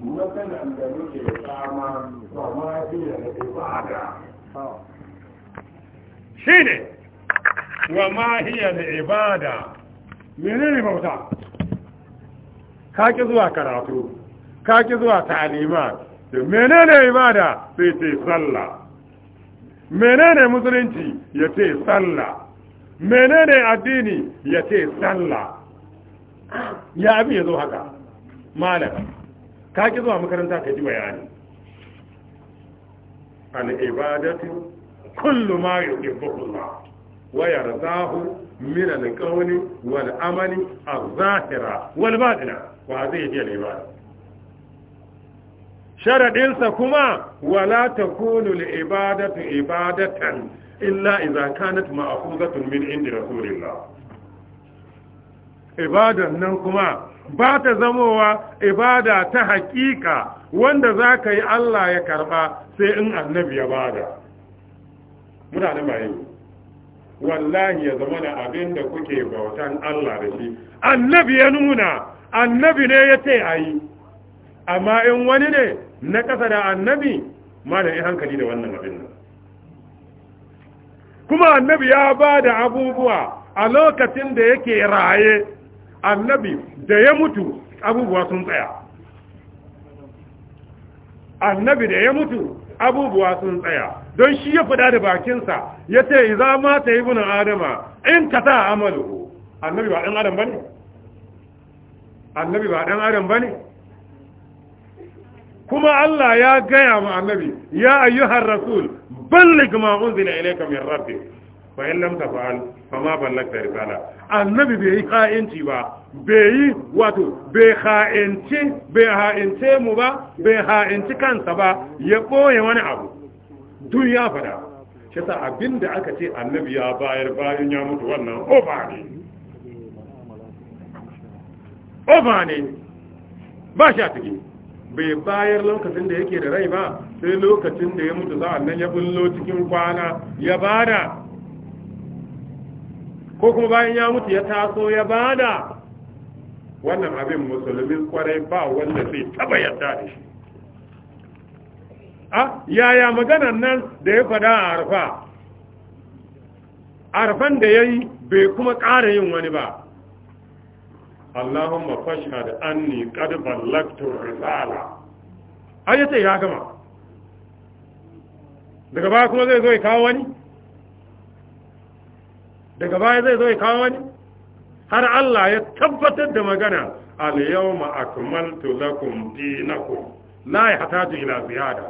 mutanen da muke kama ba ma ibada shi ne wa ma hiya da ibada mene ne bauta kaki zuwa karatu kaki zuwa ta'alima da mene ne ibada sai ce sallah mene ne musulunci ya ce sallah mene ne addini ya ce sallah ya abi ya zo haka malaka ka ki zuwa makaranta ka ji bayani al ibadatu kullu ma Allah wa yardahu min al qawli wal amali az zahira wal batina wa zai ji al ibada sa kuma wala takunu li ibadati ibadatan illa idza kanat ma'khuzatun min indi rasulillah ibadan nan kuma ba ta zamowa ibada ta hakika wanda za ka yi Allah ya karba sai in annabi ya bada muna da mai wallahi ya zama da abin da kuke bautan Allah da shi annabi ya nuna annabi ne ya ce a yi amma in wani ne na ƙasa da annabi ma da hankali da wannan abin nan kuma annabi ya ba da abubuwa a lokacin da yake raye annabi da ya mutu abubuwa sun tsaya annabi da ya mutu abubuwa sun tsaya don shi ya fada da bakinsa ya ce za ta yi bunan adama in ka sa amalu annabi ba dan adam ne annabi ba dan adam ne kuma Allah ya gaya ma annabi ya ayyuhar rasul balligh ma unzila ilayka min rabbik fa in lam taf'al ban ma da risala annabi bai yi ka'inci ba bai yi wato bai ha'inci bai ha'ince mu ba bai ha'inci kansa ba ya boye wani abu duk ya fada shi sa abinda aka ce annabi ya bayar bayan ya mutu wannan ofa ne ofa ne ba shi a tuki bai bayar lokacin da yake da rai ba sai lokacin da ya mutu sa'an nan ya bullo cikin kwana ya bada ko kuma bayan ya mutu ya taso ya bada wannan abin musulmin kwarai ba wanda zai taba yadda da shi a ah, yaya maganan nan da ya fada a arfa arfan da ya yi bai kuma ƙara yin wani ba Allahumma fashhad anni qad ballagtu risala ai yace ya gama daga baya kuma zai zo ya kawo wani daga baya zai zo ya kawo wani har Allah ya tabbatar da magana al-yawma akmaltu lakum dinakum la yahtaju ila ziyada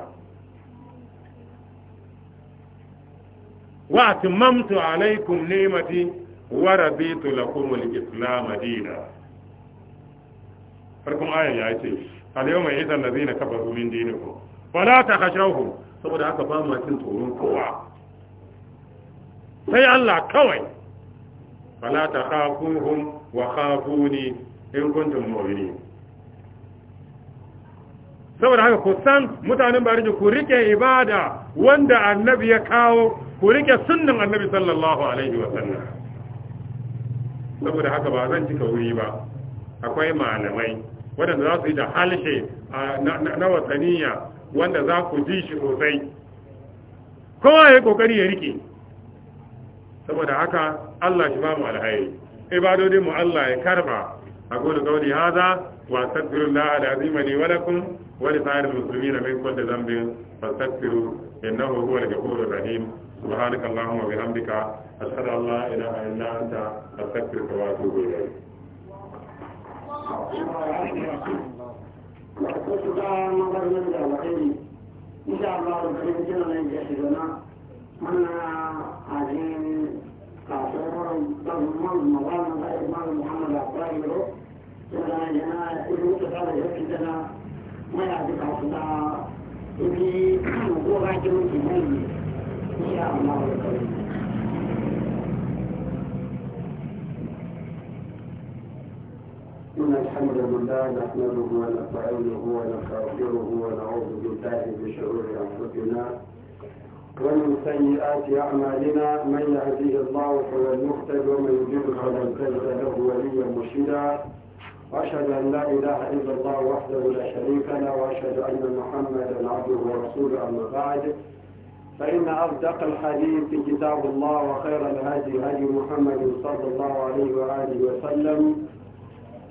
wa atmamtu alaykum ni'mati wa raditu lakum al-islam dinan farkon ayan ya ce al-yawma idan ladina kafaru min dinikum fala takhashawhum saboda haka ba ma cin tsoron kowa sai Allah kawai fala ta khafuhum wa khafuni in kuntum saboda haka ku san mutanen bariji ku rike ibada wanda annabi ya kawo ku rike sunnan annabi sallallahu alaihi wa sallam saboda haka ba zan cika wuri ba akwai malamai waɗanda za su yi da halshe na wasaniya wanda za ku ji shi sosai kowa ya kokari ya rike saboda haka Allah shi ba mu alhayi ibadodin mu Allah ya karba aqulu qawli hadha wa astaghfirullah azima li wa lakum wa li sa'iril muslimina min kulli dhanbin fastaghfiru innahu huwal ghafurur rahim subhanaka allahumma wa bihamdika ashhadu an la ilaha illa anta astaghfiruka wa atubu ilayk Insha Allah da kuma jiran da ya shiga عظيم قاصر ضمن مضام ضمن محمد الطاهر لنا لنا إذن تفعل يكتنا ما يعطيك عصدا إبي وقوع جميع جميع إن شاء الله الكريم إن الحمد لله نحمده ونستعينه ونستغفره ونعوذ بالله من شرور أنفسنا ومن سيئات أعمالنا من يهديه الله فهو المهتد ومن يضلل فلا تجد له وليا مرشدا وأشهد أن لا إله إلا الله وحده لا شريك له وأشهد أن محمدا عبده ورسوله أما بعد فإن أصدق الحديث كتاب الله وخير الهدي هدي محمد صلى الله عليه وآله وسلم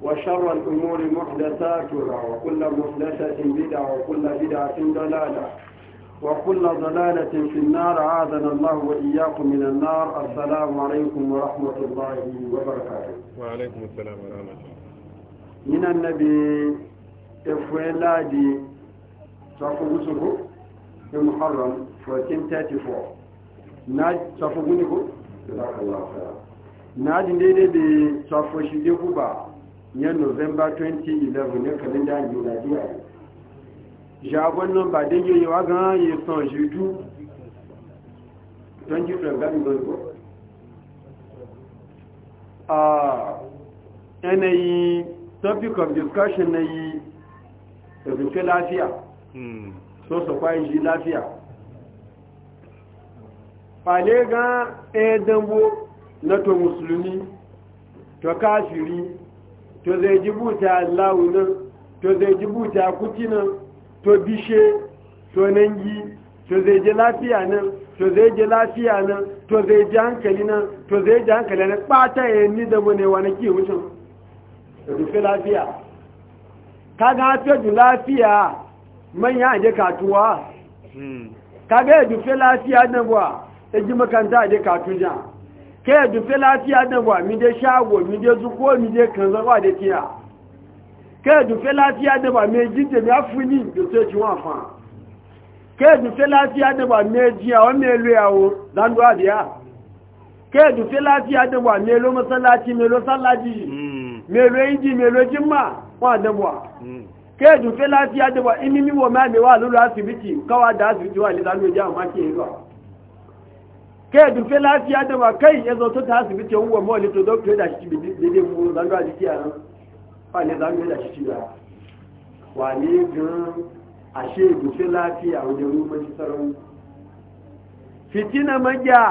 وشر الأمور محدثاتها وكل محدثة بدعة وكل بدعة ضلالة وكل ضلالة في النار عادنا الله وإياكم من النار السلام عليكم ورحمة الله وبركاته وعليكم السلام ورحمة الله من النبي إفوالا دي صفو تفوزه في محرم تاتي فو ناج صفو تفوزه جزاك الله خيرا ناج بي صفو تفوزه كوبا نيان نوفمبر 2011 نيان ne kalenda عيو jagon nan ba don yi wa gan yi san jidu don ji ɗangami gango a yanayi topic of discussion na yi ɗazuke lafiya hmm. so su kwayin ji lafiya fale gan ɗaya e dambo na to musulmi to kafiri to zai jibuta lawunan to zai jibuta kutinan to bishe to nangi to zai je lafiya nan to zai je lafiya nan to zai je hankali nan to zai je hankali nan ɓata ya ni da wani wani ke wucin rufe lafiya ka hafiya du lafiya manya a je katuwa hmm. ga ya dufe lafiya nan buwa ta ji makanta a je katuja ka ya dufe lafiya nan buwa mide je shago mide je zuko mi je kanzarwa da tiya kẹ́ẹ̀dùfẹ́ láti adẹ́bà méjì tèmi áfúní ìdòtò tí wọ́n fà kẹ́ẹ̀dùfẹ́ láti adẹ́bà méjì àwọn mẹ́lú ẹ̀wọ̀ lánúwàdíà kẹ́ẹ̀dùfẹ́ láti adẹ́bà mẹ́lú mọ́sánláti mẹ́lú sánláti hmm. mẹ́lú ìjì mẹ́lú jímà wọ́n adẹ́bà hmm. kẹ́ẹ̀dùfẹ́ láti adẹ́bà inímíwọ̀ mẹ́wàá lórí asibiti káwàá dá asibiti wà ní lánúwàdíà àmákẹ́ ìlú kai dufe lafiya da ba kai ya zo ta asibiti wani wa mawali to don fiye da shi daidai mu zanduwa jiki a nan fàlẹ́ bá mẹ́lá ṣíṣí rà wà ní gan àṣẹ ìgbòfẹ́ láti àwọn ẹrú mọ́jú sọ́rọ̀ fitina mọ́jà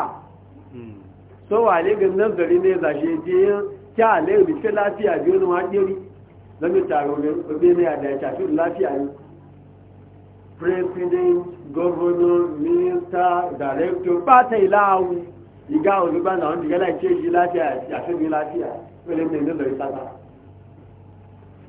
tó wà ní gan nazari ne zàṣẹ jẹ́ kí àlẹ́ ìgbòfẹ́ láti àbí ọ̀nà wá jẹ́rí lọ́mítà ọgbẹ́ ní àdá ìtàfíù láti àyè president governor minister director pátẹ̀ ìlà àwọn ìgá òdúgbà náà ń dìgẹ́lá ìṣẹ́ yìí láti àṣẹ́bí láti à pẹ̀lẹ́ mẹ́rin lọ́rọ̀ ìtàkà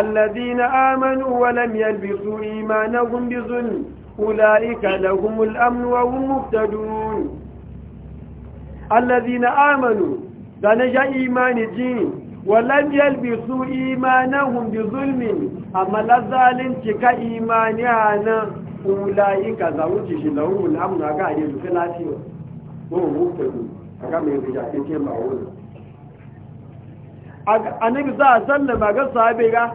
الذين آمنوا ولم يلبسوا إيمانهم بظلم أولئك لهم الأمن وهم مهتدون الذين آمنوا دانجا إيمان الدين ولم يلبسوا إيمانهم بظلم أما لذالين تكا إيمانيانا أولئك زوجه لهم الأمن أقا يلقلاتي وهم مهتدون أقا من كتير معونه annabi za a sallama ga sahabe ga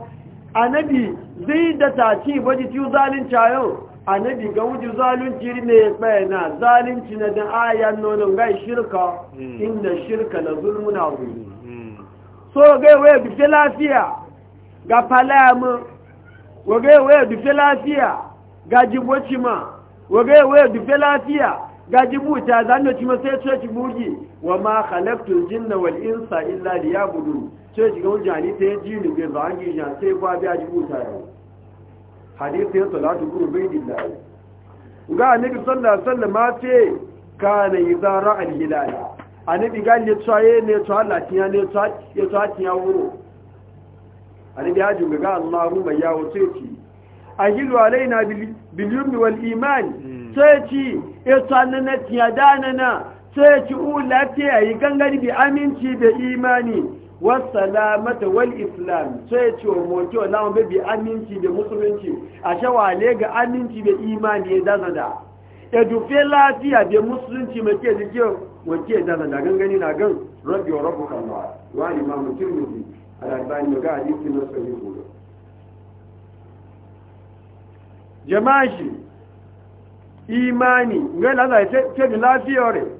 annabi zai da taci baji ci zalunci yau annabi ga wuji zalunci ne bayana zalunci na da ayan nonon gai shirka hmm. inda shirka na zulmuna wuri hmm. so ga waya dufe lafiya ga falamu wa gai waya dufe lafiya ga jiboci ma wa gai waya dufe lafiya ga jibuta zanen ci masai coci bugi wa ma khalaqtul jinna wal insa illa liyabudu ce jiga wajen hadisi ta yi jini bai zan ji jan sai ba biya ji buta yau hadisi ya salatu guru bai dillahi ga annabi sallallahu alaihi wasallam ma ce kana izara al hilal annabi ga ne tsaye ne to Allah tiya ne ya to tiya wuro annabi ya juga ga Allahumma ya wuce ki ahilu alaina bil yumni wal iman hmm. sai ci ya tsanana tiya na sai ki a yi gangari bi aminci da imani wasalamata wal islam sai ci wa moki wa bi aminci da musulunci a shawale ga aminci da imani ya dana da ya dufe lafiya da musulunci mai ke jike wace ya dana da gangani na gan rabbi wa rabu kalma wa imamu tirmidhi a albani ga hadisi na sahihu jama'a shi imani ga lafiya ce da lafiya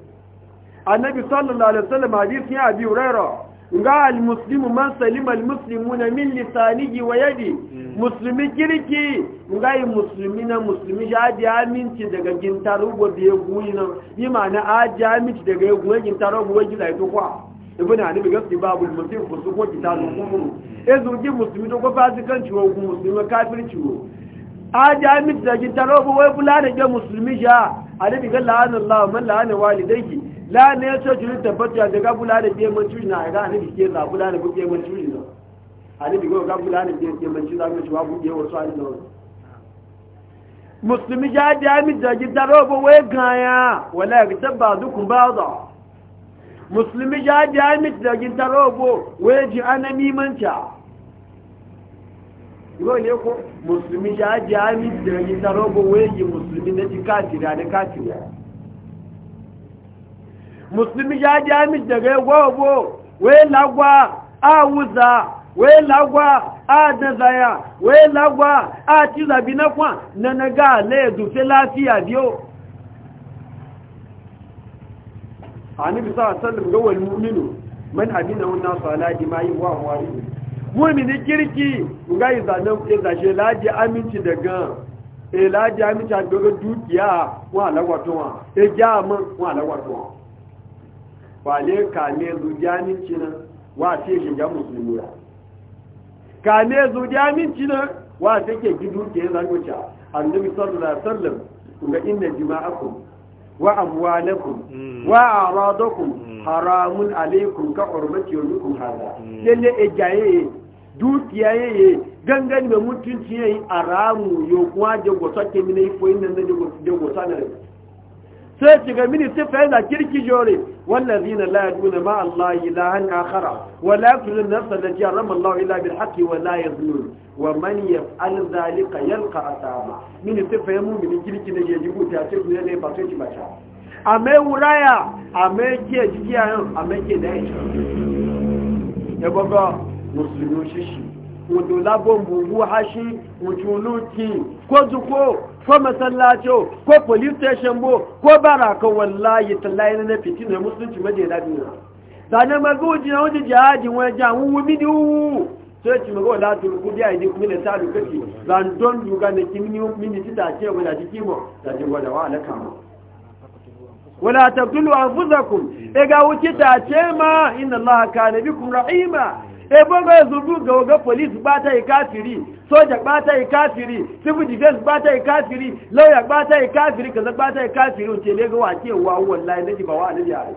annabi sallallahu alaihi wasallam hadisi ya abi huraira ga almuslimu man salima almuslimuna min lisanihi wa yadi mm. muslimi kirki ga yi muslimi na muslimi ya aminci daga gintaru go ya guyi nan yi ma'ana a aminci daga ya gintaru go gida ito kwa ibn ali bi gasti babu muslimu ko su ko kitabu kufuru e zurgi muslimi to kan ciwo go muslimi kafirci ciwo a ji aminci daga gintaru go wai bulana ga muslimi ja ali bi ga la'anallahu man la'ana walidayki la ne ya ce jiri tabbata da gabula da ke manci na ga ne ke za gula da ke manci na ani bi go gabula da ke manci za mu ci ba buɗe wasu ani da muslimi ja ja mi da ji daro bo we ganya wala ga tabba dukun ba'da muslimi ja ja mi da ji daro bo we ji anami manta yóò lé ko musulmi jaa jaa mi dẹ̀rẹ̀ ní tarọ́bù wéyí musulmi ní ti musulmi ya ji amin daga ya gwagwagwo wai lagwa a wuza wai lagwa a dazaya wai lagwa a ci zabi na kwan na na ga laizu fi lafiya biyo a ni bisa sallam ga wani muminu man abin da wannan sala jima'i wa wari mumini kirki ga yi zanen ya zashe laji aminci daga e laji aminci a dogon dukiya wa alagwatowa e eh, jami wa alagwatowa wale kane zujaminci nan wa ce shiga musulmiya kane zujaminci nan wa ke gidu ke zangoci annabi sallallahu alaihi wasallam kuma inna jima'akum wa amwalakum hmm. wa aradakum haramun alaikum ka urmati yawmikum hada hmm. lalle ejaye dukiya yayi gangan da mutunci yayi aramu yo kuwa da gosa ke mini ko inna da gosa da gosa sai shiga mini sai fa yana kirki jore والذين لا يدعون مع الله إلها آخر ولا يقتلون النفس التي حرم الله إلا بالحق ولا يظلمون ومن يفعل ذلك يلقى أثاما من تفهموا من كلك نجيبوا تأتيك من يلي باتوك باشا أما ورايا أما جي جي أما جي دايش يا بابا مسلمون ششي wato labon bugu hashi wuculu ko zuko ko masallaco ko police station bo ko baraka wallahi tallahi na fitina musulunci majaida duniya zane magoji na wajen jihajin wajen wuwu bidiwu sai ci mago da turu kudi a idik mini ta dukati don duga na kimini mini tita ce guda jiki mo da ji gwada wa alaka ma wala tabtulu anfusakum ega wuce ta ce ma inna allaha kana bikum rahima ebogo zubu ga oga police bata ikafiri soja bata ikafiri civil defense bata ikafiri lawyer bata ikafiri kaza bata ikafiri ce ne ga wace wa wallahi nake ba wa alibi ai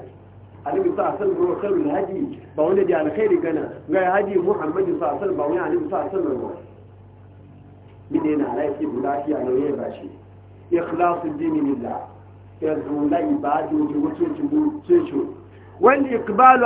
alibi sa sallallahu alaihi wasallam hadi ba wanda da alkhairi gana ga hadi muhammad sa sallallahu ba wani alibi sa sallallahu mide na laifi lafiya ne ya bashi ikhlasu dini lillah yanzu la ibadu ji wuce ci wuce ci wal iqbalu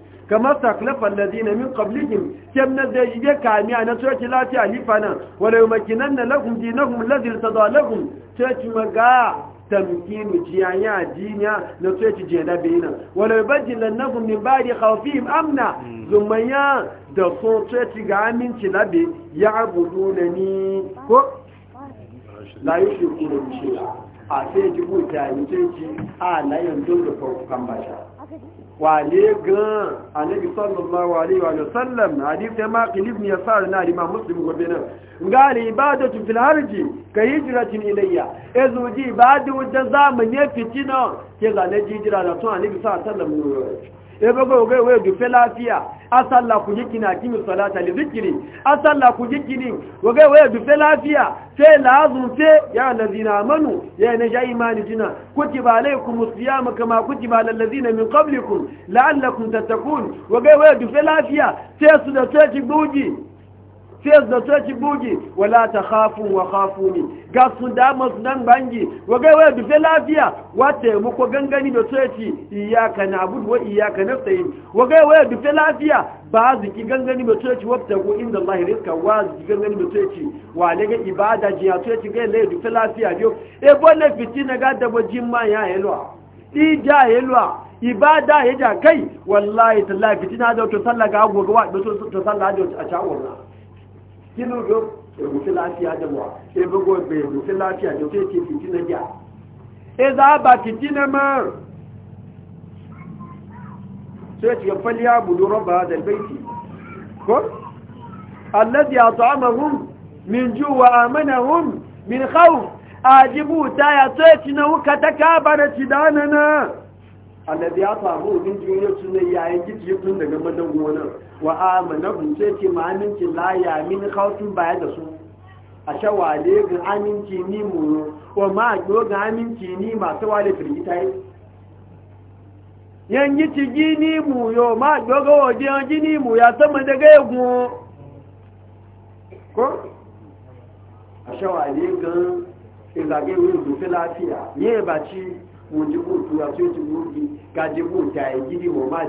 كما تقلف الذين من قبلهم كم نزيجي كامي أنا سوى تلاتي أليفنا ولو مكنن لهم دينهم الذي ارتضى لهم تتمقى تمكين جيانيا دينيا نسوى تجينا بينا ولو بجل لهم من بعد خوفهم أمنا زميا دفور تتقامين تلابي يعبدونني كو لا يشكرون شيئا أسيجبوا آه، تاني تيجي آلا آه، ينزل فوق كمباشا wale gan annabi sallallahu alaihi wa sallam hadith da maqil ibn yasar na imam muslim gobe nan ngali ibadatu fil harji ka hijratin ilayya ezuji ibadu da zamani fitina ke zane jijira da tun annabi sallallahu alaihi wa sallam ebogo oge we du lafiya asalla ku jiki na salata li zikri asalla ku jiki ni we du lafiya fe lazun fe ya allazina amanu ya ne ja imani jina kutiba alaykum siyam kama kutiba alal ladina min qablikum la'allakum tatakun oge we du lafiya fe su da sai buji fes da ci bugi wala ta khafun wa ne. ga sun dama su dan bangi wa ga waya dufe lafiya wa taimako gangani da soci iyaka na abudu wa iyaka na wa ga waya dufe lafiya ba ziki gangani da wa ta ko inda Allah rizka wa ziki gangani da ci wa ga ibada ji ya ci ga lai dufe lafiya biyo e bonne fitina ga da bajin ma ya yelwa yi yelwa ibada ya ja kai wallahi tallahi fitina da to sallaka ga gogo wa to sallaka da a shawara kí ló dó ègùsí láti àjẹmọ́ ebogbo ìgbè ègùsí láti àjọ tí èkì fìtí náà jà ẹzà àbàtì tí náà mọ́ tí ó ti yẹ fẹ́lẹ́ àbùdó rọ́bà àdẹ̀lẹ́tì kó alẹ́dì àtọ́ àmàhùn min jú wa àmànàhùn min káwù àjíbù táyà tó èkì náà kàtàkà àbàrẹ̀ ti dáná náà alẹ́dì àtọ́ àmàhùn min jú yóò tún lè yà wa amanahum sai ce ma aminci la ya min khawfin baya da su a shawale ga aminci ni muro wa ma go ga aminci ni masu wale firgita yi yanyi ci gini mu yo ma go ga waje yan gini mu ya sama daga yagun ko a shawale ga ìgbàgbé orí ìgbòfẹ́ láàfíà ní ẹ̀bà tí wọ́n jí kò tó àti ó ti wúrú bí gájẹ́ kò tà ẹ̀gídì wọ́n máa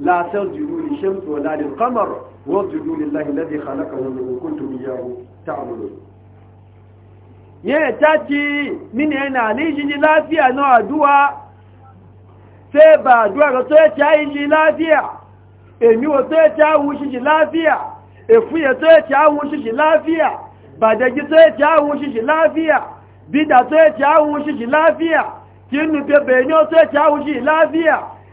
لا تسجدوا للشمس ولا للقمر واسجدوا لله الذي خلقهن إن كنتم إياه تعبدون yẹ́ tàbí mínú ẹ̀nà ní ìṣíjí láfíà náà àdúwà tẹ́ bà àdúwà rẹ̀ tó ẹ̀tẹ́ àìṣí láfíà èmi wò tó ẹ̀tẹ́ àwọn òṣìṣì láfíà èfúyẹ̀ tó ẹ̀tẹ́ àwọn òṣìṣì láfíà bàjẹ́jì tó ẹ̀tẹ́ àwọn òṣìṣì láfíà bídà tó ẹ̀tẹ́ àwọn òṣìṣì láfíà tínú pẹ̀bẹ̀ ní ó tó ẹ̀tẹ́ àwọn òṣìṣì láfíà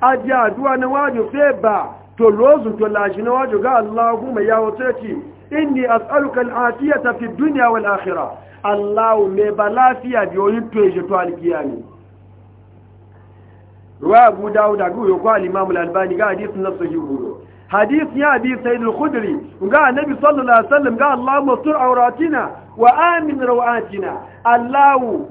aji aduwa na wajo feba to lozu to lashi na wajo ga Allahumma ya wace ki inni as'aluka al'afiyata fi dunya wal akhirah Allahu me ba lafiya bi oyin to je to alkiyami ruwa Abu Dawud da guyo ko al-Imam al-Albani ga hadith na sahihu hadith ya abi sayyid al-Khudri ga annabi sallallahu alaihi wasallam ga Allahumma tur awratina wa amin rawatina Allahu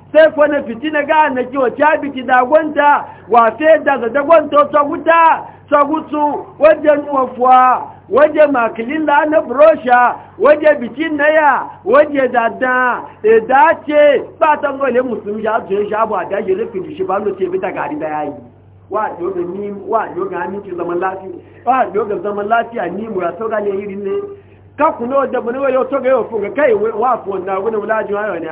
sai kwane fitina ga na kiwa cabi ki dagonta wa sai da ga dagonta tsaguta tsagutu wajen wafuwa waje makilin da na brosha waje bikin naya waje dada da e dace ba ta gole musulmi ya zuwa shi abu a daji rufin shi ba lote bi ta gari da yayi wa yoga ni wa yoga aminci zaman lafiya wa yoga zaman lafiya ni mu ya sauka ne irin ne kakuno da bane wa yau to ga kai wa fuwa na gudu wulajin ayo ne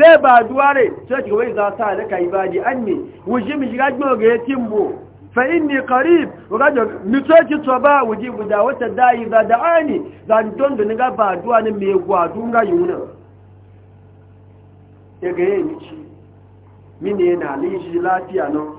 sai ba duware sai ki wai za ta da kai ibadi anni wuji mi shiga gbo ga timbo fa inni qarib wa mi sai ki to ba wuji buda wata dai da da'ani dan don da ga ba duwa ne me gwa dunga yuna ya ga yi ci mini yana lishi lafiya no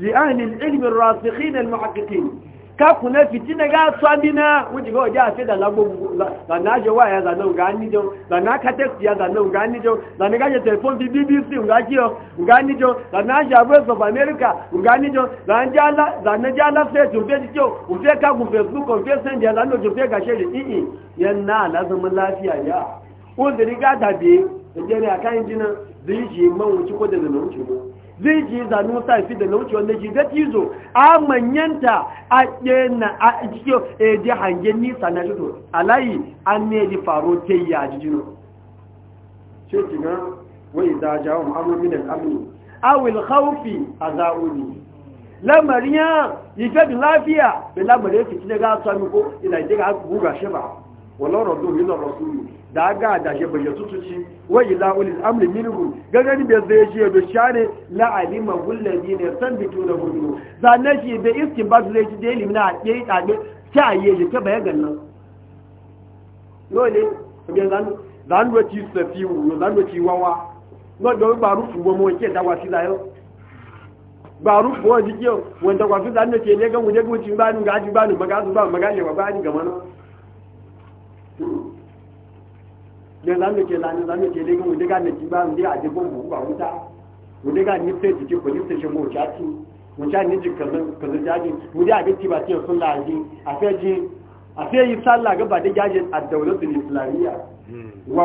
li ahli al ilm al rasikhin al muhaqqiqin kaku na fitina ga tsamina wuce ga wajen afe da lagbogbo da na je waya da nan ga nijo da na katex ya da nan ga nijo da na gaje telefon bi bbc ga kiyo ga nijo da na je abu of america ga nijo da na je ala fe tun fe kiyo u fe kaku facebook o fe send ya da no tun fe ga shele ii yan na ala zama lafiya ya o zuri ga dabe da e jere akan jina zai ji ma wuce ko da zama wuce ba zai ji zanu sa fi da lauci wanda ji ga tizo a manyanta a na a cikin eji hangen nisa na jito alayi an ne ji faro ke yi a jijino ce ki na wai za jawo mu'amur min a wil haufi a za'uni lamarin ya yi ta bi lafiya bi lamarin ya fi cikin daga sami ina yi ji ga guga shi ba wallan rasu yi na rasu da ga da shi bayyana tutuci wa ila ulil amri minhu gagani bai zai shi da share la alima wallazi ne san bitu da hudu zanne shi da iskin ba zai ji da ilimi na dai tabe ta yi shi ta bayan gannan dole ga zan zan da ci safi wo zan da ci wawa no do ba rufu bo mo ke da wasila da yo ba rufu wo dikyo wanda kwafi zan da ke ne ga guje ne ba ni ga ji ba ni ba ga su ba magale wa ba ni ga mana le zame ke lani zame ke le gun daga ne jiba ndi a jibo bu ba wuta mu daga ni sai ji ko ni sai mu cha ti mu cha ni ji kan kan jaji mu da ga tiba ti sun laji a fe ji a fe yi sallah ga ba da jaji ad-dawlatul islamiyya hmm. wa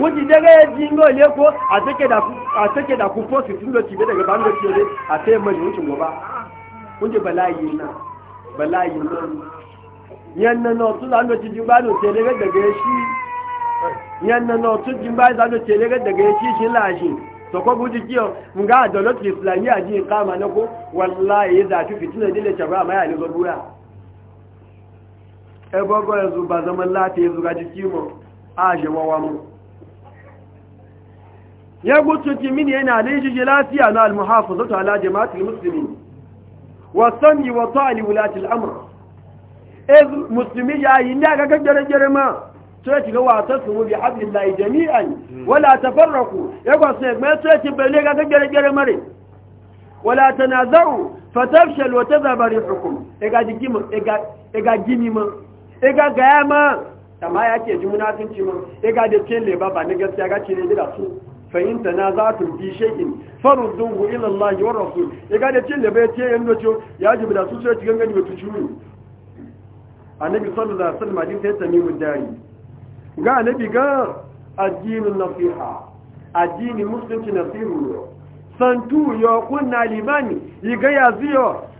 wuji daga ya ji ngo le ko a take da ku a take da ku fosi tun da cibe daga bando ce ne a sai mai wucin goba kun ji bala'i na bala'i na yan nan no tun da ji jin bado ce daga daga shi yan nan no tun jin bado da ce daga daga shi shi lashi to ko buji kiyo zafi ga dalat islamiyya ji kama na ko wallahi da tu fitina dille ta ba mai ali gobura e bogo yanzu ba zaman lafiya yanzu ga jiki mu a jewawa mu ya gutunci mini yana laiji lafiya na al-muhafazatu ala jama'atul muslimin wa sami wa ta'ali wulati al-amr iz muslimi ya yi da ga gaggare girma to ya shiga wata su bi hablillahi jami'an wala tafarraqu ya ga sai mai sai ya ci bale ga gaggare girma re wala tanaza'u fatafshal wa tadhhab rihukum e ga jigima ma ega gaya ma gayama amma ya ce ji munafinci ma e ga da cin leba ba ni gaskiya ga cire da su Fahimta na za tu fi shekin farun dungu ilan lagi wa rasu ya gada cin da bai ce yan doco ya ji bida su sai cikin gani wata shuru annabi sallallahu alaihi wasallam ya sai tamimu dari ga annabi ga addinin nasiha addini musulunci nasihu santu yo kunna limani yi ga ziyo.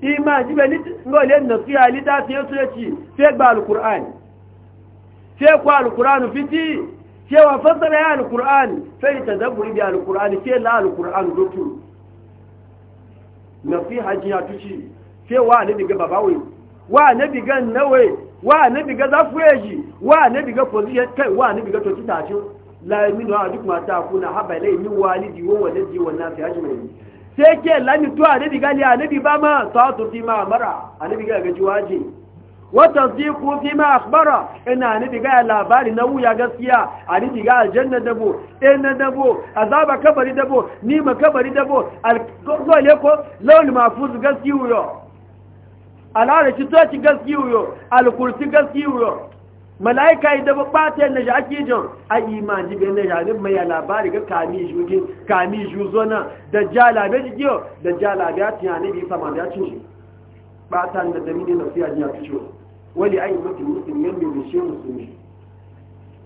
ima jibe ngole nasiha litafi yesu yace sai gba alqur'ani sai ku alqur'anu fiti sai wa fasara ya alqur'ani sai tadabburi bi alqur'ani sai la na dutu nasiha ya tuci sai wa ne diga babawe wa ne diga nawe wa ne diga zafuyeji wa ne diga position kai wa ne diga to kitacin la yaminu ma ta kuna haba ilay min walidi wa walidi wa nasi ajma'in sai ke lami to annabi gali annabi ba ma ta'atu fi ma amara annabi ga gaji waje wa tasdiqu fi ma akhbara ina annabi ga labari na wuya gaskiya annabi ga aljanna dabo inna dabo azaba kabari dabo ni ma kabari dabo alkozole ko launin ma gaskiyo yo alarashi to ci gaskiyo yo alkursi gaskiyo malaika yi daba fata yadda shi ake jan a imanji bai na yanin mai labari ga kami shugin kami shuzona da jala jalabe shi giyo da jalabe ya tiya ne bisa da ya cin shi fata da ne na fiya jiya fi ciwo wani ayi mutu musulmi yan bai bishe musulmi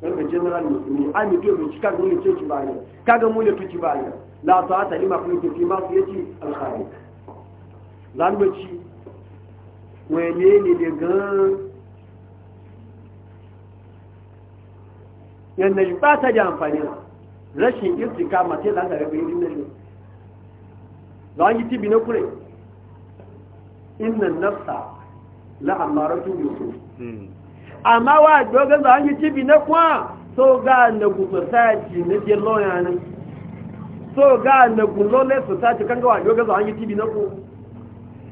yan bai general musulmi an yi to bai ci kaga mule ce ci bayan kaga mule tuki bayan la su ta lima kun ke fi masu ya Zan alkhari ci wani ne da gan yadda shi ba ta da amfani rashin irtika mace za ta rabe irin nan za a yi tibi na kure innan nafsa la'amaratun yusuf hmm. amma wa dogon za a yi tibi na kwa so ga na gusa saji na jello yanin so ga na gulo na su saji kan gawa dogon za a yi tibi na ku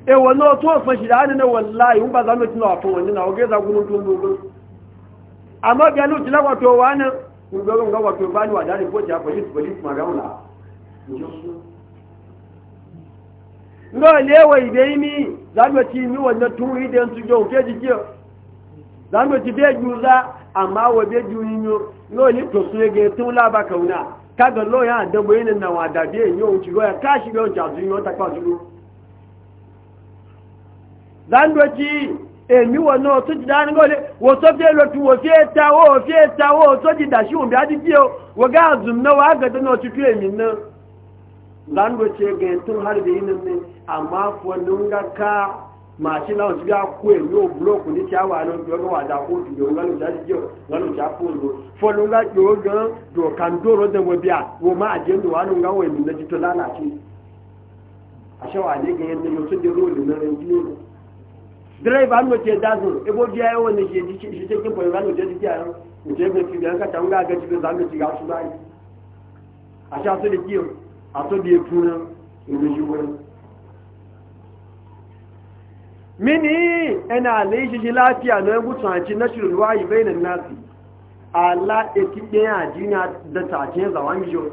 e wannan to son shi da hannun wallahi in ba za mu tunawa fa wannan na wage za gunun tun dogon amma ga lu tilawa to wani kun ga ga wato bani wa dare ko ta police police ma rauna ngo lewa idai mi zanwa ci mi wannan turi da su jo ke jike zanwa ci be juza amma wa be juninyo ngo ni to su ga tun la ba kauna kaga lo ya da boyin nan wa da be yo ci go ya kashi be on ta zuyo ta kwa zulu zanwa ci èmi wọ̀ náà tó ti gị ní gọ́lé wò tó fẹ́ lọ tí wò fẹ́ fi fẹ́ tawó tó ti dà sí òun bí ti fi o wò gáàzù náà wà á gẹ̀dẹ̀ náà tutù èmi náà lánàá ṣe gẹ̀ tó hàrì bí inú mi àmọ́ fọ ní ń gá ká màá ṣe láwọn tí kó èmi ò búlọ́ọ̀kù ní tí á wà yòó lánàá ìjà ti jẹ́ lánàá ìjà yòó gan dòrò wò má àjẹ́ ń wà lánàá àṣẹwà ní ní náà direba an mace dazin ebo biya yawan da ke shi cikin kwayo ranar da jiki a yau mace ga ci da kata wunga ga cikin zamu ti ga su bayi a sha da kiyo a so da ya tuna inda shi mini ina ne shi lafiya na yan gutsun hanci na shirin wayi bainan nasi ala eti ɗaya a jina da tace zawan biyo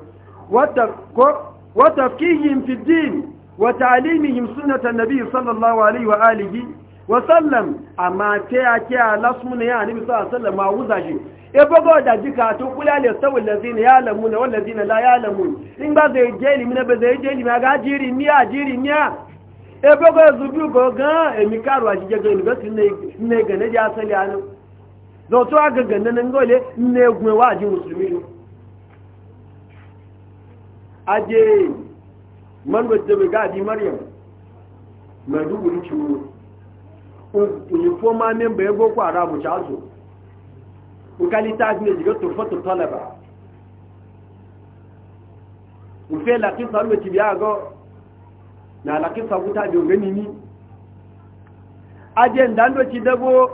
wata fihim fi din wa ta'alimihim sunnatan nabi sallallahu alaihi wa alihi wasallam amma ce ya ce lasmuna ya annabi sallallahu alaihi wasallam wuza e bogo da jika to kula le sawul ladina ya lamu na wallazina la ya lamu in ba zai je ilimi na ba zai je ilimi ga jiri ni a jiri ni a e bago zubi go ga e mi karu a jige ga university ne ne ga ne ja sali anu do to aga ne ngo le ne gwe wa ji muslimi aje man wajjabe ga di maryam ni chu uniforma memba ya boko haram ta ukali ukalita ne diga turfatu talaba ufe lakisa biya go na lakisa guta bi ngani ni aje ndando ti dabo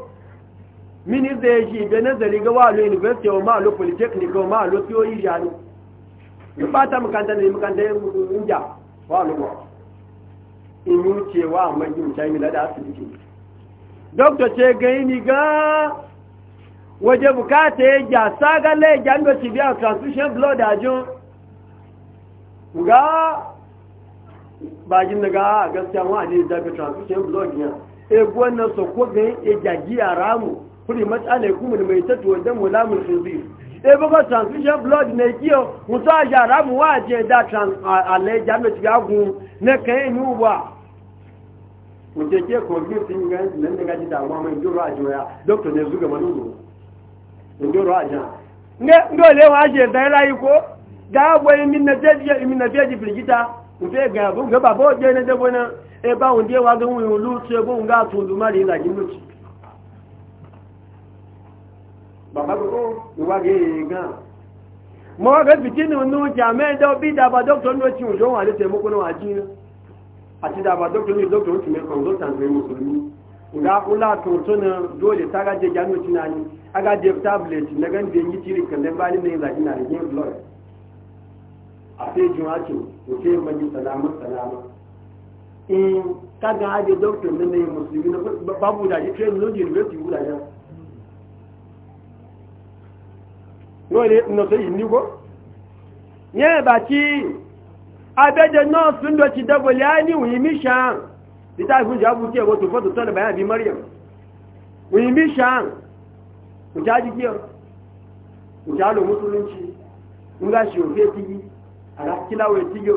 mini zai ji be nazari ga wa lo university o ma lo polytechnic o ma lo theory ya lo ibata mukanta ne mukanta inja wa lo ko dókítà ce gani ni ga waje bukata ya ja sagale ja ndo ti biya transfusion blood ajun ga bajin ga gaskiya wa ne da transfusion blood ya e na so ko ga e jaji aramu kuri matsala ku mun mai tatuwa da mulamul khinzir e boko transfusion blood na kiyo mutu ajaramu wa je da trans ale ja ndo ti agun ne kan ni wace ke kogin sun yi gani nan da gaji damuwa mai ndoro a joya doktor ne zuga mani ndoro ndoro a jan ndole wa ajiye zai rayu ko da abuwa yi min na jeji min na jeji firgita nfe ga bu ga babo oje ne dabo na e ba wunde wa ga wun lu se bo nga tun lu mari ni wa ge ga ba doktor no ti o jo wa a da ba doktor ne doktor wuce mai kwan doktor zai musulmi ga kula tona dole ta gaje gano tunani a gaje tablet na gan da yi tirin kan dan bani ne zaki na rigin blog a sai jumace ko sai mani salama salama in ka ga ade doktor ne ne musulmi na babu da shi train no university guda ja no ne no sai ni ko ne ba abẹ́jẹ náà sun da ci dabo liyani wuyimi shan ita ifin jabu ke wato fato tana bayan bi maryam wuyimi shan ku ja jike ku ja lo musulunci in ga shi ofe tigi a ga kilawa ya tigi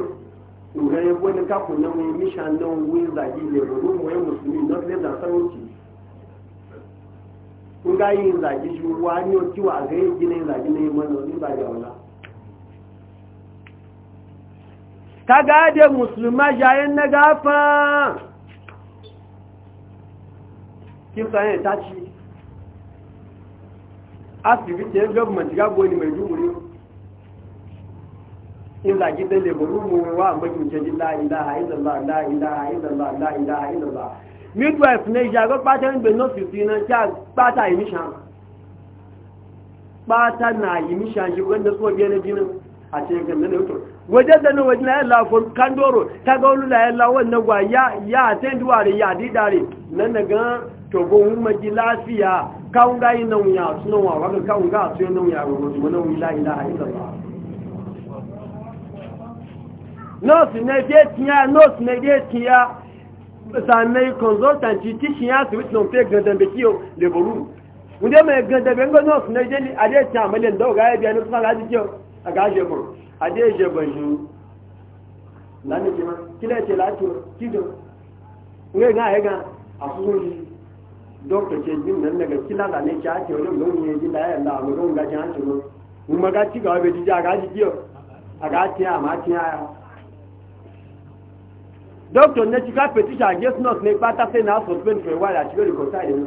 in ga yabo ne ka kunna wuyimi shan nan wuyin zagi ne ba da ka gade musulma yayin na gafan kisa ta ci asibiti ya government gabo ne mai dumuri in zaki dai lebaru mu wa magince ji la ilaha illallah la ilaha illallah la ilaha illallah midwife ne ja pata ni be no na cha pata imishan pata na imishan ji wanda na jinin a ce ga nan to waje da nan waje kandoro ta ga wani la la wannan gwa ya ya ya di dare nan na ga to go mun lafiya ga yin nan ya sunan wa ga su nan ya go nan la ilaha illallah je tiya je tiya consultant ti ya su gandan kiyo leboru mai gandan nurse je ni ade ga e ga kiyo a gaje kun a dai je ban shi na ne kima kila ce lati kido ne ga ya ga a kuri doctor ce jin nan daga kila da ne ta ce wani mun ne ji da ya Allah mu don ga jan ta mu mun maga ci ga be ji ga ji kiyo a ti a ma ti a doctor ne ci ka petition against not ne pata se na suspend for a while a ci go reconcile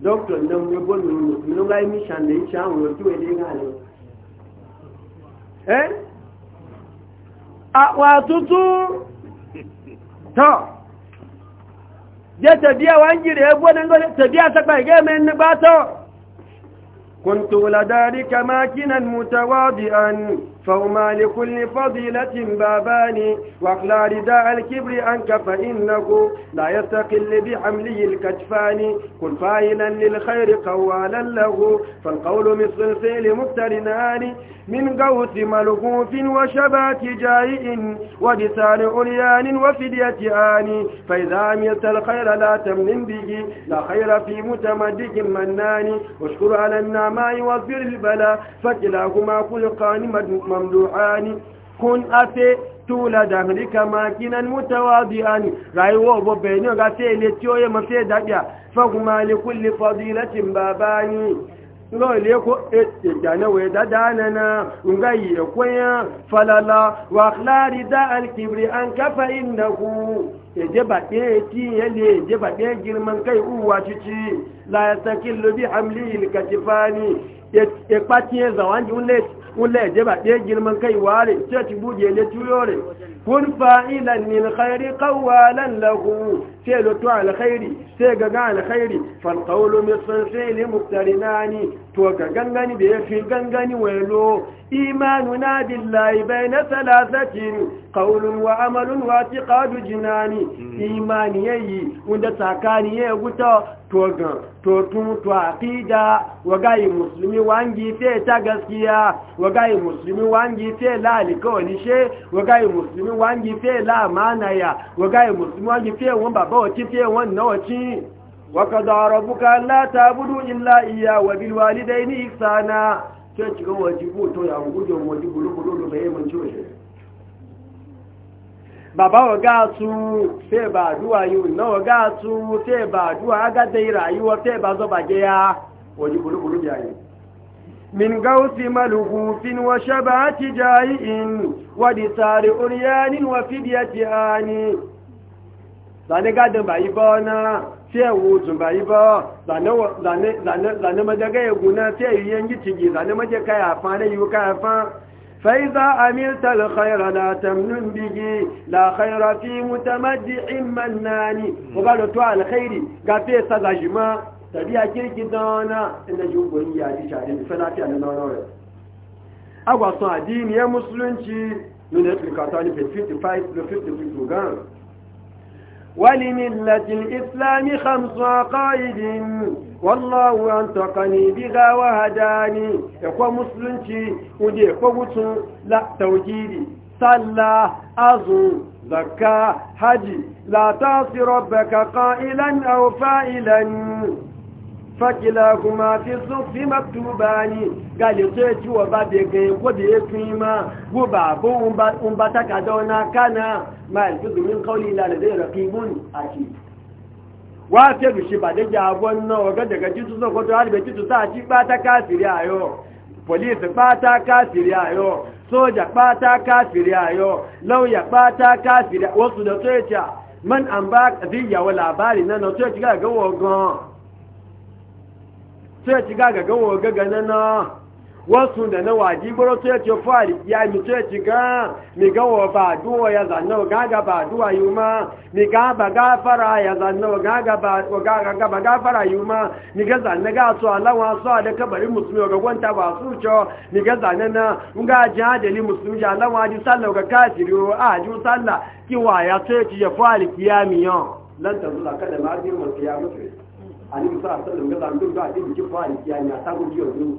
doctor ne mu bo nu nu ga mission ne ci an wo ti we ne ga ne àpò àtútù tán jẹ́ tàbíyà wá ń jìrì ẹgbọ́ ní gọ́lẹ̀ tàbíyà sọ́pàá ìgẹ́ mẹ́ nígbàtọ̀ kùntù ládàrí kàmákínà mùtàwádìí فهما لكل فضيلة بابان واخلع رداء الكبر عنك فإنه لا يستقل بحمله الكتفان كن فاعلا للخير قوالا له فالقول مثل الفعل مفترنان من قوس ملغوف وشبات جائع ولسان عريان وفدية آن فإذا عملت الخير لا تمن به لا خير في متمدك منان اشكر على النعماء واصبر البلاء فكلاهما خلقان مدموم ممدوحان كن أتي tula da rika makinan mutawadi'an rayuwa babbe ne ga sai le tiyoye mafi dabiya fa kuma li kulli fadilatin babani ngo le ko ette jana we dadana na ngai koya falala wa khlari da al kibri an kafa innahu eje ba ti yele eje ba girman kai uwa cici la yastakillu bi hamli katifani e patiye zawanji kula jaba ɗaya girman kai ware ce ci buje ne tuyore kun fa'ilan min khairi qawwalan سيلو سيلوتو على خيري سيغا على خيري فالقول مصرفين مقترناني توكا غنغاني بيفي غنغاني ويلو إيماننا بالله بين ثلاثة قول وعمل واعتقاد جناني إيماني يي وندا ساكاني يي غوتا توغا توتون تو عقيدة وغاي مسلمي وانجي في تاغاسكيا وغاي مسلمي وانجي في لا لكونيشي وغاي مسلمي وانجي في لا مانايا وغاي مسلمي وانجي في ومبابا waci fiye wannan waci waka zara buka Allah ta budu illa iya wa bilwali da ni sana ce cikin waci ko to ya gujo waji gudu-gudu da ya manci wa shi bàbá ọ̀gá tu tẹ́ ba duwa yi. náà wa tu tẹ́ bà àdúwà agádẹ́ ìrà rayuwa tẹ́ ba zo bage ya gudu gbogbo bí yi. min gausi malhufin wa shaba ti in wa disari uriyanin wa fidiyati ani zane gadon ba yi ba na fiye wutun ba yi ba zane majaga ya guna fiye yi yanki ciki zane majaga ya fa na yi wuka ya fa فإذا أملت الخير لا تمنن به لا خير في متمدع منان وقالوا توا الخير قفي سزجما تبيع كيرك دانا إن جوبه يا دي شعرين فلا في أنا نور أقوى صادين يا مسلمين من الاتلقاطان في 55 ل 56 وقال ولملة الإسلام خمس عقائد والله أنطقني بها وهداني إخوة مسلمتي ودي إخوة لا توجيدي صلى أظن زكى حج لا تعصي ربك قائلا أو فائلا فكلاكما في الصف مكتوبان قال يتيتي وبابيكي وبيكيما وبابو أمبتك دونا كان ما يلفظ من قولي لا لدي رقيب أكيد wáṣẹ́ ìṣẹ́bà déjà agbọ́n náà ọgọ́dẹ̀gẹ́ títún sọ́kọ́tọ́ àríbẹ̀ títún sáà tí pátá káàkiri àyọ́ polisi pátá káàkiri àyọ́ sójà pátá káàkiri àyọ́ lọ́wọ́yà pátá káàkiri wọ́n sùn lọ́tọ́ ìjà mọ́n àmbá àti ìyàwó làbárì náà lọ́tọ́ ìjà gẹ́wọ̀ gan-an sai ci ga ga gawo ga ga na wasu da na waji gboro sai ci fari ya mi sai ci ga mi gawo ba duwa ya zanna wa gaga ba duwa yuma mi ga ba ga fara ya zanna wa gaga ba ga ga ba ga fara yuma mi ga zanna ga so Allah wa da kabarin musulmi ga gwanta ba su cho mi ga zanna na ga jihadali musulmi ya Allah wa ji sallah ga kafiri a ji sallah kiwa ya sai ci ya fari kiyami yo lan ta zuwa kada ma ji mu kiyami àníbi sọ́rọ̀ sọ́rọ̀ nígbà tó gbà tí ìjì fún àìsí àmì àtàkùnjì ọdún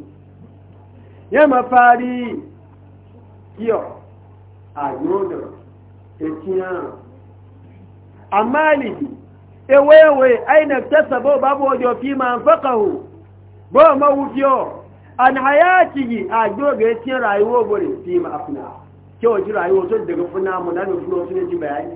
yẹ́ ma fari kíọ̀ àgbọ̀dọ̀ ètìyàn àmáàlìbì ewéwé àìnà tẹ́sàbọ̀ bábọ̀ ọjọ́ fi ma ń fẹ́kàwò bọ́ ma wù kí ọ an hayati yi àgbọ̀dọ̀ ètìyàn rayuwa bọ̀rẹ̀ fi ma afina kí ọjọ́ rayuwa tó daga fúnna mu lánàá fún ọtún ẹjì bayani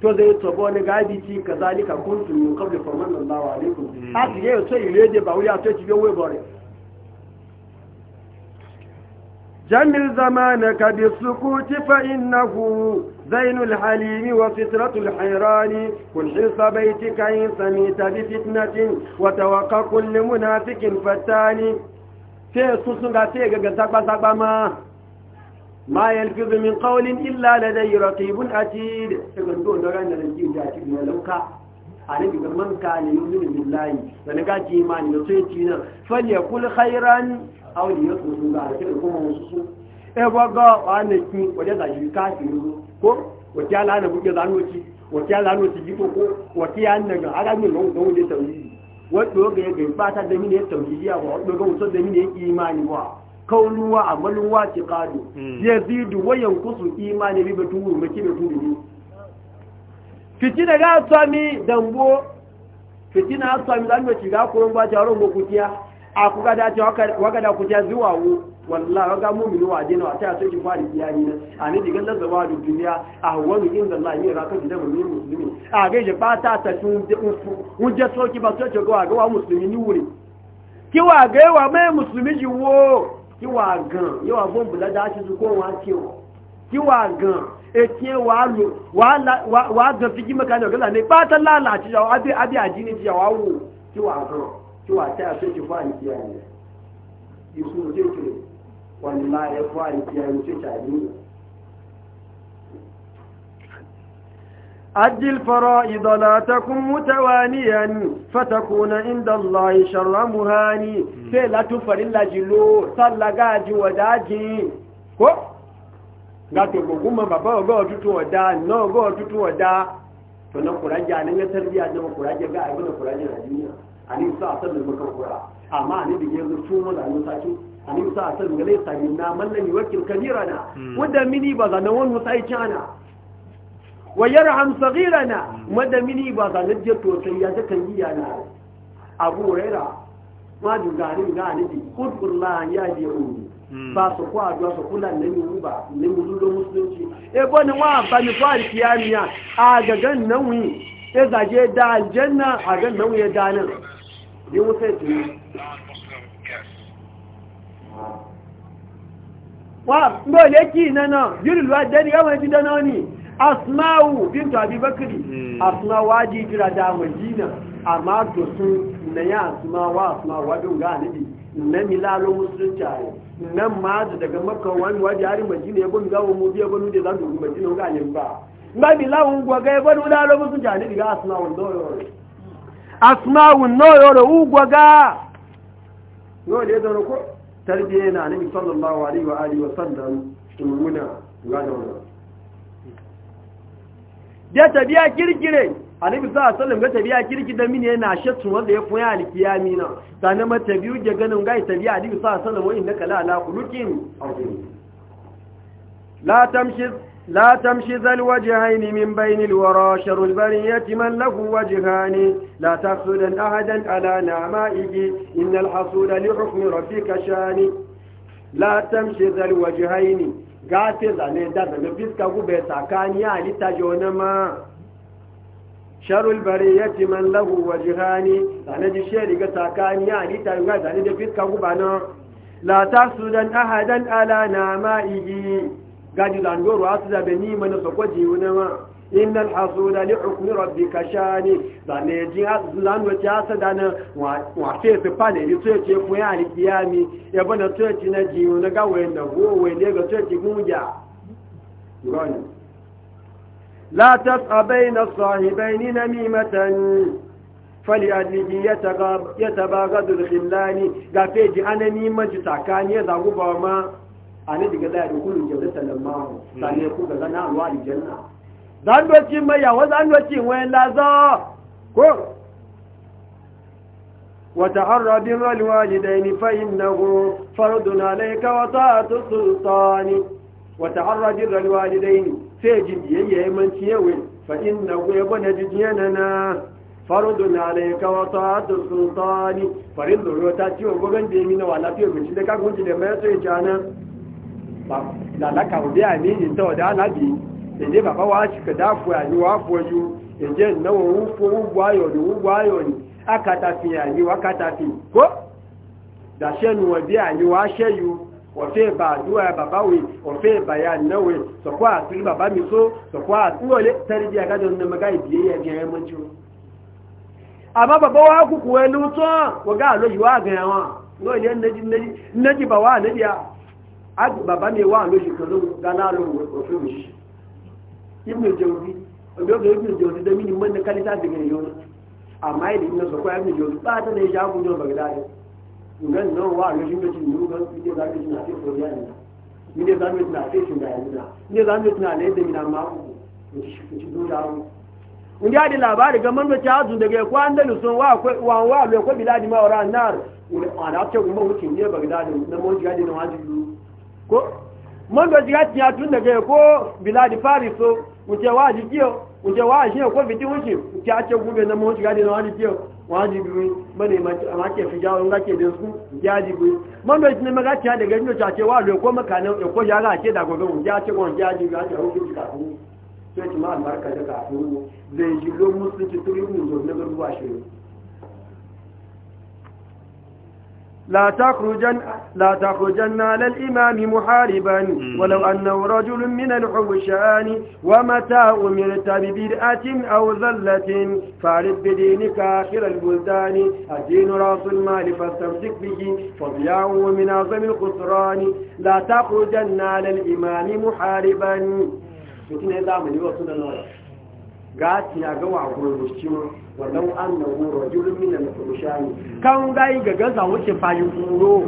to zai tobo ni gadi ci ka zalika kuntu min qabli faman Allahu alaikum mm. a ti yeyo sai ilede ba wuya to ci ge we bore jamil zamana ka bi sukuti fa innahu zainul halim wa fitratul hayran kun hisa baytika in samita bi fitnatin wa tawaqqa kullu munafiqin fatani sai su sun ga sai ga gasa gasa ma ma yalfizu min qawlin illa ladayhi raqibun atid saboda don da ranar da ji da cikin lauka annabi ga man ka ne yumin billahi da na gaji imani da sai ci nan falyakul khairan aw liyasmutu ga da kuma musu e baga wani ki wanda da shi kafiru ko wata lana buke zanoci wata lana ci jiko ko wata yana ga alamin don don da tauhidi wato ga ga ba da ba wato ga wato da imani ba kaunuwa a maluwa ke kado hmm. ya zidu wayan kusu imani bi batun maki da turu fitina ga sami dambo fitina ga sami dan mace ga kurun ba jaron go kutiya a ku da ta waka da kutiya zuwa wu wallahi ga mu'minu wa dinu a ta so ki fari iyali na ani diga da zaba da duniya a wani inda Allah ya raka da mun muslimi a ga je ba ta ta tun wuje soki ba so ce go ga wa muslimi ni wuri kiwa ga wa mai musulmi ji wo kíwà gan yíwà bóǹbù lẹ́dá aṣíṣù kó wọn kí wọn kíwà gan etí wà gan fi jímọ̀ kan ọ̀gẹ́lá ní pátálàlà àti ìyàwó abẹ́ àjí ní ìyàwó awò kíwà gan kíwà tẹ́ àṣẹ́jì fún àìsí àìyàn ìṣúrò tí ó kéré wà ní láàrẹ fún àìsí àìyàn tó ṣàìyàn أد الفرائض لا تكن متوانيا فتكون عند الله شر مهاني فلا تفر إلا جلو صلقاج وداجي كو gato goma baba ga tutu wada no ga tutu wada to na kuraje an ne tarbiya da kuraje ga abin da kuraje da duniya ani sa san da muka kura amma ani da yanzu su mu da mu saki ani sa san ga lai sai na Wakil, Kabira kabirana wanda mini ba zanan wani sai cana wa yarham saghirana madamini ba ga najje to sai ya ta kan yiya na abu raira ma ju ga ni ga ni qulullah ya ji u hmm. ba su ko adwa su kula ne ni ba ne mu do musulunci e bo ni wa ba ni fa kiyamiya a ga gan nan wi e zage da aljanna a gan nan ya da nan ni mu sai ji wa ndo le ki nana yiri lwa deni ga wani ti dana ni asma'u bintu abubakari hmm. asma'u waji jira da madina amma to sun na ya asma'u asma'u wadun ga nabi na milalo musulunci nan ma daga makka wani waje hari madina ya gunga wa mu biya gonu da zan dubi madina ga yin ba ba bilawun gwaga ya gonu da lo musulunci ne daga asma'u noyoro asma'u noyoro u gwaga no ne da ko tarbiyya na nabi sallallahu alaihi wa alihi wa sallam muna ga da wannan da tabiya kirkire annabi sallallahu alaihi wasallam ga tabiya kirki da mini yana shattu wanda ya koya alkiyami na sanan ma tabiyu ga ganin ga tabiya annabi sallallahu alaihi wasallam wa innaka la ala khuluqin la tamshi لا تمشي ذا الوجهين من بين الورى شر البرية من له وجهان لا تحسدا أحدا على نعمائك إن الحصول لحكم ربك شان لا تمشي ذا الوجهين gace zane da daga fiska gube tsakani ya halitta jona ma sharul bari ya ci man lahu wa jihani zane ji shari ga tsakani ya halitta jona zane da fiska guba na la su dan ahadan ala na ma'igi gaji zandoro a su zabe ni mana sakwaji wuna ma innal hasuda li hukmi rabbika shani ba ji lan wace asa dana wa fe fe pane ni to ce fun ya alkiyami ya bana to ce na ji na ga wayan da go wayan ne ga to ce gunja gani la bayna sahibayn namimatan ma. أنا دي قدائي كل جبلة لما ثاني يقول غزانا أنواع الجنة zandoci mai yawon zandoci wayan laza ko wata harabin walwali da yi fahim na go fardun alaika wata tusultani wata harabin walwali da yi sai biyayya ya manci yawai fa'in na go ya gwada jijiyana na fardun alaika wata tusultani farin zoro ta ciwon gogon jemi na walafiyar mace da kakunci da mai so ya ba lalaka wubi a mijin ta wada biyu èdè bàbá wa ṣìkẹ̀ dáàfò àyíwá àfọyú èdè ìnáwó wúfo wúgbọ́ ayọ̀nì wúgbọ́ ayọ̀nì akatafi àyíwá katafi kó dàṣẹ́nu wọn bí àyíwá ṣẹ́yù ba ìbà ya baba wè ọ̀fẹ́ ba ya náwó sọ̀kọ́ àtúrí bàbá mi só sọ̀kọ́ àtúrọ̀lẹ́ tẹ́lẹ̀ bí ga aloji ya abu babba wa ibn jawzi wanda ga ibn jawzi da mini man da kalita da yau amma idan ina so ko ba ta da ya ku da ngan nan wa ga shin da cin mu ga za na cikin koriya ne ni ne zan mutuna sai shin da yana ni zan mutuna ne da mina ma ku ni shi do da ya da labari ga man ta azu daga ko andalusun wa wa wa lo ko biladi ma wara nar ana ce kuma wucin ne bagdadi na mun na wajibi ko man da jiga tiya tun daga ko biladi fariso wuce wa ji kiyo wuce wa shi ko fiti wuce ki a gube na mawuci gadi na wani kiyo wani biyu mane ma ke fi jawo ga ke bin ya ji biyu man da ne maga ta daga ni ta ce wa lo ko makanan e ko ya ga ce da gobe mun ya ce gon ya ji ga ta hukun ka ku sai ki ma albarka da ka ku zai ji lo musulunci turi mun zo ne ga ruwa shi لا تخرجن لا تخرجن على الإمام محاربا ولو أنه رجل من الحوشان ومتى أمرت ببرأة أو ذلة فارد بدينك آخر البلدان الدين رأس المال فاستمسك به فضياعه من أعظم الخسران لا تخرجن على الإمام محاربا. gati ya gawa gurgushi walau an na wuro jirgin da mafurushani kan gayi ga gaza wuce fayi kuro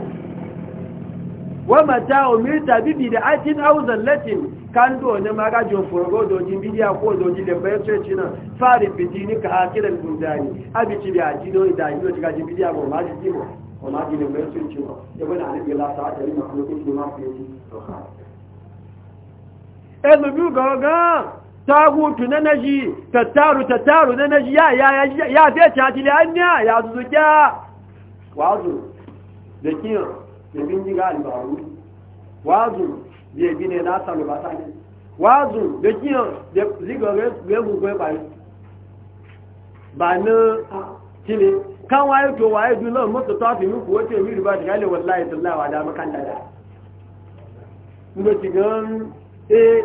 wa mata umirta bibi da atin auzan latin kan dole magajo furgo dojin bidiya ko doji da bayan ceci nan fari fitini ka akiran gudani abici da ajino da ajino daga jin bidiya ba ma ji jimo ba ma bayan ceci ba ya bana alibi lasa a tare mafi lokacin ma fi yi ɗan zubi ga tagutu na naji tattaru tattaru na naji ya ya ya zai ya da hanya ya zuzuƙya wazu da kiyar da bindiga albaru wazu da ya gine na salu ba ta ne wazu da kiyar da zigarai gwegwegwe bayi ba na kile kan waye to waye dunar masu tafi muku wace miri ba da gale wallahi tallawa da makanda da. Mbe ci gan eh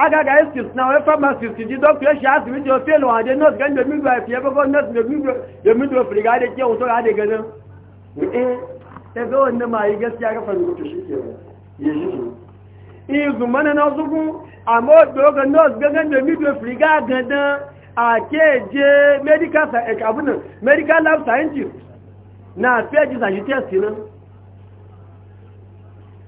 agaga excuse na wey pharmacist di doctor ṣe asibiti o fail wọn ade nurse gan de midwife yẹ kọkọ nurse de midwife midwife ga ade jẹ òun sọrọ ade gẹdẹ ee ẹgbẹ wọn ní ma yi gẹsí agafa ní kòtò ṣíkẹ yẹ ṣíṣe igun mọ́nà náà sókún àmọ́ òdòógẹ nurse gẹ́gẹ́ de midwife ga gẹdẹ àkéèjé medical abúnà eh, medical lab scientist na fẹ́ẹ̀jì sàṣítẹ́sì náà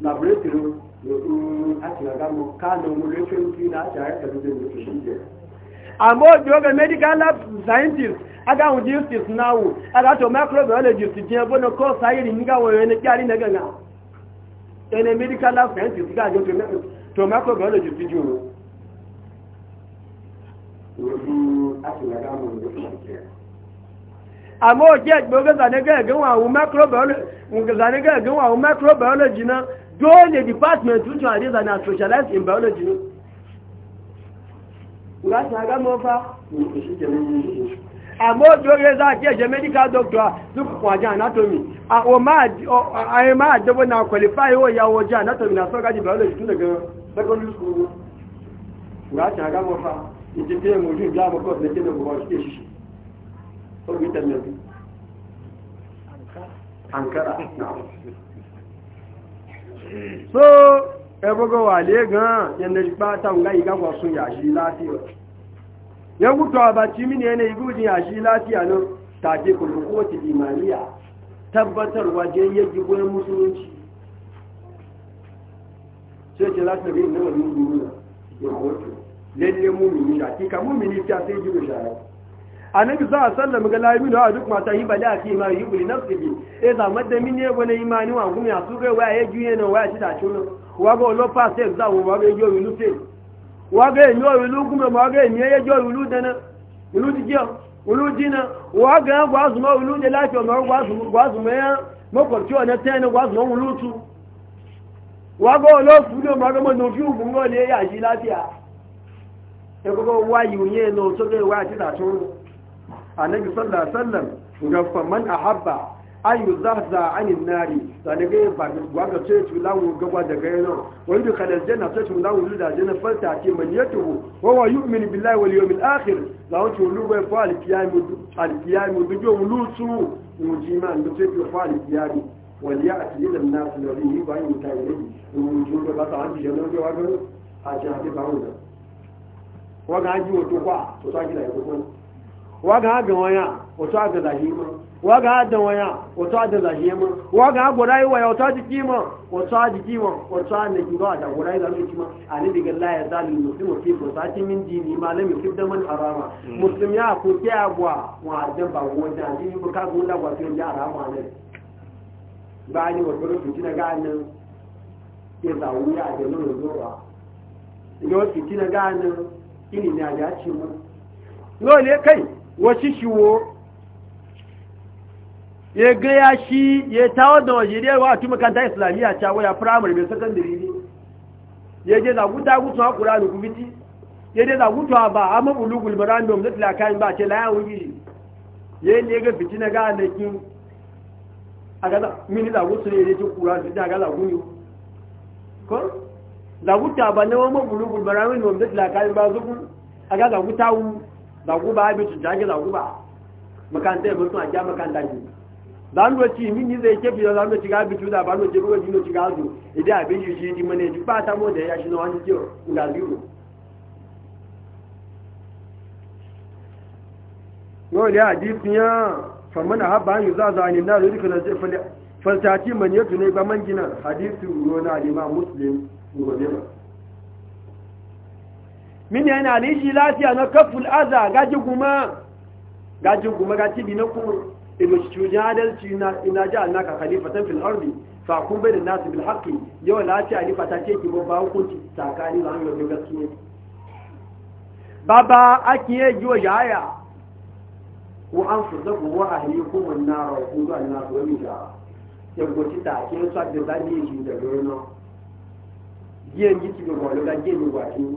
laboratory àmọ́ òjò ọgbẹ̀ medical lab scientist agáhùn justice náà agátọ̀ microbiologist jẹ́ bọ́nà kọ́ sáyìrì nígbàwọ̀ ẹni kí a rí nẹ́gẹ̀gà ẹni medical lab scientist gáàjọ́ tó microbiologist jù rú àmọ́ òjò ẹgbẹ̀ ogẹ́ zanigẹ́ ẹ̀gẹ́ wọn àwọn microbiologist náà dole department which are these are specialized in biology nga ta ga mo fa àmọ́ òjòrè ẹzá kí ẹ̀jẹ̀ medical doctor lókùnkùn àjá anatomy àwọ máa jẹ́bọ́ na qualify ó yàwó jẹ́ anatomy na sọ́gájì biology tún lẹ́gbẹ̀rẹ̀ secondary school rá tí àgá mọ́fà ìtìtẹ́ ìmòjú ìjá àmọ́kọ́ ìpínlẹ̀ kéde ọgbọ̀n sí èṣìṣì ó rí tẹ̀lẹ̀ Ankara so ebogo wale gan yanda bata nga iga wasu yashi lafiya ya gutu ba ci mini yana igujin yashi lafiya no take kulkuwati imaniya tabbatar wajen yaji goyon musulunci sai ce lati rin na wani guru na ya kotu lalle mumini da kika mumini ta sai jiru shara annabi sallallahu alaihi wasallam ga laimi da duk mata yi bala ki ma yi buli nafsihi e da madami ne wala imani wa gumi asu ga waya juye na waya shida chuno wa ga lo pass e za wa ga yo yulu te wa ga yo yulu gumi ma ga mi ye yo yulu dana yulu ti je yulu jina wa ga wa azuma yulu ne lafi ma wa azuma wa azuma ya makwabci wa na tana wa azuma yulu tu wa ga lo fu do ma ga ma no fi ugun ga ya ji lafiya e ko wa yi yin no so ga wa chuno annabi sallallahu alaihi wasallam ga faman ahabba an yi zahza anin nari da na gaya ba wa ga ce ci lawo gaba da gaya nan wani yi duka da jana ce ci lawo da jana falta ce man ya tuhu wa wa yi umini billahi wal yawmil akhir za wa ci lu bai fa alkiyami alkiyami bi jo lu su mu ji man da ce ci fa alkiyami wal ya'ti ila an-nas alladhi ba yi ta yi mu ji da ba ta an ji jana ga wa ga a ji ha ba wa ga ji wato kwa to ta gida ya ko waga aga waya wato aga zahima waga ada waya wato ada zahima waga agorai waya wato jiki ma wato jiki ma wato an ki ba da gorai da jiki ma ani diga la ya zalim muslimu fi furati min dini malam kibda man harama hmm. muslim ya ko ke abwa wa da ba wanda ni ba ka gunda wa fi da harama ne ba ni ga nan ke ya da yo ga nan ya mu kai, wasu shiwo ya gaya shi ya tawo da wajiriyar wa tu makanta islamiyya ta waya firamare mai sakandare ne ya je zaguta gutu a ƙura da kubiti ya je zaguta ba a mabulu gulmaran domin zai lakayin ba ce layan wuri ya yi ne ga fiti na da kin a gaza mini gutu ne ya ce ƙura da ta ga zaguyo ko zaguta ba na wani mabulu gulmaran da omzati lakayin ba zuku a gaza zaguta wu zaguba abin bitu jage zaguba makanta ya mutu a gya makanta ne zan do ci min zai ke fiye zan do ci ga bitu da ba do ci ruwa jino ci ga idan abin shi shi mana ya ji ba ta mo da ya shi na wani ciwo ga zero no da hadisi ya a haɓa yu za a zane na zai da falsati man ya ne ba man gina hadisi ruwa na alima muslim ne ba min yana lishi lafiya na kaful aza gaji kuma gaji kuma gaji bi na kuma ilu shujin adalci ina ji annaka khalifatan fil ardi fa kun bai da nasu bil haqqi yau lafiya ni fata ce ki babba hukunci tsakani da hanyar da gaskiya baba akiye jiwa yaya ko an furta ko wa ahli ko mun na ra ko da ko mi da ya goci ta ke sa da zani ji da rono yin ji ti go lo da ji ni wa ki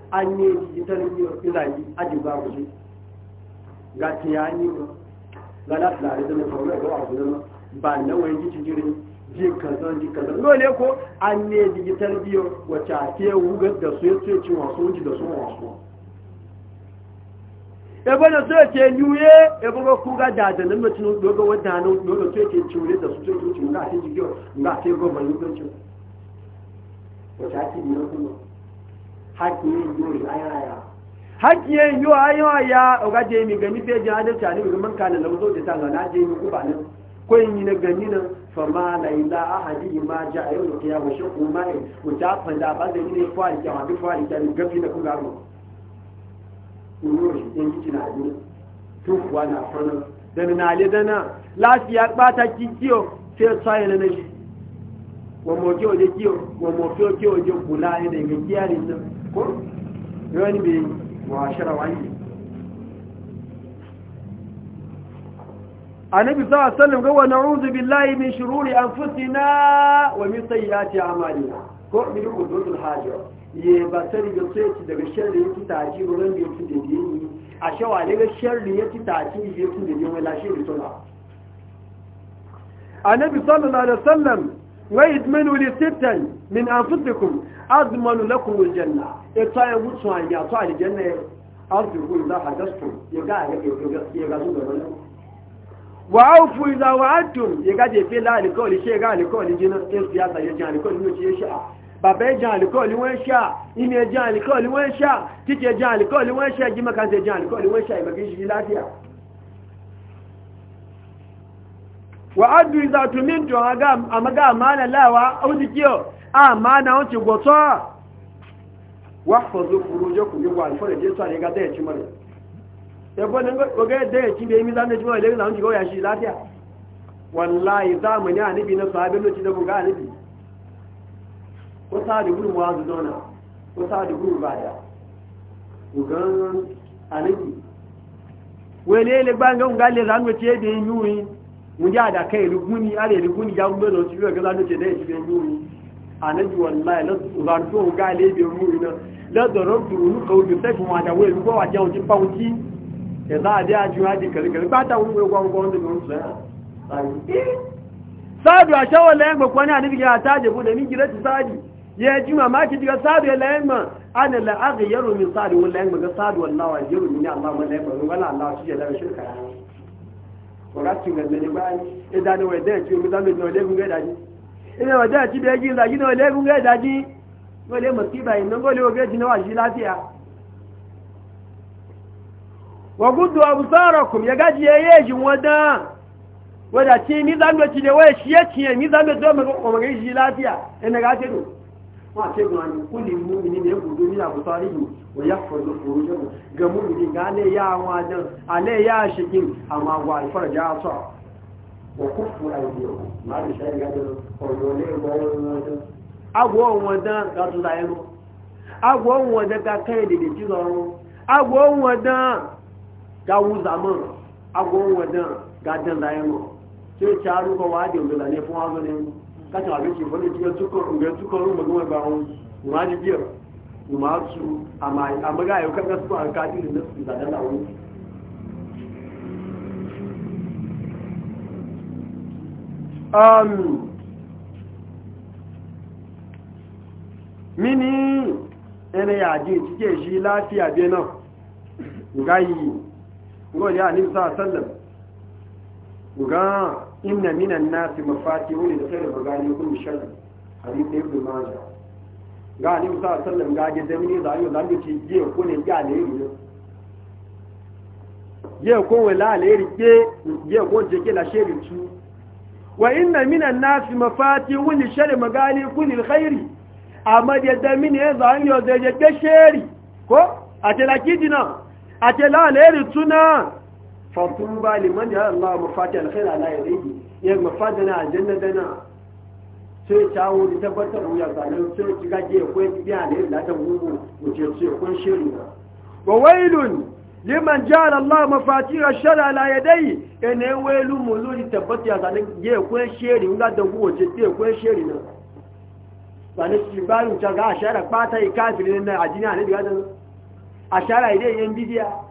an yi digital ilayi aji ba ku ce ga tiyani ba ga na tsari da na sauran ga wasu zama ba na wani gici jirin ji kaza ji kaza dole ko an ne digital biyo wacce a ke wugar da su ya ce ci wasu wuce da su wasu ebe na so ce yuye ebe ga kuga da da nan mutum dogo wadda nan dogo so ce ciure da su ce ciure ga ce jigiyo ga ce gobe lokacin wacce ake biyar kuma hakiye yi wa yawa ya ogaje mi gani fe jin adalci ne ga man kana lauzo da ta na je mi kuba nan ko yin yi na gani nan fa ma a ila ahadi ma ja a ayu da kiyamu shi ko ma ne ko ta fa da ba da ne fa ki ma bi fa ki gafi na kuga mu ko shi din kici na ni tun kuwa na fana da na da na lafiya ki kikiyo sai sai na shi wa mo ki o je kiyo wa mo ki o ki o je kula ne ga kiyari nan ko yawan bai wani annabi sallallahu alaihi wasallam ga wa na'udhu billahi min shururi anfusina wa min sayyiati a'malina ko ye ba ga sai daga sharri taji ran da yake a shawa daga sharri taji shi sallallahu alaihi wasallam ويدمنوا لستا من أنفسكم أضمن لكم الجنة إطايا وطوا أن يعطوا الجنة أرجو إذا حدثتم يقاعد يقاعدون بمنا وأوفوا إذا وعدتم يقاعد يفعل ذلك لشيء قال لكل جنة إنسياسة يجعل لكل نوتي يشاء bàbá ẹjàn àlìkọ́ọ̀lì wọ́n ṣá inú ẹjàn àlìkọ́ọ̀lì wọ́n ṣá títí ẹjàn àlìkọ́ọ̀lì wọ́n ṣá jímọ̀kántẹ̀ ẹjàn àlìkọ́ọ̀lì wa iza tumintu amaga amana lawa au a amana onti gotwa wa khuzu furujakum yugo alfore je tsare ga da yaci mare yabo nan go ga da yaci be mi ọ jiwa le zamu jiwa ya shi wallahi zamani annabi na sahabin lokaci da buga annabi ko sa da gurmu wazu na, ko sa ugan wele le galle mun ji adakai rukuni are rukuni ya gbe lo tiwe ga lanu ce dai tiwe mu anaji wallahi la zarto ga le be mu ina la darabtu ru qawl bi sayf wa da wai ko wa jawu jin fauci da za a da ju hadi kal kal ba ta wuri gwan gwan da mun sai sadu a shawal la yamba kwani anabi ya taje bu da ni girati sadi ya ji mamaki diga sadu la yamba ana la aghyaru min sadu wala yamba ga sadu wallahi wa yaru min Allah ma la yamba wala Allah ọ̀rátì gẹ̀gẹ̀ ní báyìí ìdánilẹ̀ ẹ̀dẹ́ ìtì omi sáńdé ní ọ̀lẹ́gùn gẹ̀ẹ́dájí ilé ọ̀dẹ́ ìtì bẹ́ẹ̀ jí ìlà yìí ní ọ̀lẹ́gùn gẹ̀ẹ́dájí wọ́n lè mọ̀ sí ìbàyìn náà wọ́n lè wọ́n gẹ̀ẹ́jì náà yìí láfíà. wọ́gùdù ọ̀bùsọ̀rọ̀ kùm yẹ gájì ẹyẹ èjì wọn dán wọ́n dà tí mí sáńdé ti lè wọ́n èṣìyẹ́ tiẹ̀ mí sáńdé tó ọmọ wa ce ga ni kulli mu'mini ne gudu ni Abu Talib wa yaqulu furujahu ga mu'mini ga ne ya wajen ale ya shikin amma wa farja sa wa kufu aydiyo ma da shi ga da koyo ne ga wajen agwo wadan ga tun da yano agwo wadan ga kai da ji zoro agwo wadan ga wu zaman agwo wadan ga dan kata abin ke wani jiya tukar rumar goma ba wani ma ji biyar ma su a maga yau kan nasu an kaji da nasu da dala wani um mini ene ya ji cike shi lafiya be nan gayi godiya ni sa sallam ga إن من الناس مفاتيح للخير وغاني يكون شر حديث ابن ماجه غاني صلى الله عليه وسلم غاني زمني زايو لاندي تي جي يكون غاني يري يكون ولا ليري جي جي يكون جي لا شر تشو وان من الناس مفاتيح للشر مغاني يكون الخير اما دي زمني زايو دي جي شر كو اتلاكي دينا اتلا ليري تشو fatuba liman ya Allah mafati alkhair ala yadihi ya mafati na aljanna dana sai tawo da tabbatar ya zalun sai kiga ke ko biya ne da ta gugu wuce ce kun shiri wa wailun liman ja'ala Allah mafati ashar ala yadihi ene wailu muluri tabbata ya zalun ye ko shiri ga da gugu wuce ce ko shiri na bani shi barin ta ga ashara pata ikafiri na ajina ne da ashara ide yan bidiya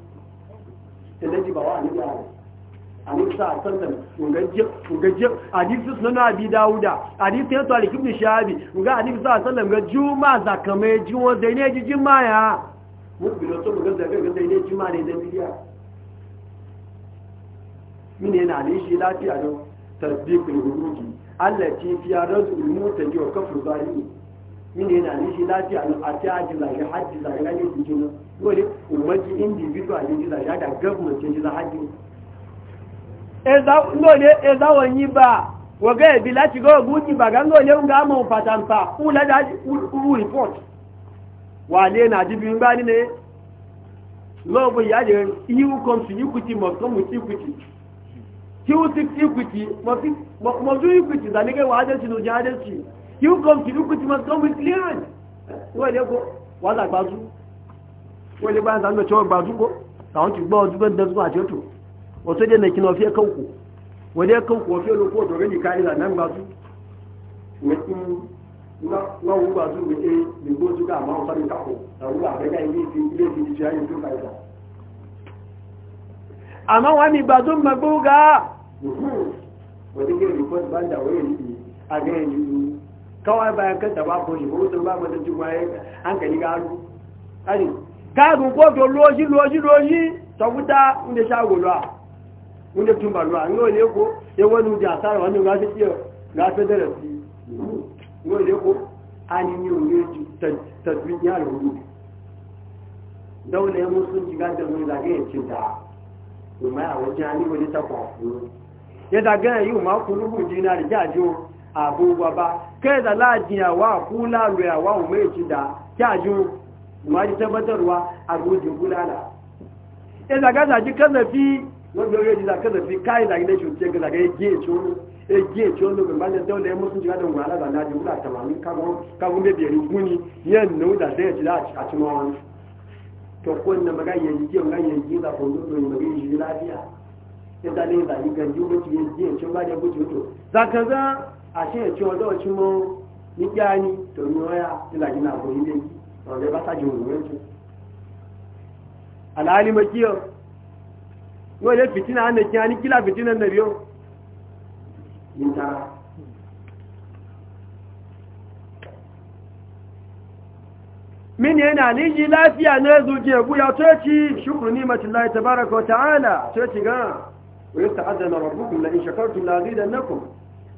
tẹlẹji bàwá àníbi ààrẹ àníbísà àtọ́ntàn ǹgajẹ́ àdífis nínú àbí dáúdà àdífis yẹ́tọ̀ àríkíbìnì ṣáàbì ǹgá àdífis àtọ́ntàn ǹgá júmà zàkàmẹ́ jí wọ́n zẹ ilé jíjí máa yá wọ́n bìrọ̀ tó mọ̀ gẹ́gẹ́ gẹ́gẹ́ ilé jí máa rẹ̀ dẹ́bíyà mí ne na ní ṣe láti àdó tàbí pẹ̀lú rújì alẹ̀ tí fi àdó ìmú tẹ̀jọ́ kọfù mini yana nishi lafiya a ta haji zaga haji zaga ne su jini wani umarci individual ne jiza ya da government ce jiza haji lóòlé ẹzáwọn bá wọ̀gẹ́ ìbí láti gọ́ọ̀gún ti bàgá lóòlé ń ga pàtàǹpà fún lẹ́dà rú report wà lé nà àdíbi ń bá nílé lọ́ọ̀bù ìyáde ihu comes to equity must come with equity tí ó equity must do equity zanigẹ́ wà á dé sínú You come to Lukutu, you must come with clearance. Wọ́n lè kó wàhálà gbazú. Wọ́n lè bá ń sàánú ọ̀tún gbazú kó. Tàwọn ti gbọ́ ọdún bẹ́ẹ̀ dẹ́sùn àti ọ̀tún. Ọ̀tún dé nàìjíríà ọ̀fẹ́ kankù. Wọ́n dé kankù ọ̀fẹ́ olóko ọ̀dọ̀ rẹ̀ nìkan ìlà náà gbazú. Wọ́n wú gbazú mi ṣe gbogbo ojú ká àmọ́ ọ̀sán mi kàkó. Àwọn àbẹ́gá ilé ìfi ti ṣe ayé tó kàìlà. Àmọ́ wọn ni gbazú mọ̀ gbó ga. Wọ́n dé kí kawai bayan kanta ba ko shigo wutar ba mata cikin waye hankali ga haru ari kagun ka loji loji loji ta wuta inda shago luwa inda tumba ko ya wani da asara wani ga su iya ga su da rafi ko an yi yau ne tasbin ya rubu daula ya musu da mun zagaye kuma a wajen wani ta ya zagaye yi ma abubuwa ba kai da lajiyawa kula ruyawa umarci da kyaju umarci tabbatarwa a gojin kulala e zaga zaji kazafi wanda yau yaji zaga kazafi kayi zagi da shuce ga zaga egiye ciwo egiye ciwo da gaba da daula ya musu jiga da wala da laji wula tamamin kagun bebe rikuni yan nau da zai ci a cima wani to kowanne maga yanzu yau ga yanzu za ku ya zane zagi ganju àti ẹ̀tí ọjọ́ ọtí mọ́ a ní tòun ọ̀yà ìlàjì náà bó ilé yìí ọ̀rẹ́ bá sájú òun rẹ̀ tó. àlàálí mo kí ọ wọ́n lè fìtínà á nìkí a ní kílà fìtínà nàbí ó ní tara. mini yana niji lafiya na zuciya buya toci shukru ni'matillahi tabaraka wa ta'ala toci ga wa yasta'adana rabbukum la in da la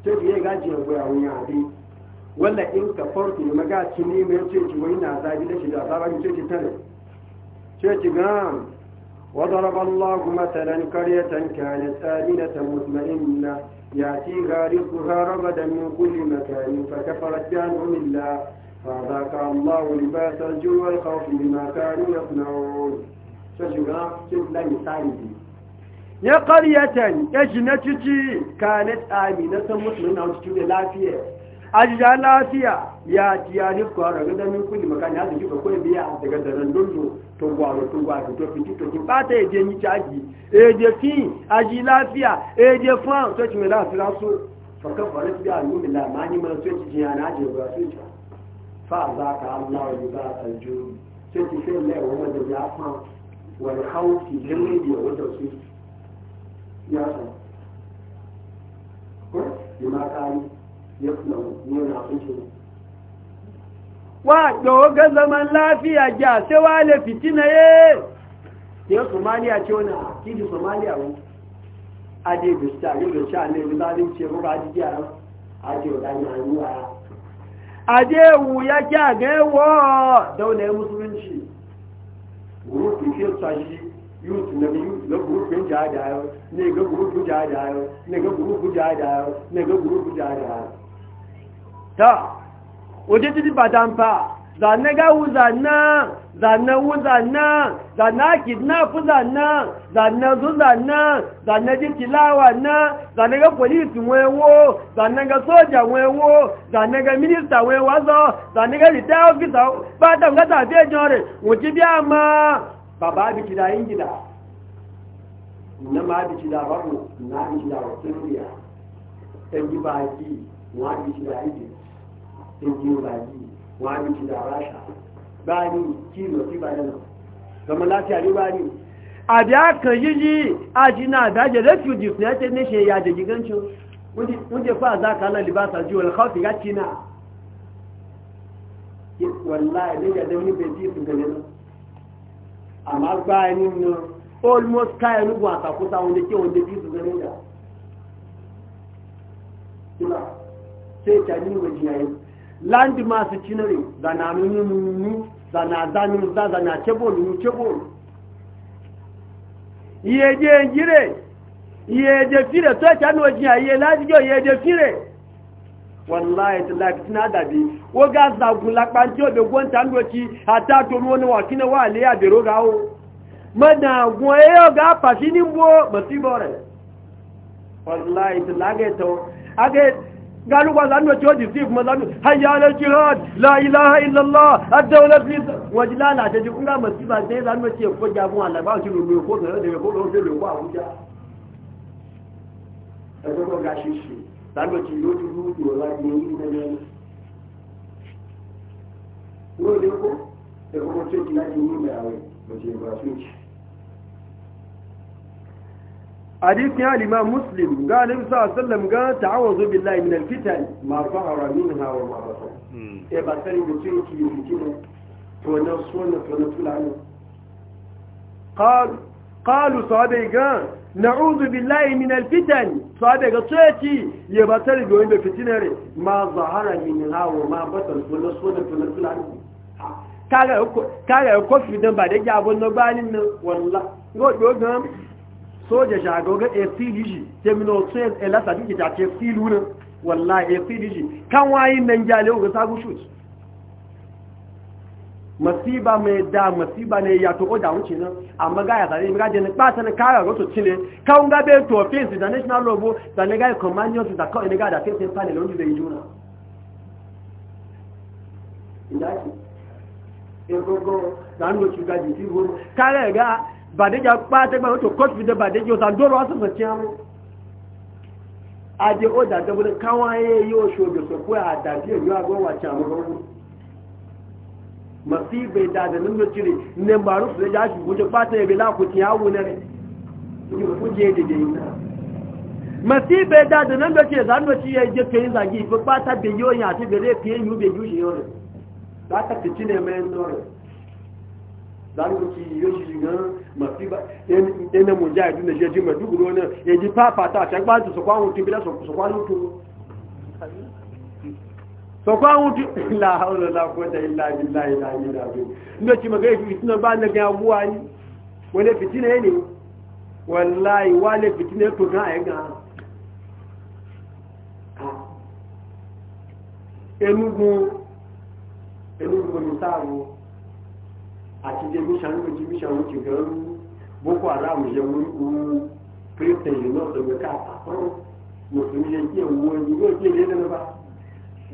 sai ya gaji ya goya wani abi wala in ka farko ya maga ci ne mai ce ci wani na zabi da shi da zabi ce ci tare ce ci ga وضرب الله مثلا قرية كانت آمنة مطمئنة يأتيها رزقها رغدا من كل مكان فكفرت بأنعم الله فذاك الله لباس الجوع والخوف بما كانوا يصنعون. شجرة شجرة مثالي ya ƙariya ta ya ji na ciki ka na tsami na san mutum na wasu cikin lafiya a ji da lafiya ya ji ya ni kwaro ga zami kuli makani ya zuki ba kuwa biya daga zaren dundu to gwaro to gwaro to fi to ki fata ya je ni caji e je fi a ji lafiya e je fa to ci mai lafi lasu faka fara su biya alumin lamani ma su ci jiya na ajiye ba su ci fa za ka allah wa yuba aljuhu su ci fi lai wa wanda ya fa wani hauki jirgin biya wanda su siyasa ko yi ya kuma wa ɗawo ga zaman lafiya ja sai wale fitina ye ya somaliya ce wani a kiji wani a sha ne ce ya a ga youth na youth na gurupin jajayo ne ga gurupu jajayo ne ga gurupu jajayo ne ga gurupu jajayo ta oje titi batampa zanne ga wu zanna zanne wu zanna zanna kidnap zanna zanne zu zanna zanne ji tilawa na zanne ga police wewo zanne ga soja wewo zanne ga minister wewazo zanne ga retired officer ba ta ga ta bi ejore wuti bi ba ba bi kida yin gida na ma bi gida ba ku na bi kida wa turiya tan ji baki wa bi yi yin tan ji baki wa bi kida rasha ba ni kilo ti ba nan kamar lafiya ne ba ni a bi ka yi ji a ji na daji refugees ta ne nishin ya da gigancin wunde fa za ka halar libasa ji wani hausa ya ci na wallahi ne ga dauni ni bai ji su ganin amma bayanin nan almost kayan nugu a takuta wanda ke wanda fi su ganin da kula sai ta ni wa jiyayi land masu cinare zana nunu zana zanin za zana cebo nunu cebo iye je gire iye je fire to ta ni wa jiyayi iye lajiyo iye je fire wallahi tallafi tana dabi wo ga zagun lapan ti odo gon tan doki ata to mo ni wa kina wa le abero ga o mada gun e o ga pa si ni wo masibo re wallahi tallafi to age galu wa zanu ti o di sif mo zanu hayya la jihad la ilaha illa allah ad-dawla fi wajlala ta ji kun ga masiba dai zanu ti ko jagun ala ba ti lo ko ga de ko lo de lo wa abuja e ko ga shishi lálọ́jì ló ti rú ìwọ̀n láti orí ìrẹ́lẹ́ ẹni ní òde kó ẹ̀kọ́ tó ti láti orí ìrẹ́ ààrẹ lọ́jì ìgbà fíjì حديث يا الإمام مسلم قال النبي صلى الله عليه وسلم قال تعوذوا بالله من الفتن ما ظهر منها وما بطن. إيه بطل يصير كي يفتنه ونصونه ونطلع عنه. قال qalu sahabe ga na'udhu billahi min alfitan sahabe ga tsoyaci ya batar da wanda fitinare ma zahara min hawo ma batal kullu sunna kullu kullu kaga kaga kofi dan ba da jabon no banin nan wallahi gan soja shago ga masiba mai da masiba ne ya to da wuce nan amma ga ya zare ga kara chile ka un ga be to office the national lobo da ne ga da ne ga da tete panel juna indaki e eh, gogo da do chuga kare ga badeja pa te gba to coach with the badeja o san oda da bu yo so ko yo masibe da da nan da cire ne ba rufu da jashi guje kwata ya bela ku tiyawo ne ne kuje da jayi masibe da da nan da cire zan da ciye je kai zagi ko kwata be yo ya ti bere fiye yu be yushi yo ne za ta kici ne mai nore zan ku ci yo shi ga masiba en en mu ja idu ne je ji maduguro ne ya ji papa ta ta gba su kwa bila su kwa sọ̀kọ́ àwọn tí ìlà àwọn ọlọ́kọ́ta ìlà ìlà ìlà ìlà ìlà tí magana fi fitina bá na gan abuwa ni wale fitina ne wallahi wale fitina to gan ayi gan enugu enugu ni sáàrù àti jẹ míṣàlú ojú míṣàlú ti gan boko haram yẹ orúkú pírítẹ̀ yìí náà lọ́gbẹ̀ká àpapọ̀ mùsùlùmí yẹ kí ẹ̀wọ̀ ẹ̀yìn yóò jẹ́ ìyẹn lẹ́nu bá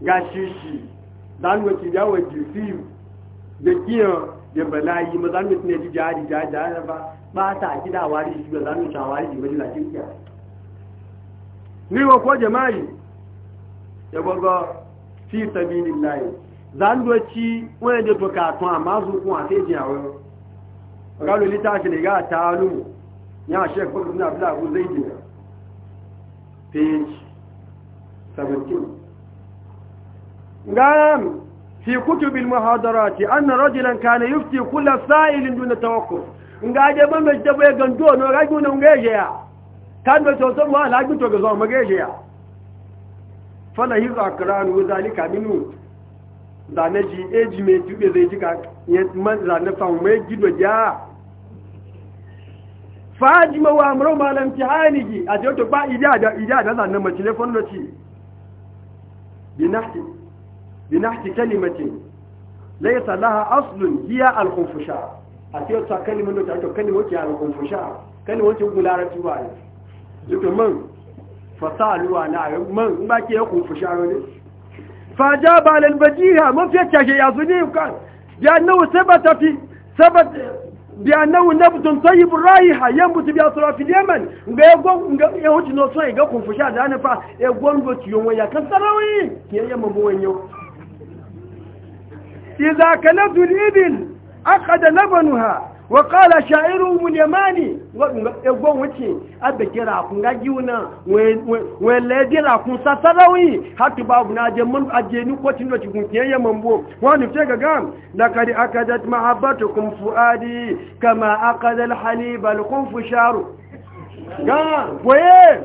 dan shishi ya yawon fi da kiyo da balayi ma zanwaci ne ji da jihari ba ba ta a wari shi ba zanwaci a wari shi ba ji lafi kiya ni wa ko jama'i ya gogo fi sabi lillahi zanwaci wani da to amma ku a sai jiyawar ƙalu littafi ne ga ta alumu ya shek ko na bla ku zai jina page 17 قام في كتب المحاضرات أن رجلا كان يفتي كل سائل دون توقف ngaje ban da jabo gando no raju no ngeje ya kan da to to ya fala zalika minu ji eji me tube zai ji ka man fa ja wa amro a to ba ida da ida da binahti kalimatin laysa laha aslun hiya al-khufusha a ce ta kalimar da ta kalimar ke al-khufusha kalimar ke gularatu ba ne duka man fasaluwa na man ba ke ya khufusha ne fa ba lal bajiha mafi ta ke ya zuni kan ya nawa sabata fi sabat بأنه نبت طيب الرائحة ينبت بأطراف اليمن يهوتي نوصي يقول فشاد أنا فا يقول يوم ويا كسروي كي يمم إذا كلبت الإبل أخذ لبنها وقال شاعر اليماني وقال يقول وتي أبكر أكون جيونا والذين أكون سسروي حتى بابنا جمن أجيني قوتين وتكون كيان يمنبو وانا فتاك جام لقد أكدت محبتكم فؤادي كما أكد الحليب القنف شعره قام ويه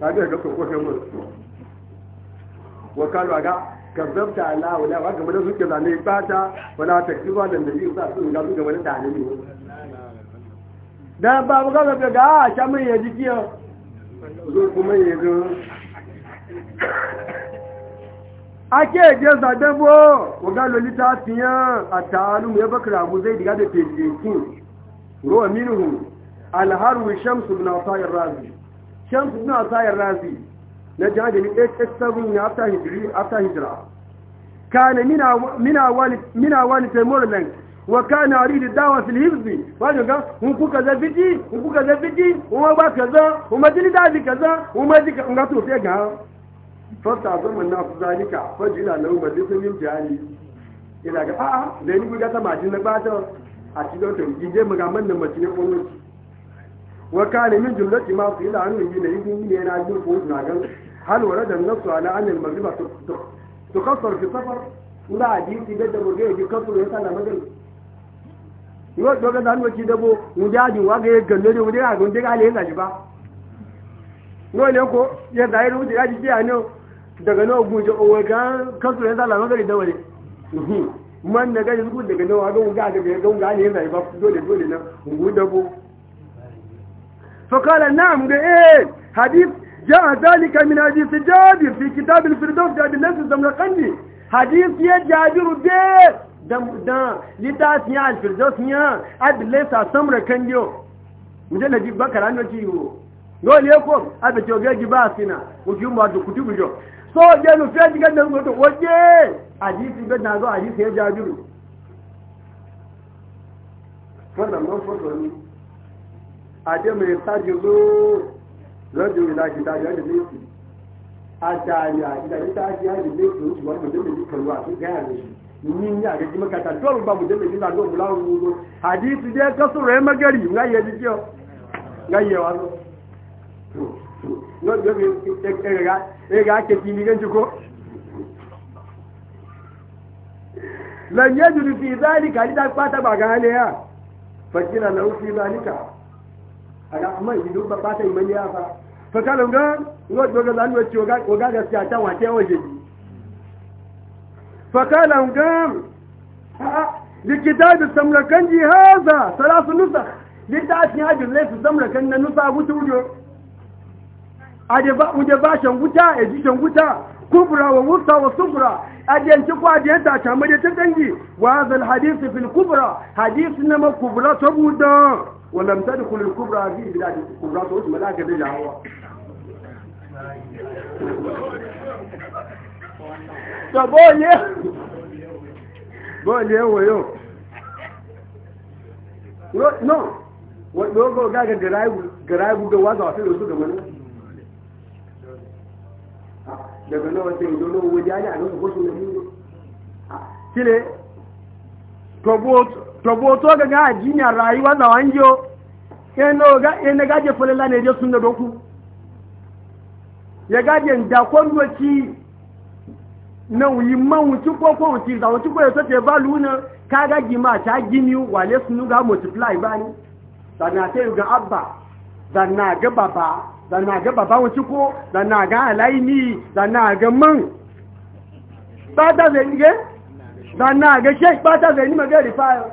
kaga ga ko kan mu wa kalu ga kazzabta ala wala wa ga da suke zane bata wala da nabi sa su ga su ga da nabi da ba mu ga ga ga ah, sha mai ya jikiya zo kuma ya ga ake je zadebo wa ga lolita atalu ya bakra mu zai diga da pejin ruwa minhu alharu shamsu bin razi shamsu suna sayar razi na jihadi 887 ya after hijira after hijira kana mina wani wa kana aridu dawa fil hizbi wajen ga hun kuka za fiti hun kuka za fiti ba kaza kuma jini daji kaza hun majika ga to ga fasta zaman na su zalika fajila lahu majlisun min jihadi ila ga a'a da yi. guda ta majin na bata a cikin to mace ne وكان من جملة ما قيل عنه من يبني من ينعجل فوز ناقل هل ورد النص على أن المغربة تقصر في السفر ولا عديد تبدا برجع يقصر يسال مدن يوجد وقت أنه يجب مجاج واقع يقلل وديها قلت عليه نجبا نقول لكم يزعير وديها جديها نو daga nawa guje owaga kasu ya zala magari da wani man na gani zuku daga nawa ga unga ga ga unga ne yana ba dole dole na ungu dabo فقال نعم ايه حديث جاء ذلك من حديث جابر في كتاب الفردوس جابر الناس الزمرقندي حديث يا جابر ده ده لتاس يا الفردوس يا عبد ليس الزمرقندي مجلد بكر عنه جيو قول يكم ابي توجي باسنا وجيم بعد كتب جو so je lu fe diga da ngoto waje hadisi be na zo hadisi ya jabiru wannan mun fito ne àjẹmọ̀ ìsájú lọ́dọ̀ ìlàjìdá yọ́dẹ̀ méjì àjààyà ìdájítà àti àjẹ́ méjì ó ṣùgbọ́n mọ̀dé méjì pẹ̀lú àtúgbà rẹ̀ ní ní àgẹ́jì mẹ́kàtà tí ọ̀rùn bá mọ̀dé méjì làdó òmùlá òun ló àdí ti jẹ́ kọ́sù rẹ̀ mẹ́gẹ́rì ńgáyẹ ti jẹ́ ńgáyẹ wa lọ. lọ́dọ̀ ẹ̀rẹ̀ akẹ́kì ní gẹ́jú kó. lẹ́yìn ẹ̀dùnú fi ìdáyìí kàdídá pátá bàgán lẹ́yà fẹ̀kínà lọ́wọ́ fi ìdáyìí aga amma yi duk ba ta yi manya fa fa kala ga ngo joga zan wace oga ga gaskiya ta wace waje ji fa kala ga likitabi samlakan ji haza salasu nusa litafi hajin laifi samlakan na nusa gutu jo ade ba uje ba shanguta e ji shanguta kubra wa wusta wa sufra ajen ci kwa ajen ta ta made ta dangi wa zal hadith fil kubra hadith na ma kubra saboda ولم تدخل الكبرى في بلاد الكبرى تقول ملاك بلا هو بọ́ọ̀lẹ́ bọ́ọ̀lẹ́ ẹwọ̀ yóò náà wọ́n gbọ́ gága gara ibu ga wázà wà fílò sókè wọ́n daga náà tẹ́ ìjọ lówó wọ́n jẹ́ àjá àjọ́ ìgbóṣùn lè nílò toboto ga ajinya rayuwa za wanjo eno ga ene ga je folela ne je sunna doku ya ga je nda kondo ci na uyi man wuci ko ko wuci za wuci ko yaso te balu na ka ga gima ta gimi wale sunu ga multiply bani sana te ga abba sana ga baba sana ga baba wuci ko sana ga alaini sana ga man ba ta zai ga sana ga shek ba ta zai ni magari fayo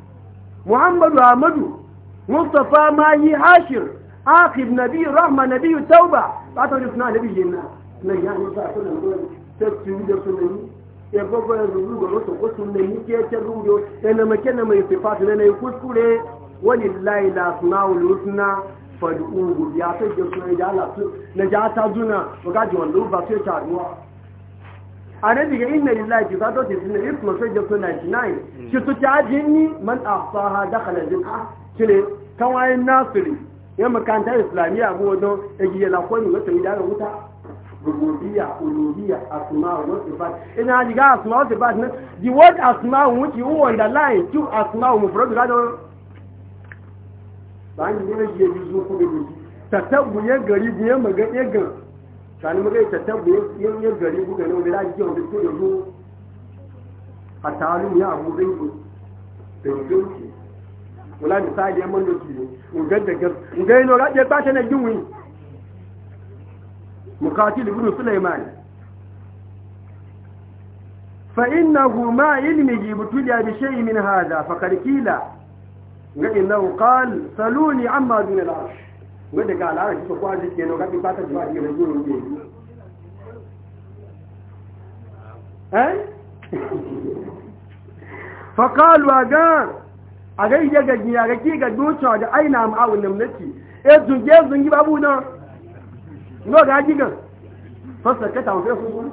muhammadu ahmadu mustapha mayi hashir akib nabi rahma nabi tauba ba ta wani suna nabi jinna na ya ne sa kuna gori tattu da sunani ya gogo ya zubu ga wasu wasu ne ni ke ta rudo ya na make na mai sifatu na yi kuskure wani lai da suna wulusna fadu ungu ya ta jesu na ja ta zuna ba ga jiwon lu ba sai ta ruwa annabi ga inna lillahi fi zato ti sunna is 99 shi su caji ni man ahsaha dakhala jinna kile kawai nasiri ya makanta islamiyya mu wado egiye la ko ni wato idan wuta rububiyya asma wa sifat ina asma wa sifat ne word asma underline to asma ga do ba ni ne ji ji ga ji ya gari ne maga ya gari sani muka yi tattabu yin yin gari buga ne wani lajiya wani ko yanzu a tarin ya abu zai yi danganci wula misali ya man doki ne ugar da gas ugar yi nora ɗaya ɓashe na ginwi mukatil ibn sulaiman fa innahu ma ilmihi butuliya bi shay'in min hadha fa qad qila ga innahu qala saluni amma dun al-arsh wadda ga al'ada kika kwaji ke nan gafi fata ke eh ga giya ga ga da aina ma'awun awun namnati e eh, zunge zungi babu na no ga gigan fasa ta wa sun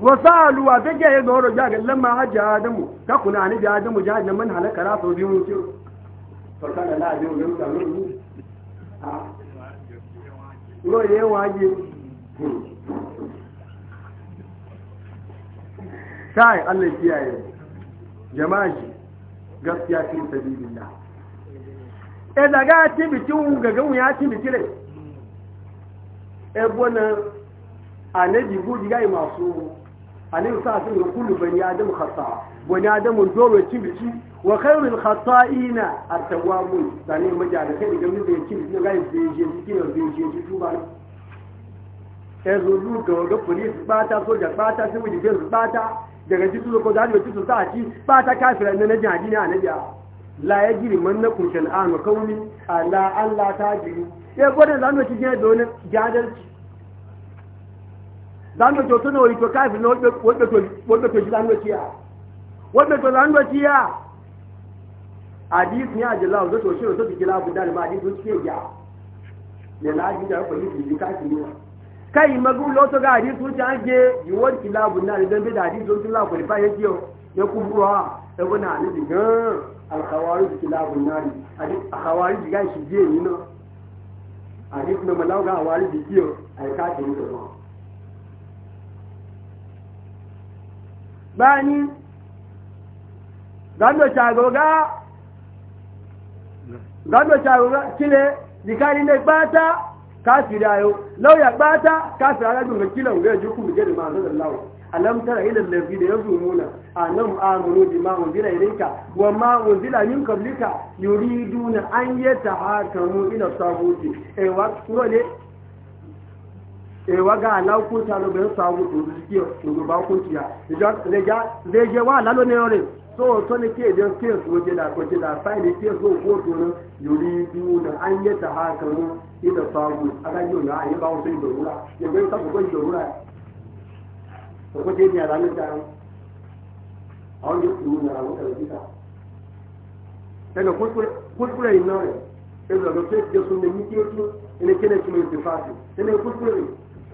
wasalu wa ta ya ga horo jaga lamma hajja adamu ka kuna ni bi adamu jahannam man halakara sau biyu mutu farka da yóò yé wọn ajé kai Allah kiyaye jama'a gaskiya fi sabilillah e daga ti bikin gagan ya ti bikire e bona anabi guji gai masu alayhi salatu ga kullu bani adam khata bani adam dole ci bici wa khairul khata'ina at-tawwabun sani majala kai idan da zai ci bici ga zai je ciki ne zai je ciki tuba ne zo du ga ga police bata soja bata sai wuji bai bata daga su ko da ne titu ta ci bata kafira ne na jadi ne annabi la ya yajri man nakum shan'an qawmi ala an la tajri ya gode zanu ci je don jadalci zanu to tuno yi to kafi na wadda to wadda to zanu ciya wadda to zanu ciya hadis ne ajalla wadda to shiro to kila abu dal ma hadis ce ya ne la ji da ko yi ka ne kai magu lo to ga hadis wuce an yi wad kila abu dal dan bi da hadis don kila ko fa yake yo ya kubura e gona ne diga al khawarij abu dal hadis khawarij ga shi je yi no hadis ne malaga khawarij ki yo ai ka ki ne bani gado chagoga gado chagoga kile nikali nde pata kafiri ayo law ya pata kafiri ayo dunga kila ure juku migere mazo law alam tara ila alladhina yazumuna anam amuru bima unzila ilayka wa ma unzila min qablika yuriduna an yatahakamu ila tabuti e wa kurole ewa ga aláwọ̀kúnta ló bẹ̀rẹ̀ sọ àwọn òrùsí òrùbá kúntì yá lè jẹ́ wà lálọ́ ní ọ̀rẹ́ tó kí èdè kéèsì ó jẹ́dà kò jẹ́dà fáìlì na á ń yẹ tàhá kan rán ilẹ̀ fáwọn agájí òyìn àyè bá wọn tó ìdòwúrà yẹ̀gbẹ́ yóò sàkókò ìdòwúrà ọkọ̀ tó ní àlàyé ta àwọn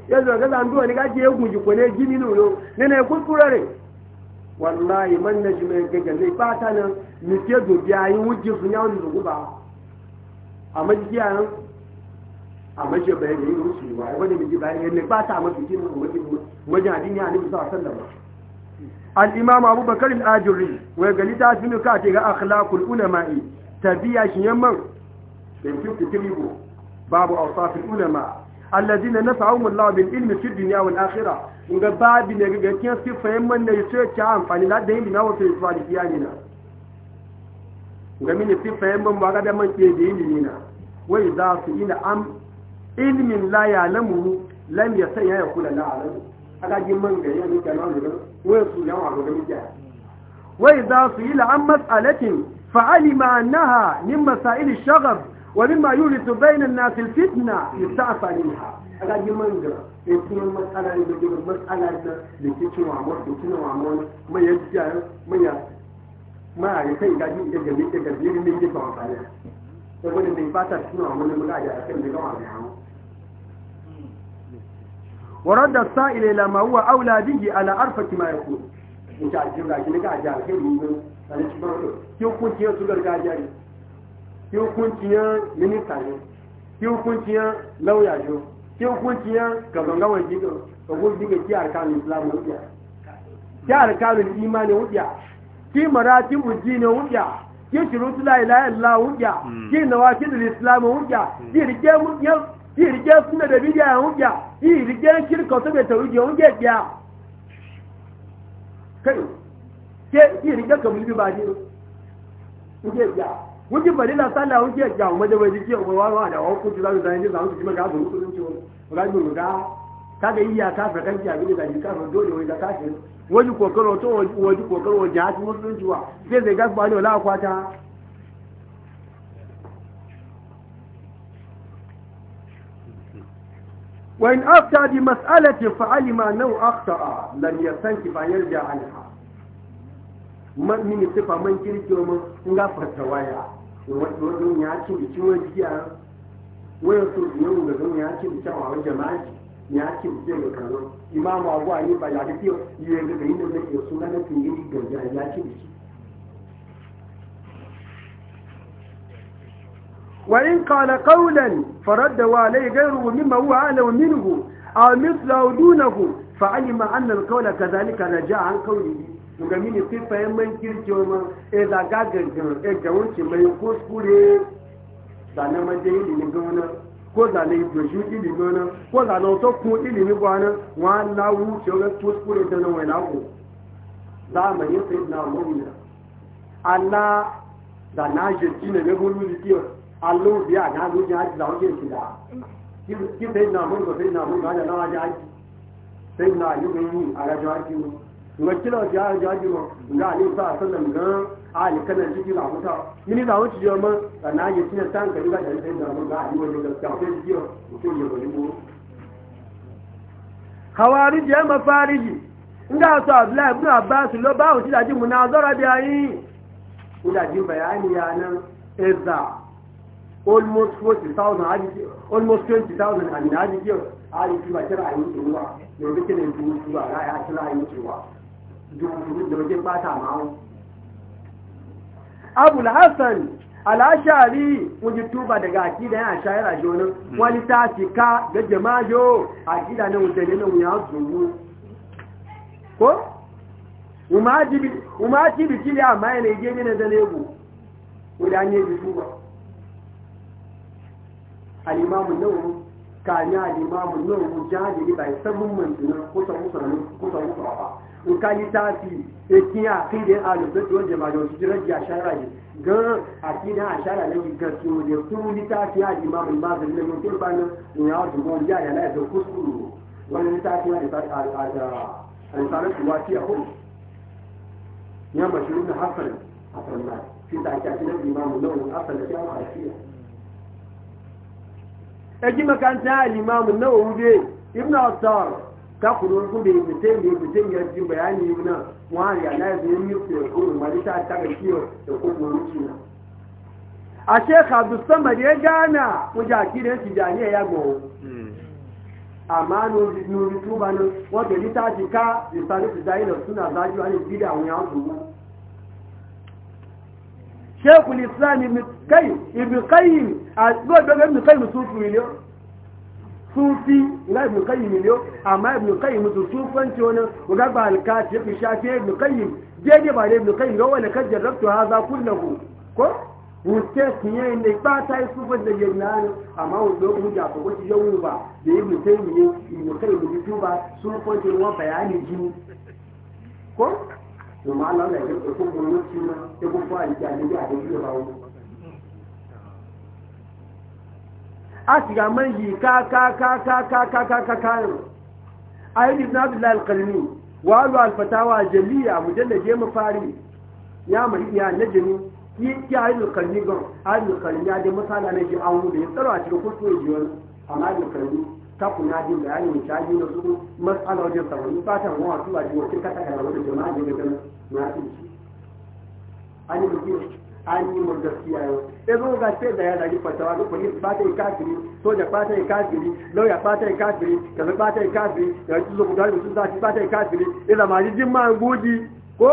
yanzu ga zan duwa ni gaje ya guji ko ne gini nuno ne ne kuskure ne wallahi man na ji mai gaga zai fata nan mi ke do biya yi wuji su nyawo ni zuguba amma ji ya nan a majiya bai ne yi su ba ai wani miji ji bai ne fata amma ji mu wuji wajen adini a nabi sallallahu sallama wasallam al-imam abubakar al-ajuri wa gali ta sunu ka ce ga akhlaqul ulama'i tabiya shi yamman da 53 babu awsafil ulama' الذين نفعهم الله بالعلم في الدنيا والآخرة وقد بعد نجاكين سيفا يما نيسوية تعام فعلي لا دهين بناو في الفاليسيانينا وقد من سيفا يما مواقب يما سيدين لنا وإذا سئين أم علم لا يعلمه لم يسيا يقول لا أعلم هذا جمان جاء من كلامه ويسوي يوم عبد الجاه وإذا سئل عن مسألة فعلم أنها من مسائل الشغب ومما يولد بين الناس الفتنة يستعفى منها هذا يمنجر يكون المسألة يبدو المسألة لكتن وعمر كتن وعمر ما يجعل ما ي ما يكي يجعل يجعل يجعل يجعل يجعل يجعل يقول إن يفاتر كتن وعمر لما قاعد يأكل لقوع ورد السائل إلى ما هو أولى به على أرفة ما يقول مش عارف كيف قاعد يجعل خير يقول أنا شبه كيف كنت يوصل قاعد يجعل ki hukunciyan minista ne ki hukunciyan lauya ne ki hukunciyan gabangawa jiga gago jiga ki arkanun islam wuya ki arkanun imani wuya ki maratin ujini wuya ki shurutu la ilaha illa wuya ki nawakidul islam wuya ki rike wuya ki rike sunna da bidiya wuya ki rike shirka to da tawhid wuya ya kai ki rike kamul bi ba ji wuya wuki bari na sallah wuki ya kyawun wajen wajen kiyar kwa wa da wakon ci zaru zanen zan su kima ga abu rukunin ciwo ba ga jiru ga ta ga iya ta fi kan kiyar gini da jika sun dole wani da kashin wani kokoro to wani kokoro wani hasi rukunin ciwo sai zai gasu ba ne wala akwata wani afta di mas'alati fa'alima nau akhtara lan yasan kifayar da anha man mini sifa man kirkiro man in ga farta waya wajen ya ci da ciwon jiya wayar su mu ga ya ci da a wajen jama'i ya ci da ga kano imamu abu a ba ya da fiye yi ga gari da nake suna na tun yi ga ya ci biki وإن قال قولا mimma huwa ala wa minhu aw منه dunahu fa alima anna al qawla kadhalika raja'a an قوله daga mini fifa yan man kirki ma e da gagagan e ga wuce mai kuskure da na maje ilimin gona ko da na idoshu ilimin gona ko da na wato kun ilimin gwana wa na wuce wani kuskure da na wani lako zamanin sai na murna ala da na jirgi ne na gudu da kiwa allo biya na gudu ya ji zaune shi da ki sai na murna sai na murna da na wajen aiki sai na yi a rajin aiki wakila ya jaji ma ga ali sa sallam ga ali kana jiki la huta yini da wuce je ma na yi ka ga dan sai da ga ali da ya mafariji inda su abdullahi ibn abbas lo ba wuce da ji munazara bi ayi ina ji bayani ya nan izza almost 40000 hadisi almost 20000 hadisi ali kira ayi ruwa ne bikin ne ruwa ya kira ayi ruwa abu hassan alashari wọ́n ji tuba daga akida yana shayar a wani hmm. wani ta cika ga jamajo akida na wujane na wuya zuwu ko? umarci bikili a maye na igeni na zanebu wadda ne bi tuba alimamun nau'u kanya alimamun nau'u jihadi bai sabon mantunan kusa kusa ba nka littafi da kiya akidin alubai tuwon jama'a wasu jiran ji a shara ne gan akidin a shara ne ga su ne kuma littafi a imamun mazin ne mun turba nan in yawon jimon ya yana da kuskuru wani littafi a alisarar kuwa fiye kuma ya mashiru da hasan a sannan fi ta ake akinan imamun nau'in hasan da kyawun alfiya ɗaji makanta alimamun nau'in dai ibn al-tar takuru ku da yake ne mutum ya ji bayani yi nan wani ya na yanzu yin yi ya kuma mali ta taka kiyo da kuma ruci na a shekha abdussamad ya gana wajen akida ya tijaniya ya gowo amma nuri tuba nan wata littafi ka lissari su zahirar suna zaji wani bida wani ya zuwa shekul ibn kai ibn kai a zuwa dogon ibn kai musu tuwiliyo sufi ga ibn qayyim ne amma ibn qayyim su sufanci wani ga ba alkati fi shafi ibn qayyim jeje ba ne ibn qayyim ga wala kad jarrabtu hadha kullahu ko wuce kiye ne ba ta yi sufan da jannani amma wuce ku ja ko ci yau ba da ibn qayyim ne ibn qayyim ji tuba sufanci wa bayani ji ko to ma Allah ya ko ko mun ci na ko ko alkati ga da ba a ga man yi ka ka ka ka ka ka ka ka kayan ayyar ibn abdullahi alkalmi wa alu alfatawa jaliya mujallaje mafari ya mai iya na jini yi ki ayyar alkalmi gan ayyar alkalmi ya dai masala na ji an wuce tsaro a cikin kurkuku ya ji wani amma ayyar alkalmi ta kuna jin bayani mai shaji na su matsala wajen sabani ba ta mawa tuwa ji wata kasa kana wata jama'a ne da gani na fi shi an yi an yi mun gaskiya yau sai zo ga sai da ya dagi fatawa ga police ba ta yi kafiri soja ba ta yi kafiri lauya ba ta yi kafiri kaza ba ta yi kafiri da su zo gudanar su zaci ba ta yi kafiri ila ma jin ma goji ko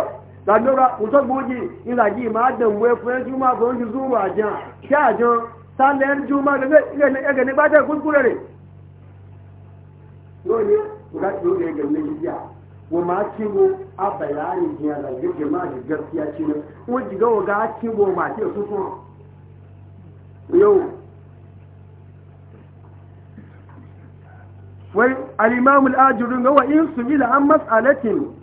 da nora uso goji ila ji ma dan we fe juma ko ji zuwa jan sha jan salen juma ga ga ga ne ba ta kuskure ne dole ga dole ga ne ya wa ma kibo a bayani jiya da gaske ma da gaskiya ce ne wani jiga wa ga kibo ma ce su sun yau wai al-imam al ga wa in su ila an mas'alatin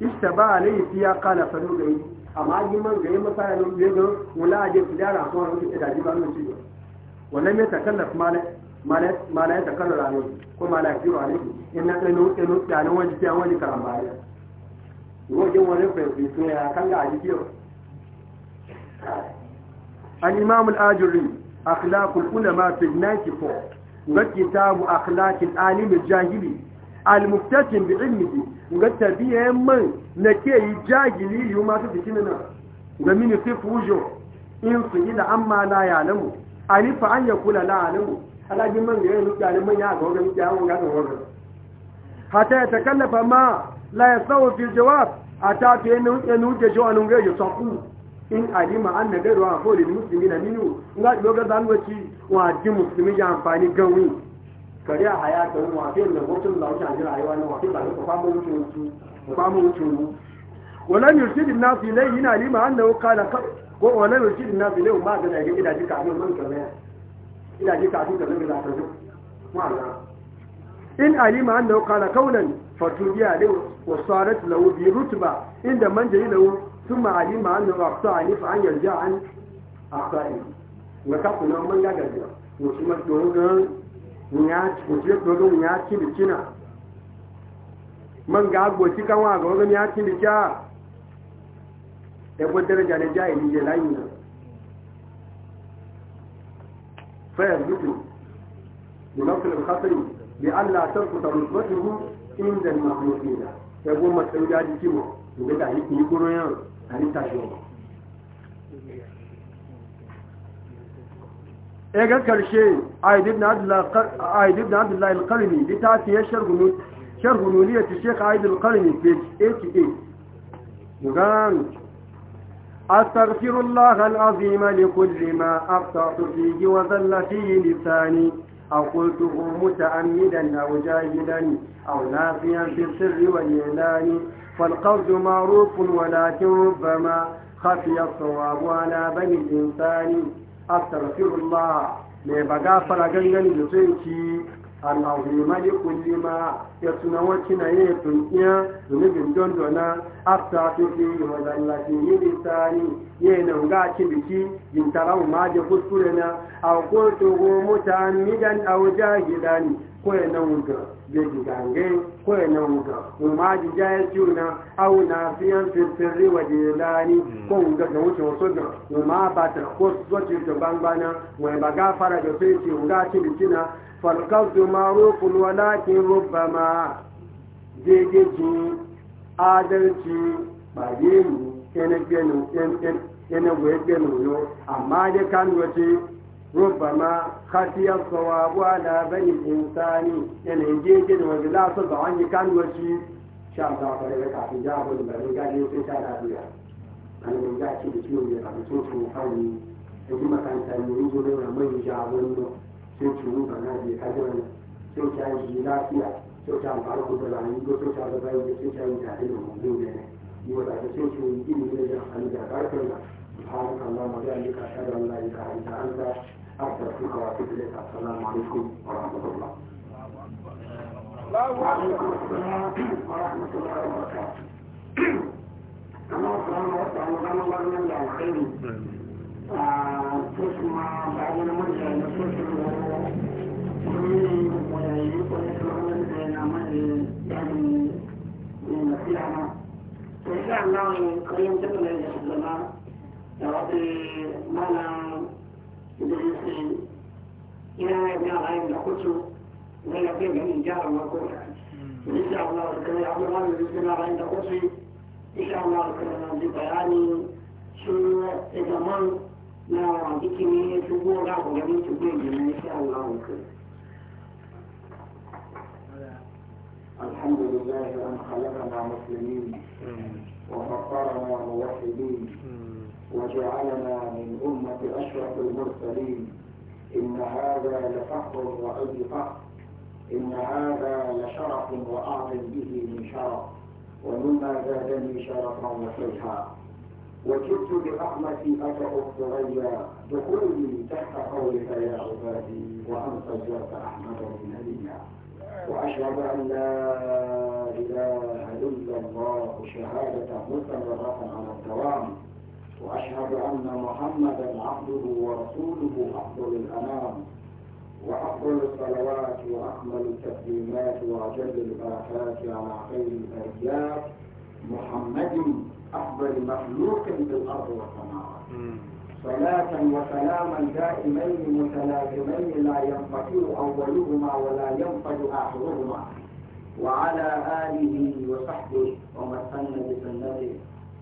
istaba alayhi fiya qala fa nuga yi amma ji man ga yi masala nan bai ga wala je tijara ko ran ki da ji ba nan ci wannan me takallaf mala Mana mala ya takallala ne ko mana ya ji wa alayhi in na kai nuke nuke da nan wani kiyan wani karamba ya wani wani fayyafi ya kan ga aji kiyo an imam al'ajiri akhlaqul hmm. kitabu akhlaqil alim al-jahili al-muftatin bi ilmihi ga tabiyan man nake yi jahili yu ma su cikin nan ga mini fi in su ila amma la ya'lamu ani fa an kula la ya'lamu alaji man ga yi nuke man ya ga ga mi ga ga ga hata yatakallafa ma la yasawu fi jawab ata ta yanu da jawanun ga ya saku in alima anna gairu an kawai musulmi na minu nga yoga zan wace wa ji musulmi ya amfani gawi kare a haya ta wani wafe da hotun da wuce a jira rayuwa na wafe ba da ku fama wuce wuce ku fama wuce wuce wala yurshidin nasu ilai yana alima anna wakala ko wala yurshidin nasu ilai ma ga da ga idaji kafin man kamar idaji kafin kamar da ta zo ma'ana in alima annahu qala qawlan fatubi alayhi wa sarat lahu bi rutba inda man jari lahu thumma alima annahu aqta ani fa an yarja an aqta'i wa ka kuna man ga gajiya ko shi ma dogon nya ko shi dogon nya ci bicina man ga goci kan wa dogon nya ci bica e ko daraja ne jahili je layi na fa yaddu bi nafsil al-khatri لئلا تسقط رتبته عند المخلوقين يقول ما تنجاد كيمو يبدا يكون يكون يا علي تاجو ega karshe i did not la i did not la al qalmi bi شرح نونية الشيخ عيد في page 88 يقول أستغفر الله العظيم لكل ما أقطعت فيه وذل فيه لساني أو قلته متعمدا أو جاهدا أو نافيا في السر والإعلان فالقرض معروف ولكن ربما خفي الصواب على بني الإنسان أستغفر الله mai baga fara gangan al'azima ya kulli ma ya tuna wacce na yi tunkiya zunubin dondona afta to fi wadallafi yi lisani yi na ga ci biki yin tarau ma da kuskure na a kotu ko mutan midan auja gidani ko ya nan ga da gigange ko ya nan ga kuma ji jaya tuna ko ga ga wuce wasu ga kuma ba فالقصد معروف ولكن ربما جيجي آدل ba yemu ene genu ene we genu yo amma da kan wace ربما خفي الصواب على بني الإنسان يعني جيجي كده ولا صد عني كان وشي شاب ده على لك في جاب ولا قال لي في شارع ده أنا رجع شيء بسيط يعني بسيط محاولي يجي مكان ثاني يجي له ما يجاب 就全部转那些，他叫们，做交易那些，做交易好的人，如果做交易的，做交易赚的多，好的呢，因为大家做交易，你那个肯定要赚钱嘛。阿訇阿訇，我的阿訇，阿訇阿訇，阿訇阿訇，阿訇阿訇，阿訇阿訇，阿訇阿訇，阿訇阿訇，阿訇阿訇，阿訇阿訇，阿訇阿訇，阿訇阿訇，阿訇阿訇，阿訇阿訇，阿訇 تسمع بعد المرجع للسلطة ويعيق ويتمعون بين عمل يعني نصيحة وإن شاء الله الكريم تكمل إلى الزمان يا ربي مالا إدريسي إلى ابن غايب لقوته ولا كيف من جار المقولة إن شاء الله الكريم عبد الله بن غايب لقوته إن شاء الله الكريم ببياني شو إذا من الحمد لله أن خلقنا مسلمين وفطرنا موحدين وجعلنا من أمة أشرف المرسلين إن هذا لفخر وأي فخر إن هذا لشرف وأعظم به من شرف ومما زادني شرفا وفرحا وجدت برحمتي أبا ثريا دخولي تحت قولك يا عبادي وأن صدرت أحمده نبيا وأشهد أن لا إله إلا الله شهادة مستمرة على الدوام وأشهد أن محمدا عبده ورسوله أفضل الأنام وأفضل الصلوات وأكمل التسليمات وأجل البركات على خير البريات محمد أفضل مخلوق بالأرض والسماوات صلاة وسلاما دائمين متلازمين لا ينفصل أولهما ولا ينفد آخرهما وعلى آله وصحبه ومن سن بسنته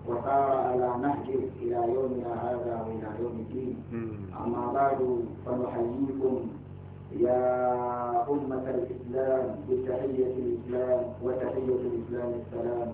وسار على نهجه إلى يومنا هذا وإلى يوم الدين أما بعد فنحييكم يا أمة الإسلام بتحية الإسلام وتحية الإسلام السلام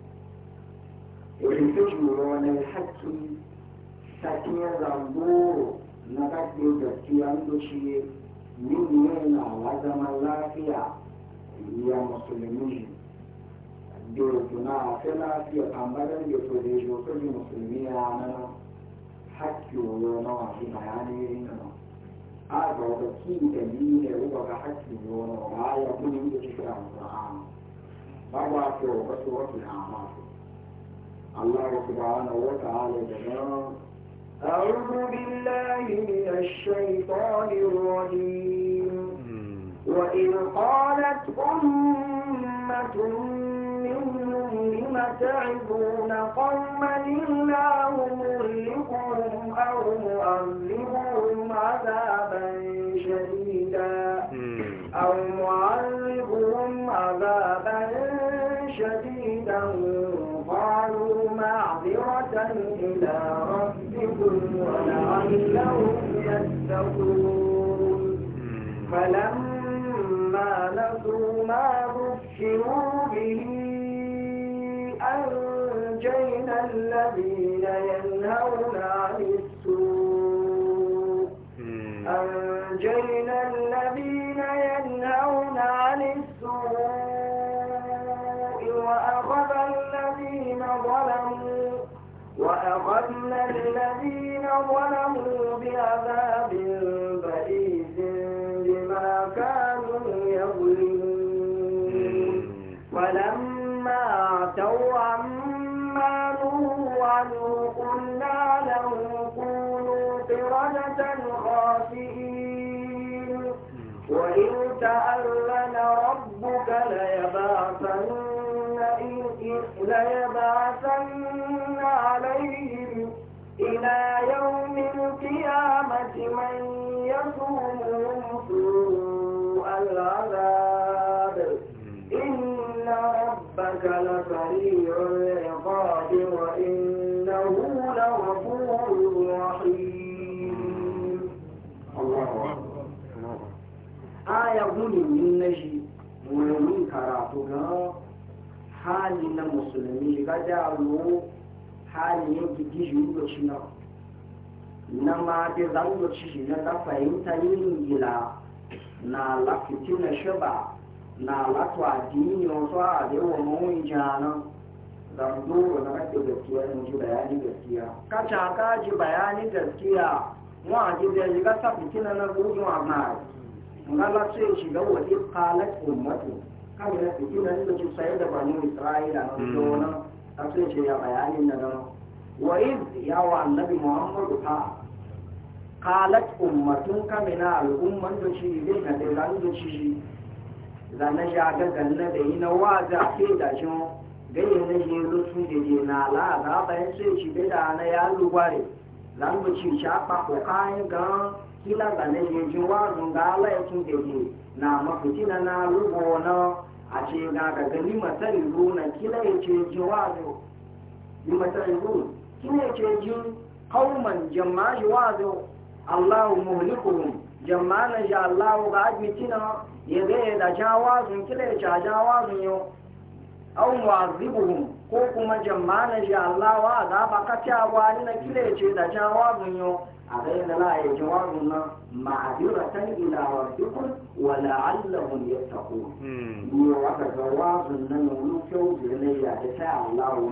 ينتجون الحق سكيرا بورو نقد يدكيان بشي من في قمبلا يفرج الله سبحانه وتعالى جماعة أعوذ بالله من الشيطان الرجيم وإذ قالت أمة منهم لم تعبون قوما الله مغلقهم أو مؤذبهم عذابا شديدا أو معذبهم عذابا شديدا قالوا معذرة إلى ربكم ولعلهم يتقون فلما نسوا ما ذكروا به أنجينا الذين ينهون عن السوء أنجينا الذين ينهون عن السوء وأخذ الذين ظلموا وأخذنا الذين ظلموا بعذاب بئيس بما كانوا يظلمون ولما عتوا عما نهوا عنه قلنا لهم كونوا قردة خاسئين وإن تألوا من يسومهم سوء العذاب إن ربك لسريع العقاب وإنه لغفور رحيم الله آية غني من نجي ولمن كراتنا حالنا مسلمين قد حالي يجي تيجي وشنا na ma dai zango ci shi na ta fahimta ni ila na la na shaba na la to o wasu a da mo mawai jana zango dole na kake gaskiya in ji bayani gaskiya kaca ka ji bayani gaskiya mu a ji da shiga ta fitina na gudun a na la sai shiga wani kalat ummatu kan yana fitina da ci sai da bani isra'ila na dole na sai hmm. ce ya bayani na nan wa iz wa annabi muhammadu ka qalat ummatun kamina al'umman da shi zai na da zan da shi zana ja ga ganna da yi na waza ke da shi ganye na shi lutsu da je na la da bayan sai shi bai da na ya lugware zan da shi sha ba ko kayan ga kila zana je ji wazun ga Allah ya da je na mafitina na lugo na a ce ga ga gani masarin runa kila ya ce ji wazun yi masarin runa kila ya ce ji kauman jama'i wazun Allahu muhlikuhum jama'an ya Allahu ga admitina ya ga da jawazun kila ya jawazun yo aw mu'azibuhum ko kuma jama'an ya Allahu ga ba ka ta wani na kila ya da jawazun yo a ga yana la ya jawazun na ma'adiratan ila dukun wa la'allahum yattaqun ni hmm. wa ka jawazun nan mu kyau ne ya ta Allahu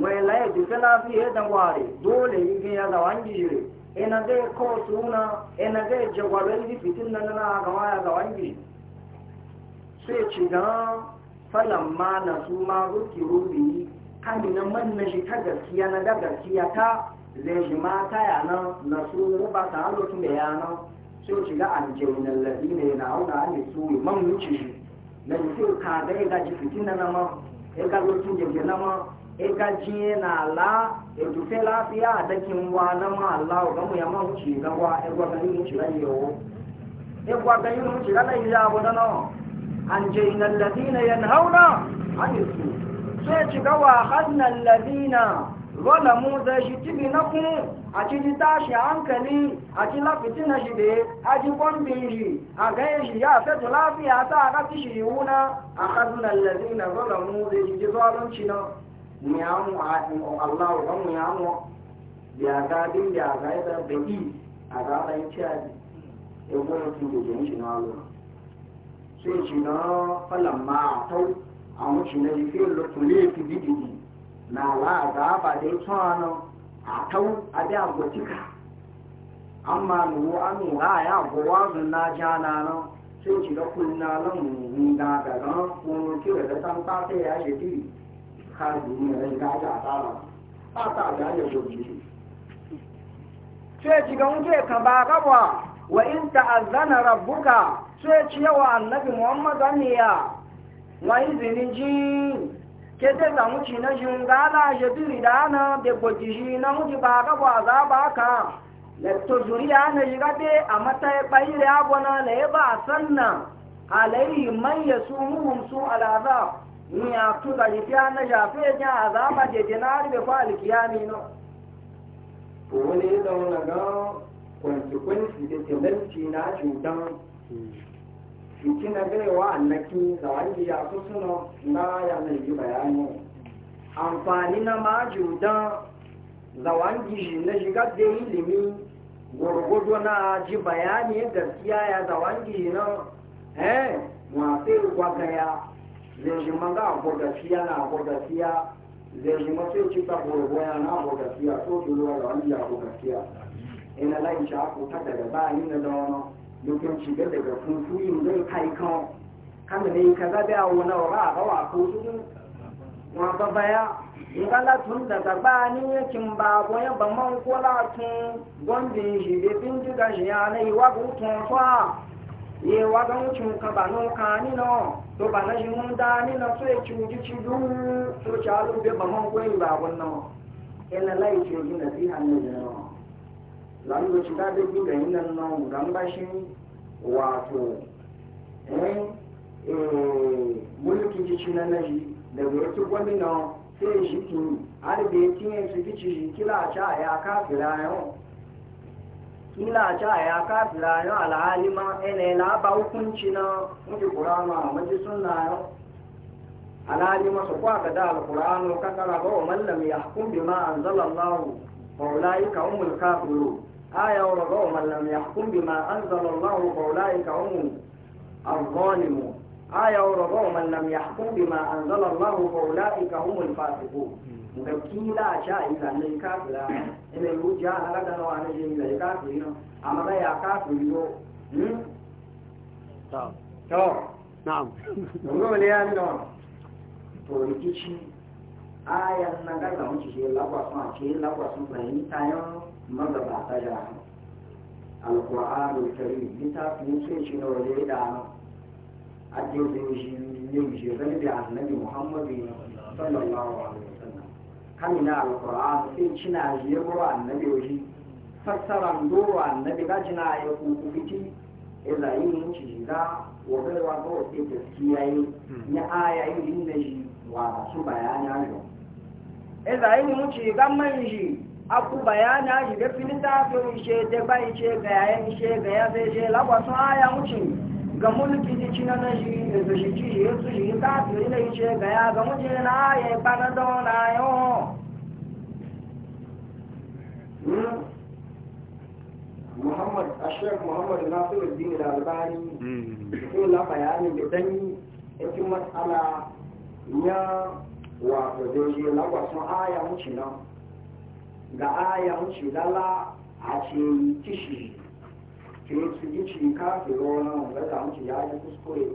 wai laye duka lafiya da ware dole yi gaya da wangi jire ina zai ko suna ina zai jagwarar yi fitin nan na ga waya ga wangi sai ci ga falan ma na su ma ruki rubi kami na man na shi ta gaskiya na da gaskiya ta zai shi ma ta yana na su ruba ta halittun da yana sai ci ga aljihun lalabi ne na auna ne su man wuce na ji ika jiye na ala edufe lafiya a dakin wa na ma ala o gamu ya ma wuce na wa egwa gani mu cira ne yawo egwa gani mu cira na ila abu da nawa an je ina ladina yanhauna an yusu sai ci ga wa hadna ladina wala mu da shi tibi na ku a ci ji tashi hankali a ci lafiti na shi be a ji kwambin shi a gaya shi ya fetu lafiya ta a kafi shi yiwuna a hadna ladina wala mu da shi ji zalunci na muyamu Allah ga muyamu ya ga din ya ga da bai a ga a ciya ya gona tun da jin shi na Allah sai na falamma tau a mushi na jikin lutule na ala ga dai tsano a a gotika amma mu anu ha ya gowa na jana sai da mu ga ga khalidi ne rai ka ga asara ba ta ga ya gobe sai ci ga wuce ka ba gaba wa in ta'azzana rabbuka sai ci yawa annabi muhammad aniya wa izini ji ke te za mu ci na jingala ya biri da na da gwaji shi na muji ba gaba za ba ka da to zuriya na yi gabe a matayi bayire abona na ya ba sannan alayhi man yasumuhum su al'azab ni ya tu da yi fiya na shafe ya azaba je jenari da kwa alkiyami no to wani da wani ga kwanci kwanci da talanci na cutan fiki na gaiwa annaki da wani ya su suna na ya mai yi bayani amfani na ma cutan da wani shi na shiga da ilimi gwargwado na ji bayani gaskiya ya da wani na eh masu gwagaya zai shi manga na gurgasiya zai shi masu ci ta na gurgasiya so ki ruwa da wani ya gurgasiya ina lai shi aku ta daga bayan na da wani dukkan shiga daga funfuyin zai kai kan kan da yi kaza da yawo na a rawa ko su wa ba baya in kala tun daga bani ya kin ba e ko ba man kola tun gondin shi be bindiga shi ya lai wa ko tun fa ye wa don chun ka ba no ka ni no to ba na yi mun da ni na so e chu ji chu du to cha lu be ba mon ko yi ba won no ina lai chu ji na ti han ne no lan go chu da be ji ga yin nan no ran ba shi wa to eh eh mulki ji chu na na ji da go ti ina ta ya kafira na alhalima ene na ba hukunci na muji qur'ana muji sunna alhalima su kwa ga da alqur'ano ka kara ba man lam yahkum bima anzala Allah fa ulaika humul kafirun aya wa ba man lam yahkum bima anzala Allah fa ulaika humul الظالمون آية ورضوا من لم يحكم بما أنزل الله فأولئك هم الفاسقون nga kila cha ne kafira ene ruja ala da wa ne ne kafira amma ya kafiri do hmm to to na'am ngo le ya ndo to rikici aya na ga da mun ci la kwa sun ci la kwa sun ba ni tayo maga ba ta ja alqur'anul karim ni ta fi sun ci no le da a je zai shi ne je ga da annabi muhammadu sallallahu alaihi kamina alquran sai cina je go annabi oji fassara ndo annabi ga cina ya ku ku fiti ila yin ci ga wa bai wa go sai gaskiya yi hmm. ya aya yin inda shi wa su bayani ajo ila yin ci ga man shi aku bayani da filita fi ishe da ba ce ga yayin ishe ga ya sai je lagwasun aya muci. ga mulki ji cina na shi da e shi ci ya e su shi e ta su yi da ga ya ga muje na ya ba na dona yo hmm? Muhammad Ashek Muhammad Nasiruddin Al-Albani sun hmm. la bayanin da dan cikin matsala ya wato da shi lagwa sun aya wuce nan ga aya wuce lala a ce kishi ci yi ci kafi rona wanda ta wuce ya yi kuskure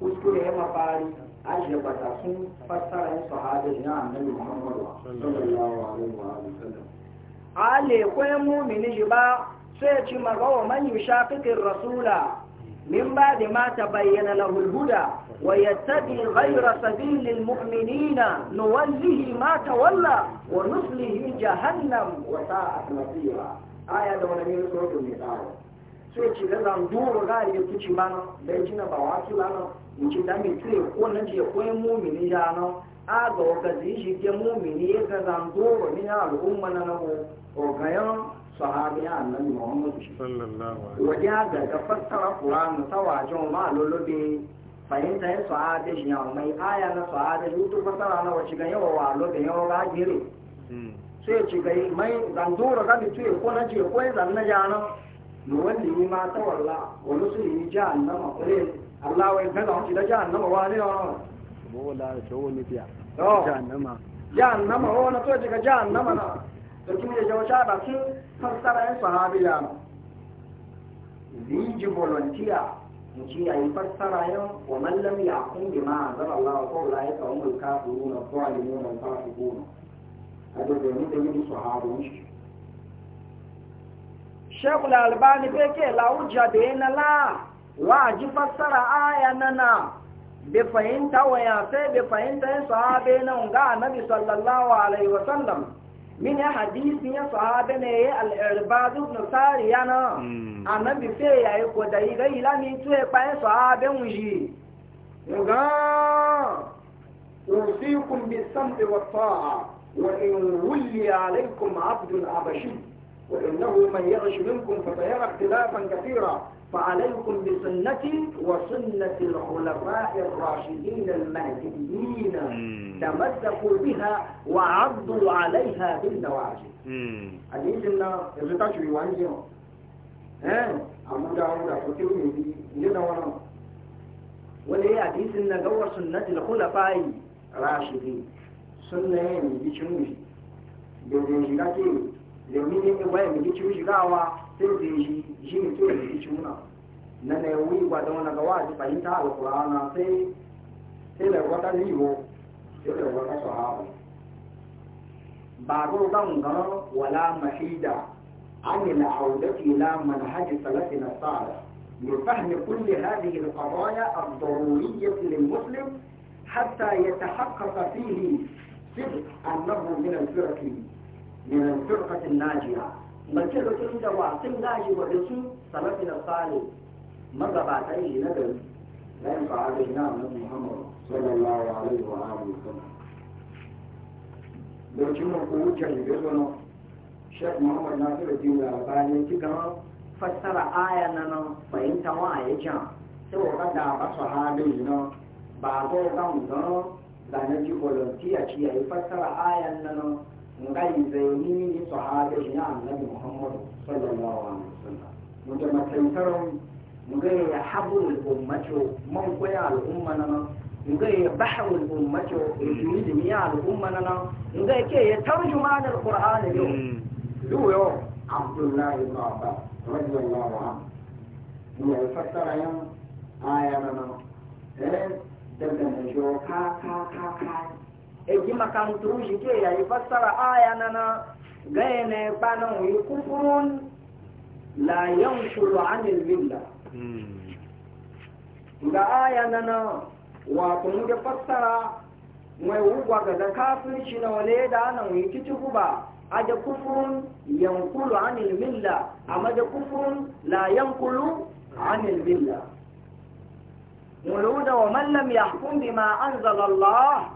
kuskure ya mafari an shi bata sun fassara yin sahabi na annabi muhammadu sallallahu alaihi wa sallam ale kwaye mumini shi ba sai ci magawa man yushaqiqir rasula من بعد ما تبين له الهدى ويتبع غير سبيل المؤمنين نوله ما تولى ونصله جهنم وساءت مصيرا آية دون من سورة النساء sai ce da zan duro za a yi tuci mana da yake na bawa su lana in ce da mai tsaye ko na je ko yin mumini ya nan a ga waka zai shi ke mumini ya ga zan duro ni ya al'umma na na ogayen sahabi ya annabi muhammadu wajen ya ga ga fassara kuranu ta wajen ma lolobe fahimta yin sahabi shi yawon mai aya na sahabi shi to fassara na wace ga yawa wa lobe yawa ba gire hmm. sai ce ga mai zan duro ga mai tsaye ko na je ko yin zan na ya nan نوله ما تولى ونصله جهنم قليل الله وينفذهم إلى جهنم وانه هو لا يشعوني فيها جهنم جهنم هو نتوجه جهنم لكن يجب شعبا كي فسر صحابي لنا زيج فولنتيا نجي أي فسر ومن لم يحكم بما أنزل الله فأولئك هم الكافرون الظالمون الفاسقون هذا بيومي تجد صحابي shekul albani peke la hujja baina la wa ji fassara aya nana be fahimta waya sai be fahimta ya sahabe na ga annabi sallallahu alaihi wa sallam min ya hadisi ya sahabe ne ya al-irbad ibn sariya na annabi sai ya yi ko dai ga ilami to ya fa sahabe mun ga usikum bis sam'i wat ta'a wa in wulli alaikum abdul abashi وإنه من يغش منكم فسيرى اختلافا كثيرا فعليكم بسنتي وسنة الخلفاء الراشدين المهديين تمسكوا بها وعضوا عليها بالنواجذ حديثنا يزتاش بيوانجيو ها أبو داود أبو تيرمذي يدورون وليه إن جوه سنة الخلفاء الراشدين سنة يعني شنو؟ بيجي لكن domin yin waye mai gici shigawa sai da shi shi ne to da gici muna na ne wi gwa da wannan ga wazi fahimta alqur'ana sai sai da wata liwo sai da wata sahaba ba go gan ga wala mahida عن العودة إلى منهج سلفنا الصالح لفهم كل هذه القضايا الضرورية للمسلم حتى يتحقق فيه صدق أنه من الفرق من الفرقة الناجية مكتبة عند واعطم الله وعسو صلت إلى الصالح مرة بعد أي ندم لا ينفع علينا من محمد صلى الله عليه وآله وسلم لكن القوة جاي بيزونا شيخ محمد ناصر الدين الألباني تكنا فسر آية لنا فإن توا أيجا سوى قد دعب صحابينا بعضو قوم دعنا جي فولنتيا جي فسر آية لنا ngai zaini ni sahaba ina annabi muhammad sallallahu alaihi wasallam mu da makaitaron mu ga ya habul ummato man koya al'umma nan mu ga ya bahrul ummato rujumi da miya al'umma nan mu ga ke ya tarjuma da alqur'ani yau yau yau abdullahi ibn abbas radiyallahu anhu mu ya fassara yan aya nan eh daga ne jo ka ka ka ka eji makarantu shi ke yayi fassara aya nana gaya na ya kwana wuyi kufurun la yan shuru anil villa hmm. ga aya nana wato muke fassara mai wugwa ga da kafirci na wale da ana wuyi kici guba a da kufurun yankulu anil villa amma da kufurun la yankulu anil villa ولود ومن لم يحكم بما أنزل الله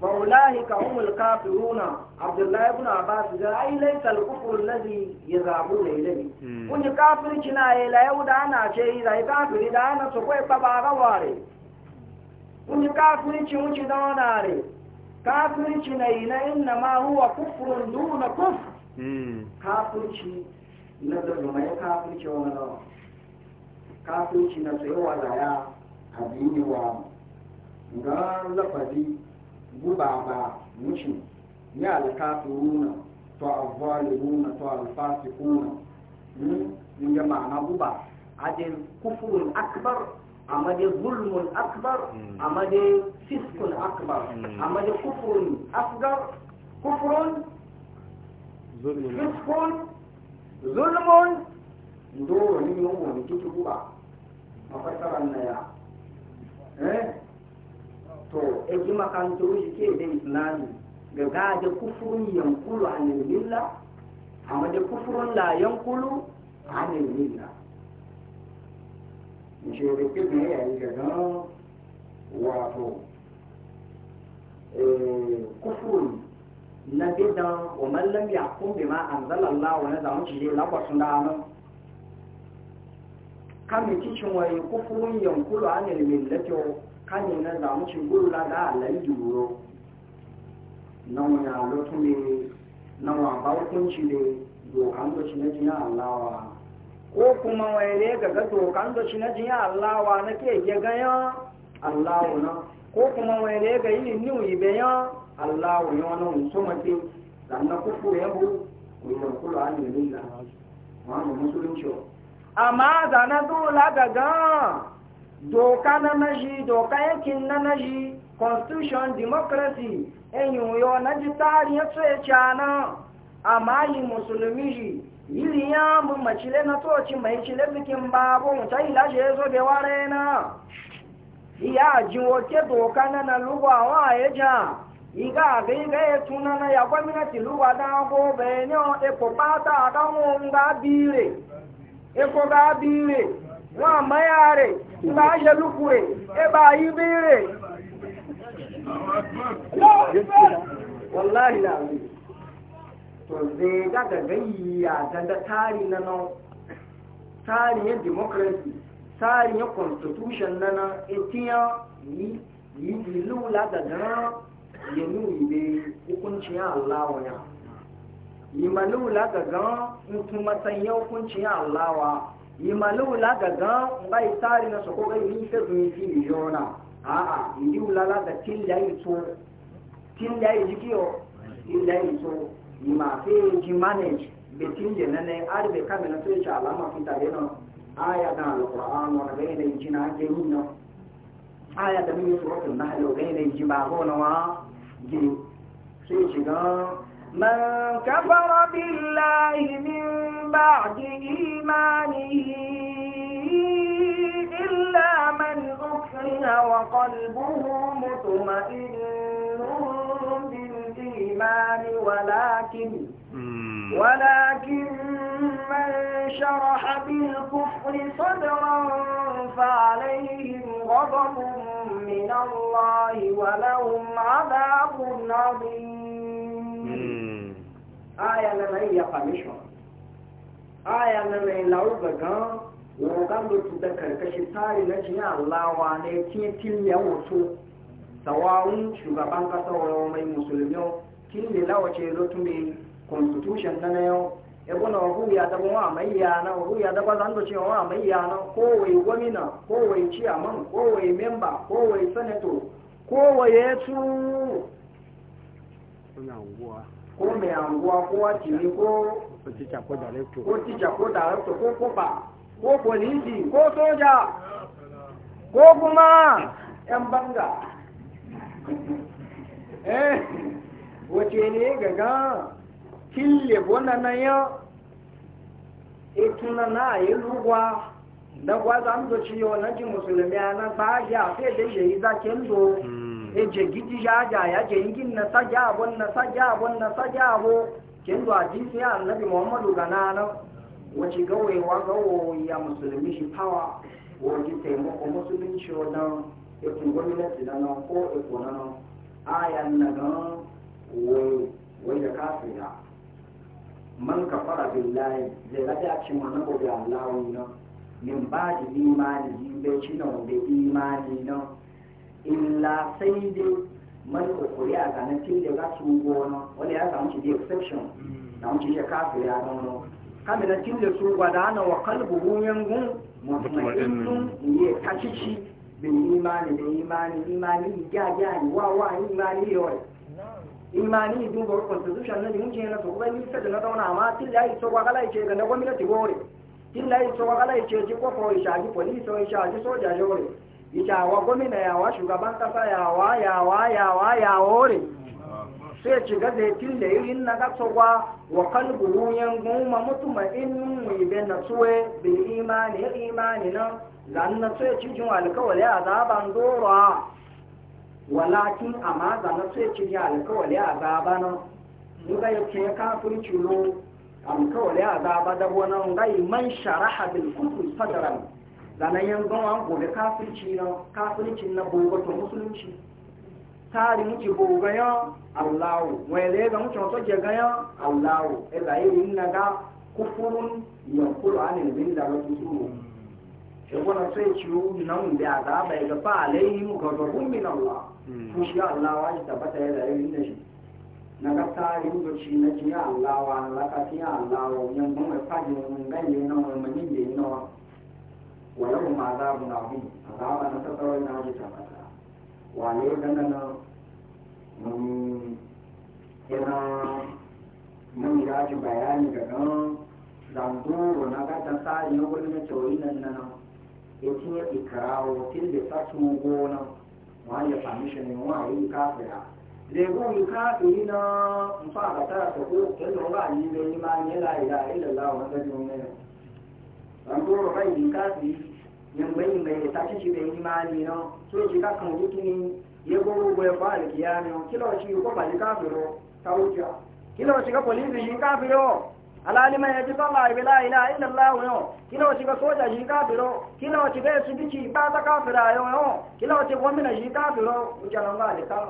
Maulahi ka umul kafi runa, Abdullah ya kuna ba su jira, ai, laifar kufur nazi ya zaɓu da ilai. Kun yi ya la yau da ana kafiri da ana su kwai ba ba ba ware. Kun wuce da wana re, kafir ki na yi na yin na ma huwa kufur nuna kuf. Kafir ki na zarurma ya kafir ki wani lawa. Kafir ki na guba ba mushi ya alkafiruna to azzalimuna to alfasiquna min ga ma'ana guba ade kufurun akbar amma dai zulmun akbar amma dai fiskun akbar amma dai kufurun asgar kufurun fiskun zulmun ndoro ni yawon kitu guba mafasaran na ya eh to e ji makaranta wuce ke da islami ga gaje kufurin yankulu a nilmilla amma da kufurin la yankulu a nilmilla ce da kiɗi ne yayi gaga wato e, kufurin na bidan wa mallam ya kumbe ma an zalalla wa na zamu ci lakwasun da anan kamin kicin waye kufurin yankulu a nilmilla kanye na da mu cin gulu la da lan duro na mu ya lo ne na wa ba hukunci ne do kan do cin jiya Allah ko kuma waye ga ga do kan do cin jiya Allah wa na ke ke ga ya Allah na ko kuma waye ga yin ni yi be ya Allah wa yo na mu so mate dan na ku ku ya bu ku ya ku la ni ni la ma mu musulunci amma da do la ga ga doka na naji doka yankin na naji constitution democracy ya yo na ji tari ya ya cana amma yi musulmi ji yiri ya mu macile na toci mai cile bikin babu mu ta ilaje ya zo da ware na iya jiwoke doka na na lugwa wa ya ja iga ga iga ya tuna na ya gwamnati lugwa da gobe ne o epo pata aga mu nga bire epo ga bire wa mayare ìbá yẹlúkú rẹ̀ ẹbá ayé béèrè wallahi na to zai daga gayya dan tari na nan tari ya democracy tari ya constitution na nan etiya yi yi lula da dan yenu ibe hukuncin Allah wani yi malula ga gan mutum matsayin hukuncin Allah wa yimalu la gaga ngai tari na soko ga yin ta zun fi yona a a yi wula la ga tin da yi to tin da yi jikiyo tin da yi to yi ma fe ji manage be tin je nane ar be kamela to ya alama fi tare no aya da alquran wa ga yin jina ke yin no aya da min suratul nahl ga yin ji ba go no wa ji sai shiga من كفر بالله من بعد إيمانه إلا من أكره وقلبه مطمئن بالإيمان ولكن ولكن من شرح بالكفر صدرا فعليهم غضب من الله ولهم عذاب عظيم aya na na ya permission aya na na ilawu ga da na jini allawa na ya tiye tilya wato shugaban kasa wa mai musulmi tilya lawace lutu constitution na na yau ebona wahu ya daba wa ya daba zan da cewa wa kowai gwamna kowai chairman kowai member kowai senator kowai ya kuna ko anguwa ko ko ko ko ko kofa ko polisi ko soja ko kuma eh wace ne gaga kille bona na ya na yi lugwa ciyo na ji musulmi ba ya eje gidi jaja ya je ingin na saja bon na saja bon na saja ho ken do hadisi ya annabi muhammadu ganana wace gawewa gawo ya muslimi shi tawa wajen taimako musulunci wadan ikun gwamnati da nan ko ikun nan ayan na ya wai da kafira man kafara billahi zai rabi ya cin wani gobe allahun nan min ba da imani be ci nan da imani nan illa sai dai man kokori a ganin tun da ga su gona wani ya samu shi da exception na mm. wuce shi kafin ya gano kame na tun da su gwada ana wa kalbu hunyan gun mutumainin ya kashi shi bin imani da imani imani ya gyani wa wa imani yawai imani dun gori constitution na jimun ce na su kuma nisa da na zauna amma tun da ya iso kwakala ya ce ga na gwamnati gore tun da ya iso kwakala ya ce ji kofa wa ishaji polisa wa ishaji soja gore yawa gwamna yawa shugaban kasa yawa yawa yawa yawo ne sai ci zai da irin na gasogwa wa kalbuhu yan goma mutuma inin mu ibe na suwe bil imani imani na zan na sai ci jin alkawali azaban dora walakin amma zan na sai ci jin alkawali azabana mu ga yake kafin ciro alkawali azaba da wannan gai man shara bil kufri sadran sannan yan an gobe kafirci na kafircin na gogoton musulunci tari muke goga ya allahu wai zai ga muke wato ke ga ya allahu e na ga kufurun yankulu kulu anin bin da wasu su e wannan sai ciwo na mun da azaba ya ga mu alaihim ghadabun min allah hmm. fushi allah wa ya tabbata ya da shi na ga tari muke ci na ji allah wa la ka ti allah wa yan mun fa ji mun ga ne na mun mun da na wa lahum azabun za azaba na ta tsaro na ji tabbata wa ne dan na mun yana mun ga ji bayani ga kan zanduro na ga ta sai na gurin na cewa nan nan ya ya ikrawo til da fatu gona wa ya permission ne wa yi kafira lego yi kafiri na mfa ga ta ko ko da ba ni da imani la ilaha illallah wa sallallahu alaihi wasallam wanzuru ghairi kafiri yambayin bai ta ci bai imani no so ji ka kan wutuni ye gogo go ya fara kiyano kila shi ni ba kafiro ta wuce kila shi ga polisi shi kafiro alalima ya ji sallah bi la ilaha illa allah yo kila shi ga soja shi kafiro kila shi ga su bici ba ta kafira yo yo kila shi gwamna shi kafiro ujalan ga da kan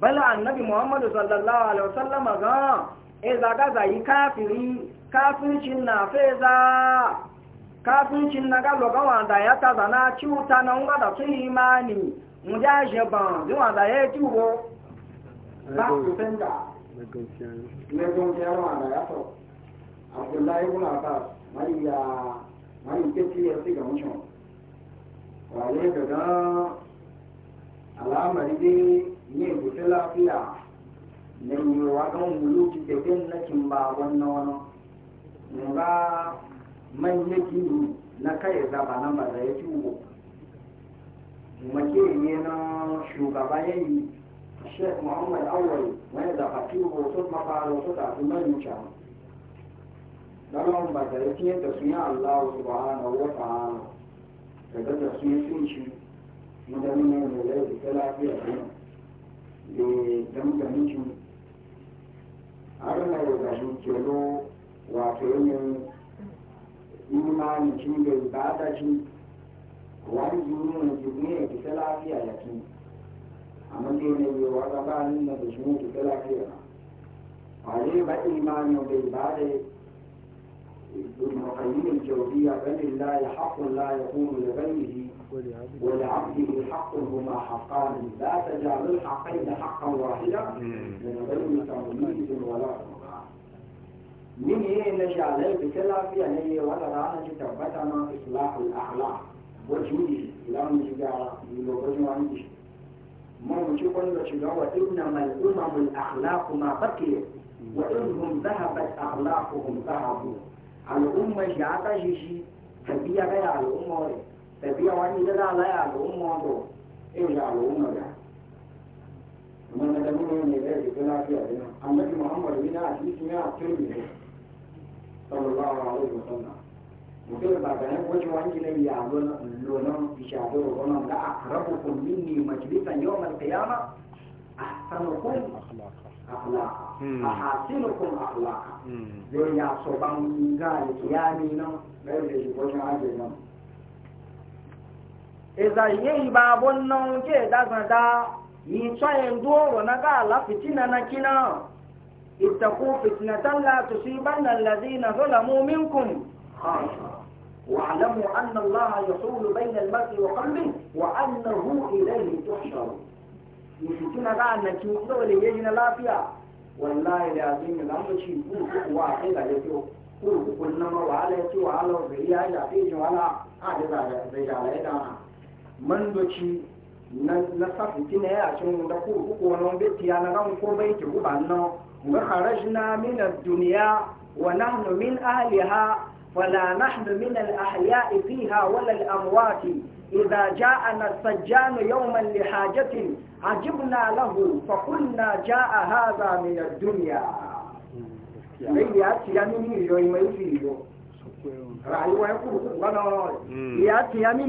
bala annabi muhammadu sallallahu alaihi wasallam ga e zaga zai kafiri kafircin na feza kafincin na galogan wanda ya taza na ciwuta na nga da sun imani mudi aje ban di wanda ya ci ugbo ba su fenda legonkiyar wanda ya so abdullahi ibn abbas mai ya mai ke ci ya ci ga mutum wale daga alamari dai ne gufe lafiya na yiwuwa kan muluki da bin na kimba wannan wani man yake na kai zaba nan ba da yake wo make ne na shugaba yayi Sheikh Muhammad Awal wani da fatihu wasu mafara wasu da su mai wuce lalon ba da yake da su ya Allah subhanahu wa hana daga da su sun ci mutane ne mai laifi ta lafiya ne da damgamin shi har na yau da shi ke wato yanayin imani shi da ibada shi wani jini ne jini ya kisa lafiya ya ki amma dai ne yi wa gaba ni na da shi ne kisa lafiya ba ne ba imani da ibada ابن القيم الجوزية بل لله حق لا يكون لغيره ولعبده حق هما حقان لا تجعل الحقين حقا واحدا من غير تمييز ولا فرق من هي التي عليك تلافي أن هي وضع أنك تبتنا إصلاح الأخلاق وجوده إلى من تجارة يلوبجوا عنك ما نشوفون بشجاعة إنما الأمم الأخلاق ما بقي وإنهم ذهبت أخلاقهم ذهبوا الأمة جاءت جيشي تبيع غير الأمة تبيع واني لدى لا الأمة إيه الأمة من نتمنى أن يجب أن يكون هناك أمة محمد بن عزيز من sallallahu alaihi wasallam mutum ba ganin wajen wanki na biya lonan bishadu ronan da akrabu kun minni majlisan yawmal qiyama ahsanukum akhlaqa hmm. ahasinukum akhlaqa zai hmm. ya so ban ga kiyami nan da shi wajen aje nan eza yeyi babon nan ke dazada yi tsayin doro na ga lafitina na kina اتقوا فتنة لا تصيبن الذين ظلموا منكم خاصة واعلموا أن الله يصول بين المرء وقلبه وأنه إليه تحشر يفتنا بقى أن تنقل وليجنا لا فيها والله العظيم الأمر شيء واحد يتوب كل كل نمر وعلى على وعلى وبيع إلى فيه وعلى هذا رجال إدانا من دوشي na safi tina ya shi mun da kurkuku wani bai tiya na ran kurbai ki guba nan وخرجنا من الدنيا ونحن من أهلها ولا نحن من الأحياء فيها ولا الأموات إذا جاءنا السجان يوما لحاجة عجبنا له فقلنا جاء هذا من الدنيا Ilé àti ya nínú ìyọ ìmọ̀ ìfì ìyọ. Ràyíwá ẹkùn lọ́nà rẹ̀. ya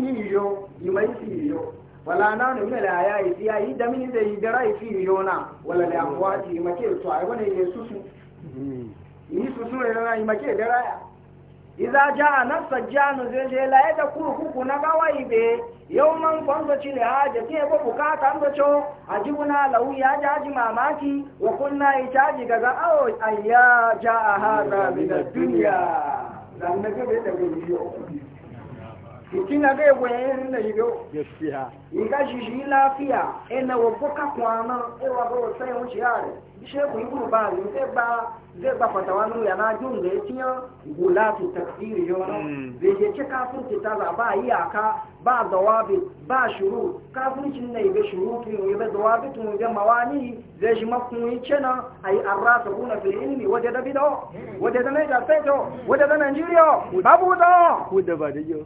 ìyọ ìmọ̀ ìfì ìyọ. wala na ne mina la ya yi ya yi da mini da yi da rai fi yona wala da akwati make to ai wani ne susu yi susu ne na yi make da raya idza jaa nasajjanu zai je la ya da kurkuku na gawai be yawman kwanzo ci ne haje ke ba bukata an zo ajibuna lahu ya jaji mamaki wa kunna yi jaji daga awo ayya jaa hada min ad-dunya dan ne ga da ga yi mutum na gai wayan da shigo gaskiya in ka shi shi lafiya ina wa boka kwana ewa ga wata yawan shi yare bishe ku yi ba ni zai ba zai ba fatawa nu yana jin da ya tiya gula tu takfiri yono zai hmm. je ce kafin ki ta ba iyaka ba zawabi ba shuru kafin kin ne ga shuru ki ne ba zawabi tun ga mawani zai shi makun yi cena ai arrasa kuna fil ilmi waje da bido hmm. waje da Niger State waje da Nigeria babu da ku da ba da yo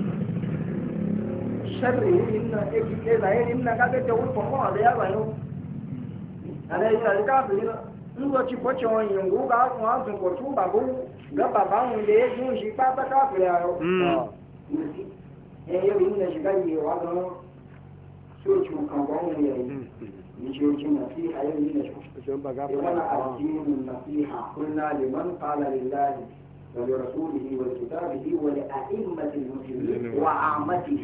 sharri inna ejike zayin inna kaga ta wuce kuma da ya bayo ala yi ala ka bi na nlo ci bocho yin go ga ko an sun ko tu ba go ga baba mun da ya jun shi pa ta ka bi ya yo eh yo inna shi ga yi wa no so ci ko kan ba mun ya yi ni ولرسوله ولكتابه ولأئمة المسلمين وعامته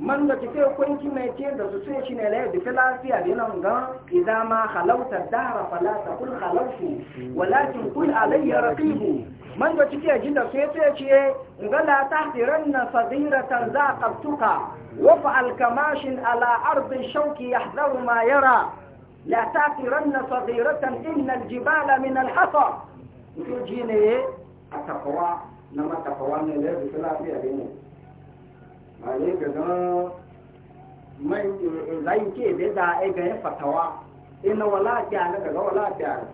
man da take hukunci mai ce da su sai shi ne laye duka lafiya da nan ga idan ma halauta dahara fala ta kul halautu walakin kul alayya raqibu man da take jin da sai sai ce ga la tahdiranna sadiratan za qabtuka wa fa'al kamashin ala ardi shawki yahdaru ma yara la tahdiranna sadiratan inna aljibala min alhafa to jine a takwa na matafawa ne da lafiya da ne ale gaga mai zai ke be da e ga fatawa ina wala ta na gaga wala ta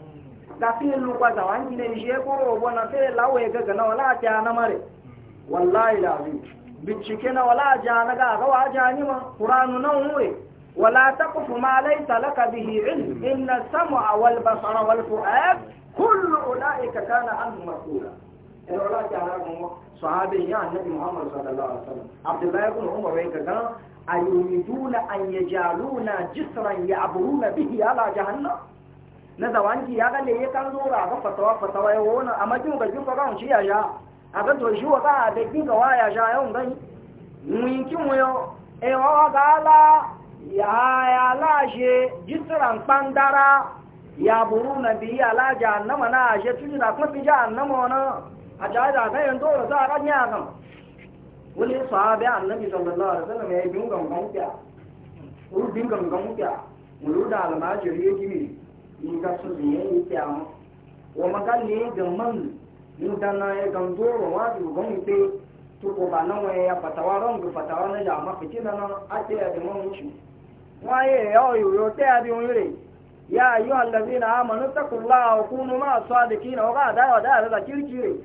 da fi lu kwa da wan ne je ko bona fe lawe gaga na wala ta na mare wallahi lazim bincike na wala ja na ga ga wa ja ni ma qur'anu na umure wala taqfu ma laysa laka bihi ilm inna sam'a wal basara wal fu'ad kullu ulaika kana anhu mas'ula ẹ̀rọ láti ara kan wọn sọ̀hábẹ̀ ìyá ànábì muhammad sallallahu alaihi wasallam abdullahi ibn umar wai gaga ayuriduna an yajaluna jisran ya'buruna bihi ala jahannam na zawanki ya ga leye kan zo ra ga fatawa fatawa ya wona amma kin ga kin ga on shi ya ya a ga to shi wa ga da kin ga waya sha yau ngai mun kin mu yo e wa ga la a ta da ga yan dole a ranya kan wani sahabi annabi sallallahu alaihi wasallam ya yi bin gangan kya ru bin gangan kya mulu da ya ga yi ya ba na waye ya fatawa ran na ya mun mushi ya ya amanu wa kunu wa ga da da da kirkire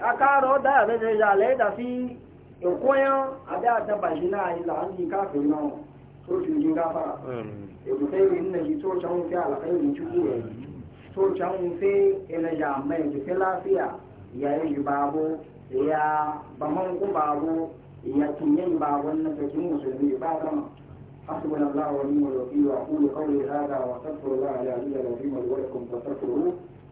akaro da da da ya le da fi koyan ada ta bajina ila an ka fi no to shi jin gafara e ku sai min ne to chan fi ala kai mu ci ku to chan fi ila ya mai ji lafiya ya yi babu ya baman ku babu ya tunyen babun الله ونعم الوكيل واقول قولي هذا واستغفر الله العلي العظيم ولي فاستغفروه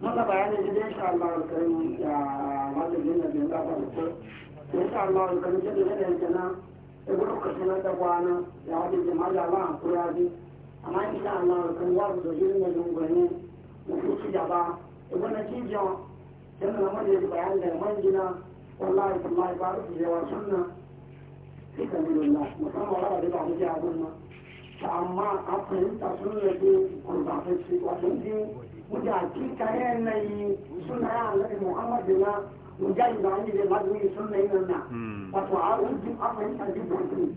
maka bayanin da insha Allah alkarim ya malamin da bin gaba da ko insha Allah alkarim da da yanke na da gudu ka sanar da kwana ya hadu da malama ko ya bi amma insha Allah alkarim wa da jin da dungane ku ci gaba wannan kijiyan yana da maje bayan da man gina wallahi tallahi ba su yawa sunna sai ka bi lillah musamman wala da ba mu ji abun nan amma a fahimta sunna ke kurbatacce wato din muda hakika yanayi suna ya annabi muhammad na mujali da an da mazuyi sunna yin nan wato a rujin a fahimta jibboti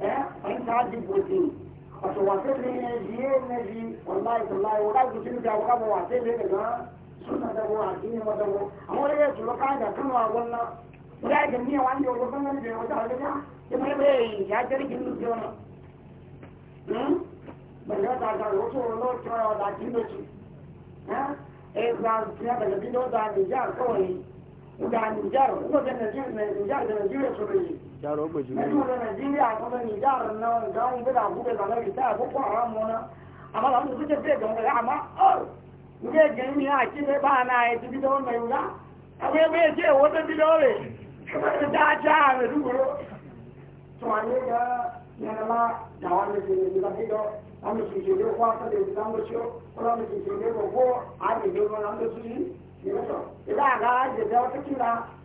eh fahimta jibboti wato wasan ne ya ji ya na ji wallahi wallahi wala ku tun da wala ba wasan ne daga suna da wa addini ma da amma da ya tulo ka da kan wa wannan da ga miya wani da wannan ne da wata halaka ya mai bai ya jirgin ne da wannan ba ga ta ga wato wannan ta da kin da ci ha eh ba ta da da da da ya kawai da Nijar, ko da Nijar, Nijar da Nijar su bai daro gbe ju ni Nigeria ko ni daro na da un be da bu be ga ni ta ko ko ara mo na ama la mu je be ga ga ama o nje je ni a ti be ba na e ti do me ula awe be je wo te bi do re da ja me du ro to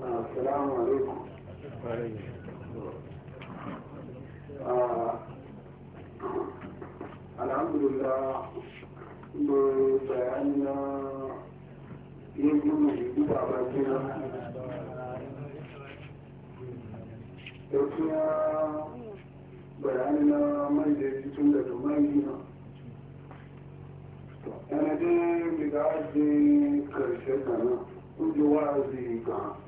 Assalamu alaikum. Ah, alhamdulillah, mo bayani na yankin mai duba bakina. Da kuma bayani na mai da tun daga mai gina. Yana dai daga ajiyar karshen gana, kujewa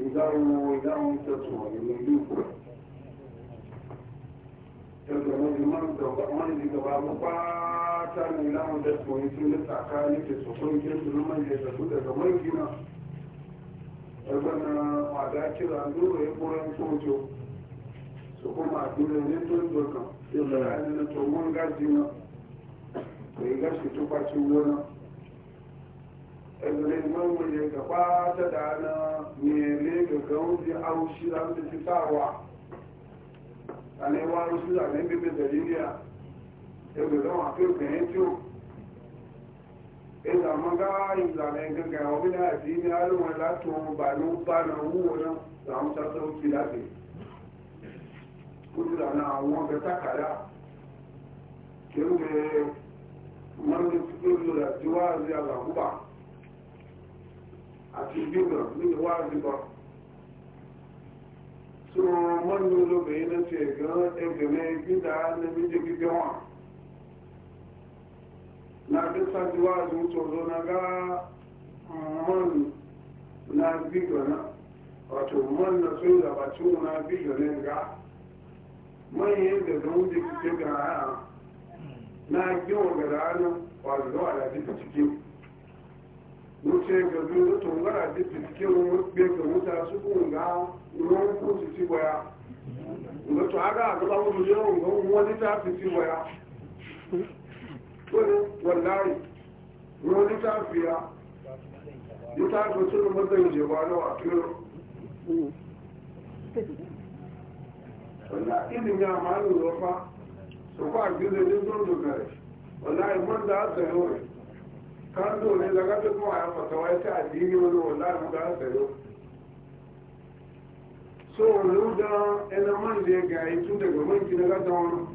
ìdáhùn ìdáhùn tẹ̀sùn ìlú ìlú tẹ̀sùn wọn ni máa ń dọ̀gba wọn ni dọ̀gba mú pátá ní ìdáhùn tẹ̀sùn yìí tún ní tàkà ní tẹ̀sùn fún ìjẹ́ tún ló máa ń yẹ tẹ̀sùn tẹ̀sùn mọ́ ìdí náà ẹgbẹ́ náà àdá kíra lóòrò epo rẹ̀ ń tó jọ sọ́kọ́ máa dúró ní tó ń dọ̀kan ìgbà ẹni tó wọ́n ń gá náà e ìwọ̀n wòye gaba tẹ́dà náà ní ilé gẹ̀gẹ̀ oúnjẹ arúṣíra ń ti sáwà àníwá arúṣíra ní bíbẹ̀ tẹ̀lélíà ẹgbẹ̀rẹ̀ wọn àti obìnrin tí ó ìlàmọ́gá ìlànà gẹ̀gẹ̀ ọ̀gbìn àti ní àríwọ̀n látò bàánú bánà wúwo náà làwọn sásọ́ òkè láti na lànà àwọn ọbẹ̀ tákàlá kí ó gbé mọ́lẹ́ tó lò láti àti gbígbọ̀n níbi wá gbígbọ̀n. tó wọ́n ní olóbìnrin ló ti ẹ̀gán ẹgbẹ̀rún gbígbà ní méjì gbígbẹ́ wọn. láti sáájú wá na gá mọ́nù na gbígbọ̀n náà wato mọ́nù na yàgbà tí wọn na gbígbọ̀n náà gá. mọ́yìn ndị dị gàrà náà gàrà náà wà lọ́wọ́ wuce ga biyu tungara da fiske gbe ga wuta su kunga ruwan kusu waya ga aga a wani yawon ga wani ta fi waya wani wallahi wani ta fiya ya ta fi jewa na wato wallahi ilin ya malu rofa su kwa gizo ne zo dogare wallahi man kan dole daga duk ma'a mata wai ta addini wani wallahi ga tsaro so luda ina man da ga yi tun daga manki na gada wani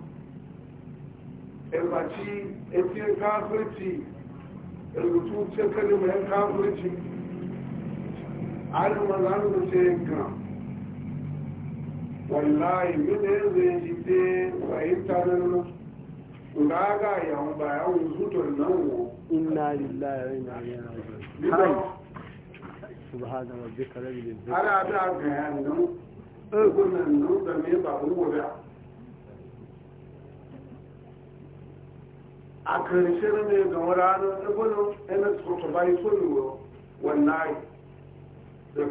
elbaci etin kafirci rubutu ce kalimar kafirci an mazanu da ce kan wallahi mene zai jide wa intanet to ga ga ya ba ya wuzu to nan wo inna lillahi wa inna ilaihi raji'un subhana rabbika rabbil izzati ala da ga ya nan eh gunan nan da me ba mu da a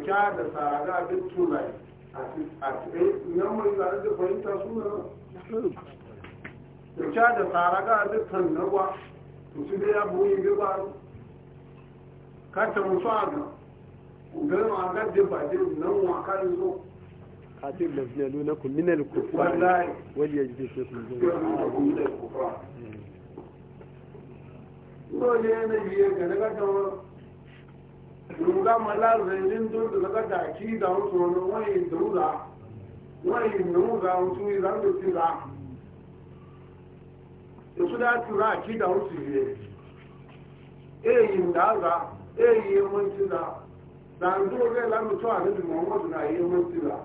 kya da tsara da abin a cikin e, yamma da fahimta suna ìṣá da tsaraga da tannarwa musu da ya buyi gaba kata musu aga ugarin agar da ba da nan wa kan zo katil da zina nuna ku minal kufa wani ya ji da shi kun zo dole yana biye ga daga tawar ruga malar zainin dole daga daki da wasu wani wani da wuza wani da wuza wasu yi zan da èso dáa ti ra àti ìdáhùn sì yẹ èyí ń dára èyí ẹmọ ti ra dàndó rẹ lánàtọ́ àlejò mọ́mọ́dún náà èyí ẹmọ ti ra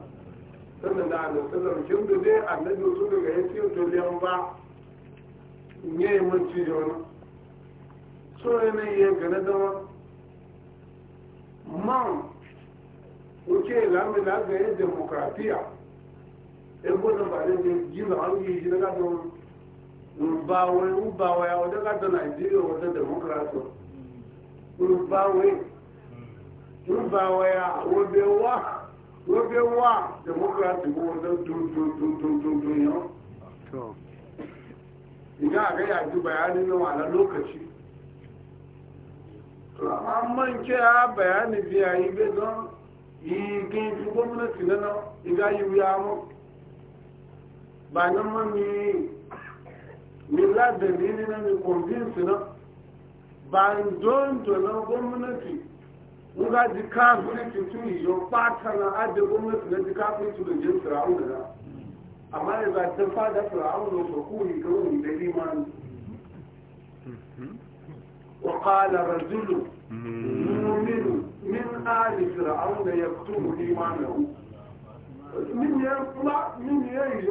sọ́nà náà lọ sọ́nà ń dòdé àlejò tó lè rẹ̀ tí ó lé ọba ìyẹn ẹmọ ti yọ ọ́nà tó ẹni yẹ ubawe de a wajen gada nigeria wajen demokrasi ubawe ubawe a wabe wa wabe wa demokrasi ko wajen tuntuntuntuntun yau idan a ga yaji bayanin yawa na lokaci a man ce a bayani biya yi bai don yi gaifi gwamnati na nan iga yi wuya mu ba nan man yi ni la dalili na ni convince na ba ndondo na gwamnati nga ji kafirci tun yo pata na aje gwamnati na ji kafirci da jin fir'aun da amma ya za ta fada fir'aun so ku ni ko ni da liman وقال رجل مؤمن من آل فرعون يكتم إيمانه من يطلع من يجي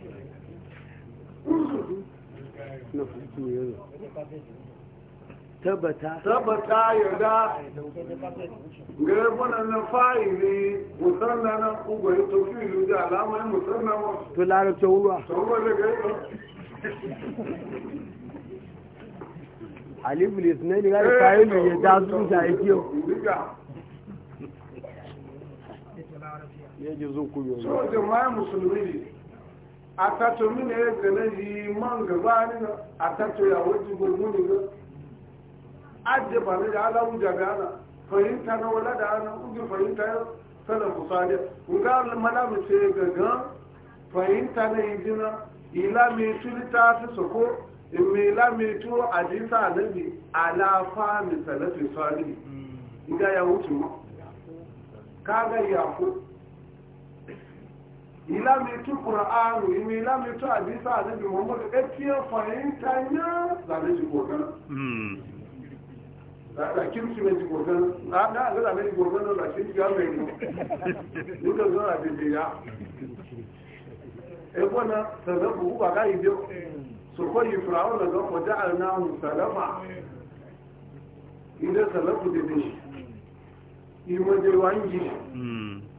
tabbata tabbata yarda gare waɗannan fa'ili musamman na ƙugwai to fi ilu da alamai musamman wa to larabta wuwa sauwa ne suna ne gari kayan da ya da su da ya kiyo ya ji zo kuyo so jama'a musulmi ne atato mine gana yi man gaba ni na atato ya wajen gurgu ne ga ajiye ba ne da ala wuja gana fahimta na wala da ana uji fahimta ya sana musali ga mana mu ce gaga fahimta na yi jina ila mai ta su soko mai ila mai tu a jinsa a nan ala fa misalatin salihi ga ya wuce ma ga ya ku ilamitu ƙura'anu imi ilamitu abisa anabi muhammadu etiyar fahimta ya zane shi gogana da hmm. kirki mai gogana na e ga ga zane shi gogana da shi ya mai ne duka zuwa bibi ya ebo na sarrafa ba ga yi biyo su kwayi fir'aun da zan kwaje a na musalama idan sarrafa da shi imajewa hmm. yi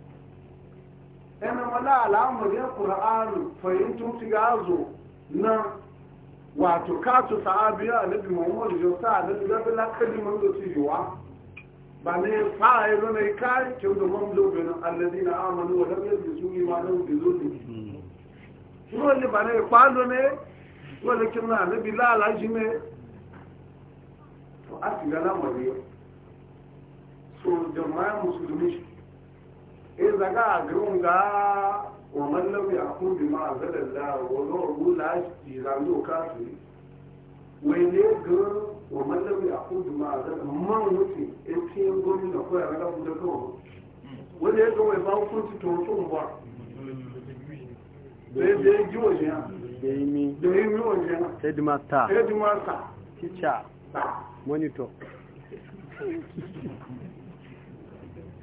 yana mala al'amarin ƙura'anu fahimtun su gazo na wato katu sahabiya a nabi muhammadu yau sa da su zafi lakali man da su yiwa ba ne fa ya zo na kai kyau da man zo benin allazi na amanu wa lam yadda su yi ma nan bi zo ne wani ba ne kwano ne wani kina nabi lalaji ne to a shiga lamarin so jama'a musulmi iza ga agirin ga wa kudu ma a zalar da wani oru lashi zanzu kasu wai ne ga wa mallam ya ma a zalar man wuce ya ce gwamnati da kawai raga kudu kawai wani ya ga wai ba ba da ya ji waje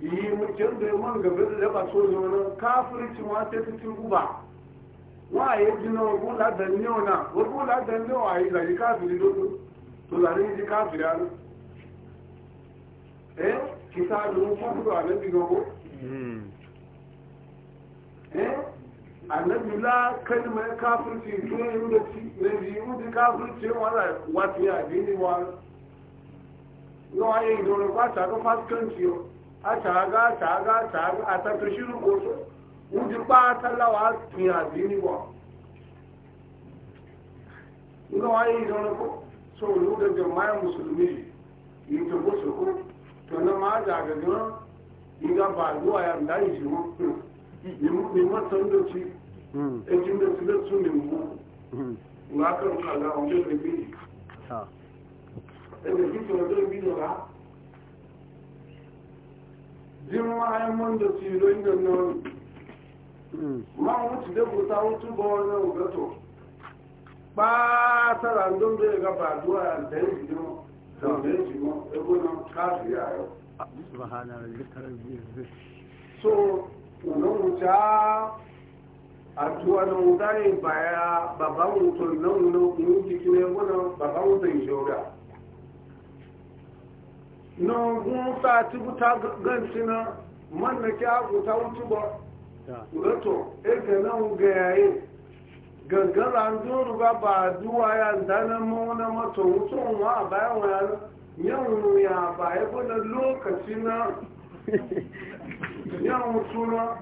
yi mutum da man gaba da daba so zonan kafirci ma ta cin guba wa ya ji na wago la danne na wago yi to zari ji eh kisa da mun fafu da eh annabi la kalma kafirci to yin da ci ne yi wala ya wa àtàgà àtàgà àtàgà àtàtòṣírù kò tó ń di pátá láwà tún àbí níbọ̀ nígbà wáyé ìdánlọ́kọ́ sọ̀rọ̀ ló dẹjọ máyà mùsùlùmí yìí tó kó sòkó tọ̀nà máa dàgbẹ̀ gan ìgbà bàálù àyàmdá ìjìmọ́ mímọ́ tán lọ́tí ẹjú lọ́tí lọ́tí mímọ́ ìwà kan kàlà ọ̀gbẹ́ bèbè ẹgbẹ̀ kí tọ̀nà tó ń bí lọ́la jirma mun da don da nan hmm. ma wuce da kuta wuce ba wani ugato ba ta randon da ya gaba zuwa da ya ji yau da ya ji ya gudun kasu ya yau so wannan wuce a tuwa na wuta ne baya babban wuton nan wunan kuma ya gudun babban wutan shauga nungun sati buta gansi na manna kya buta wutu ba gato ege nan ga yayi gangara ndoro ba ba duwa ya dana mauna mato wutu wa bayan wani yawon ya ba ya na lokaci na yawon tuna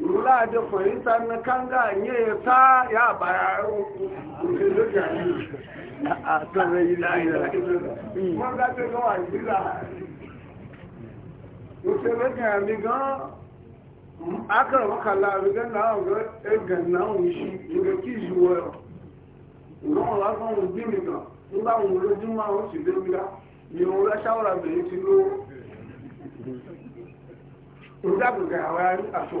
rula da fahimta na kanga nye ya ta ya baya yawon àtọ́rẹ yìí lẹ́yìn wọ́n dájọ́ lọ́wọ́ àìsílà òṣèré gẹ̀rẹ̀ mi gan akọ̀rọ̀kọ̀lá mi gan náà rẹ̀ ẹgàn náà ń ṣí ìrẹ̀ kí ìṣúwọ́ ẹ̀ ìrọ̀rùn lásán ń bí mi gan nígbà wọn lójúmọ́ àwọn sì dé mi dá ni òun rẹ̀ ṣáwọ́ra bẹ̀rẹ̀ ti lówó ìdábùgà àwọn aṣọ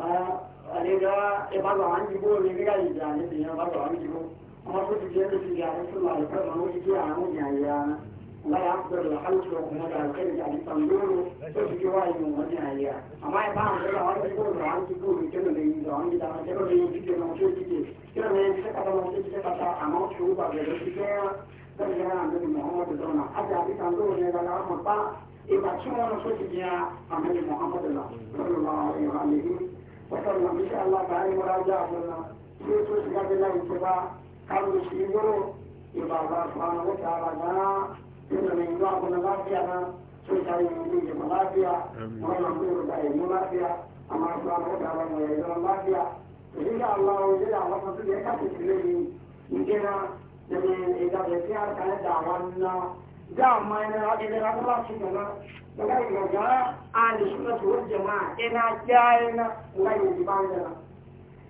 啊，啊那个，一把玩具布，你那个一件，你平常把玩具布，我手机上都出现，你是哪里穿？我去借啊，我便宜啊，我也是，还是说我在家里家里当兵，都是喜欢用我便宜啊。他妈也帮我说个玩具布，玩具布是真的衣裳，你当然，这个东西不能穿出去，穿出去，他看到看到他看到，他没收，他就生气啊，生气啊，你这么红啊，就走嘛。而且他走路那个老母巴，一把枪，手机上，他那里没看到，嗯，老，银行里面。waɗannan insha Allah ba yi muraja a wannan sai su shiga da laifi ba kawai shi yoro ya ba za su hana wata ba na yana mai zuwa kuma lafiya na sai ta yi mutum ya lafiya wannan kuma da yi lafiya amma su hana wata ba mai zama lafiya Allah ya da wasu su da ya kasance ne in kira da dama na haɗe da ranar na a da na na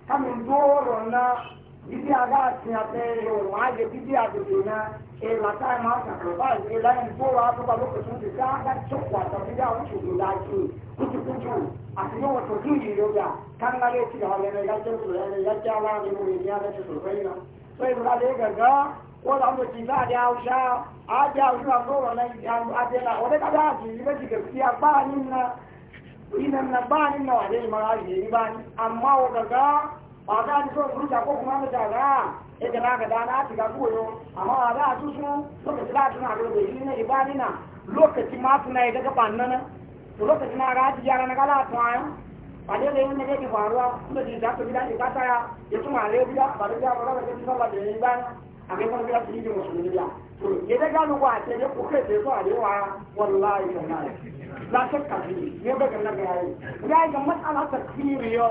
kamin doro na a a ga na e la ta ma ka ka ba e la in doro aka ba lokacin ga a ya na wọ́n àwọn òṣìṣẹ́ àdé àwùṣá àdé àwùṣá sọ̀rọ̀ àdéla ọ̀dẹ́ kájá àti ìgbẹ́ ti gẹ̀ẹ́sì agbára nínú ilẹ̀ nínú agbára nínú àdé ìmọ̀ra yìí nígbà ní àmọ́ ò gàgá ọ̀gá àti sọ̀rọ̀ burúkú àkókò máa ń lọ́jà rà ẹ̀jẹ̀ náà gàdá láti gàgbó yo àmọ́ àdá àtúnṣe lókèjì láti náà lóde yìí ní ìbá nínà lókèjì máa tún náà ẹ̀gẹ́gẹ́ pa nánà lókèjì náà rà á yára nígbà láti wọn ayọ́ pàdé lẹ́yìn nígbà ìfọ̀ àrùwá lóde ìjà tóbi dá ìgbà táyà ètò màlẹ́ bí dá pàdé bí a kai farko ya fi musulmi ya to ya da gano wa ce ne ku kai sai zuwa da yawa wallahi wallahi la shakka fi ne ba kan ga yayi ya ga mas'ala takfiri yo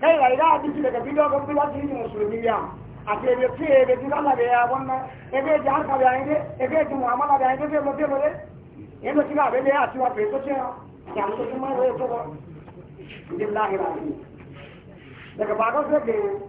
kai ga ida abinci daga bidiyo ga bila fi musulmi ya a ce ne ce da jira la ga ya wannan e ga ji harka da yayi e ga ji mu'amala da yayi da ba da ba ne ne kina abin da ya ci wa fe to ce ya mu kuma ya to ba billahi la daga ba ga sai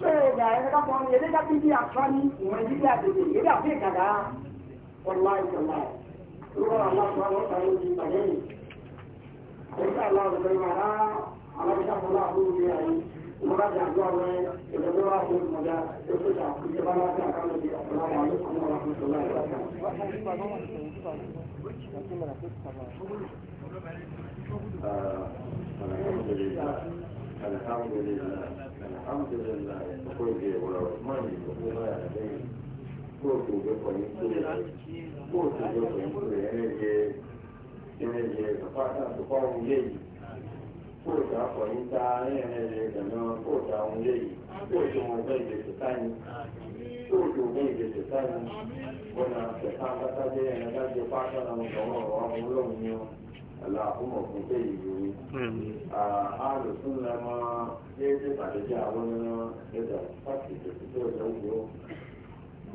sai ga ya ga kuma ya ga bibi a fani mun ji da bibi ya ga bai kaga wallahi wallahi ruwan Allah subhanahu wa ta'ala ji bayani insha Allah da kai mara Allah ya fara abu alhamdulillah ko je wala man ni ko na ya de ko ko be ko ni ko ko ko be ko ni ko ene je ene je ka pa ta ko ko ni je ko ta ko ni ta ene je ka no ko ta un je ko to mo be je ta ni ko to be je ta ni wala ta ta ta je ene ta je pa ta na mo ko wa mo lo ni aláàbùmọ̀ fún tẹ́yì lórí. ààrùn tún la máa déédéé pàdéjà àwọn nínú ẹ̀dà pàtì ìtòkùtò ẹ̀dà òjò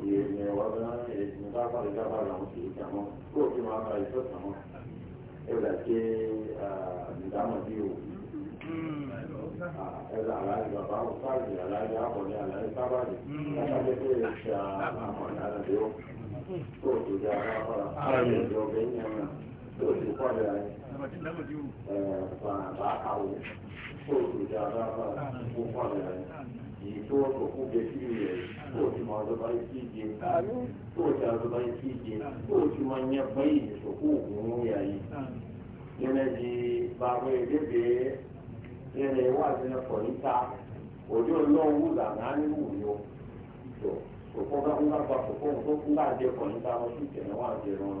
ìyẹn ẹ̀wà gan ẹ̀sìn bá pàdéjà bá làwọn sì ìjà mọ́ kó o fi máa ba ìtọ́sán ẹ̀dà ṣe ìdámọ̀ bí o. ẹ̀dà aláàjì bàbá hmm. àwọn fáàlì aláàjì àbọ̀lẹ̀ aláàjì sábàlì látàgbẹ́ pé ẹ̀ṣà àmọ̀ tó ti kọ́ ẹ̀ rẹ̀ bàbá àwò tó ti dá bàbá kó kọ́ ẹ̀ rẹ̀ yìí tó tó kú bẹ sí rẹ̀ tó ti mọ ọdọ báyìí sí ìje tó ti ọdọ báyìí sí ìje tó ti mọ nyẹ báyìí ìṣòkò òkun yà yìí yẹnẹ di bàbá ìdébè yẹnẹ wà sínú pọ̀lítà òjò lọ́wọ́ làná nínú yòó tó kọ́ bá ń bá gbà kó kó ń bá jẹ pọ̀lítà wọn sì tẹ̀lé wọn àjẹrán.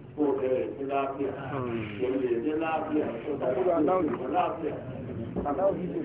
ko da ya ji lafiya, wanda ya ji lafiya, ko da ya ji lafiya.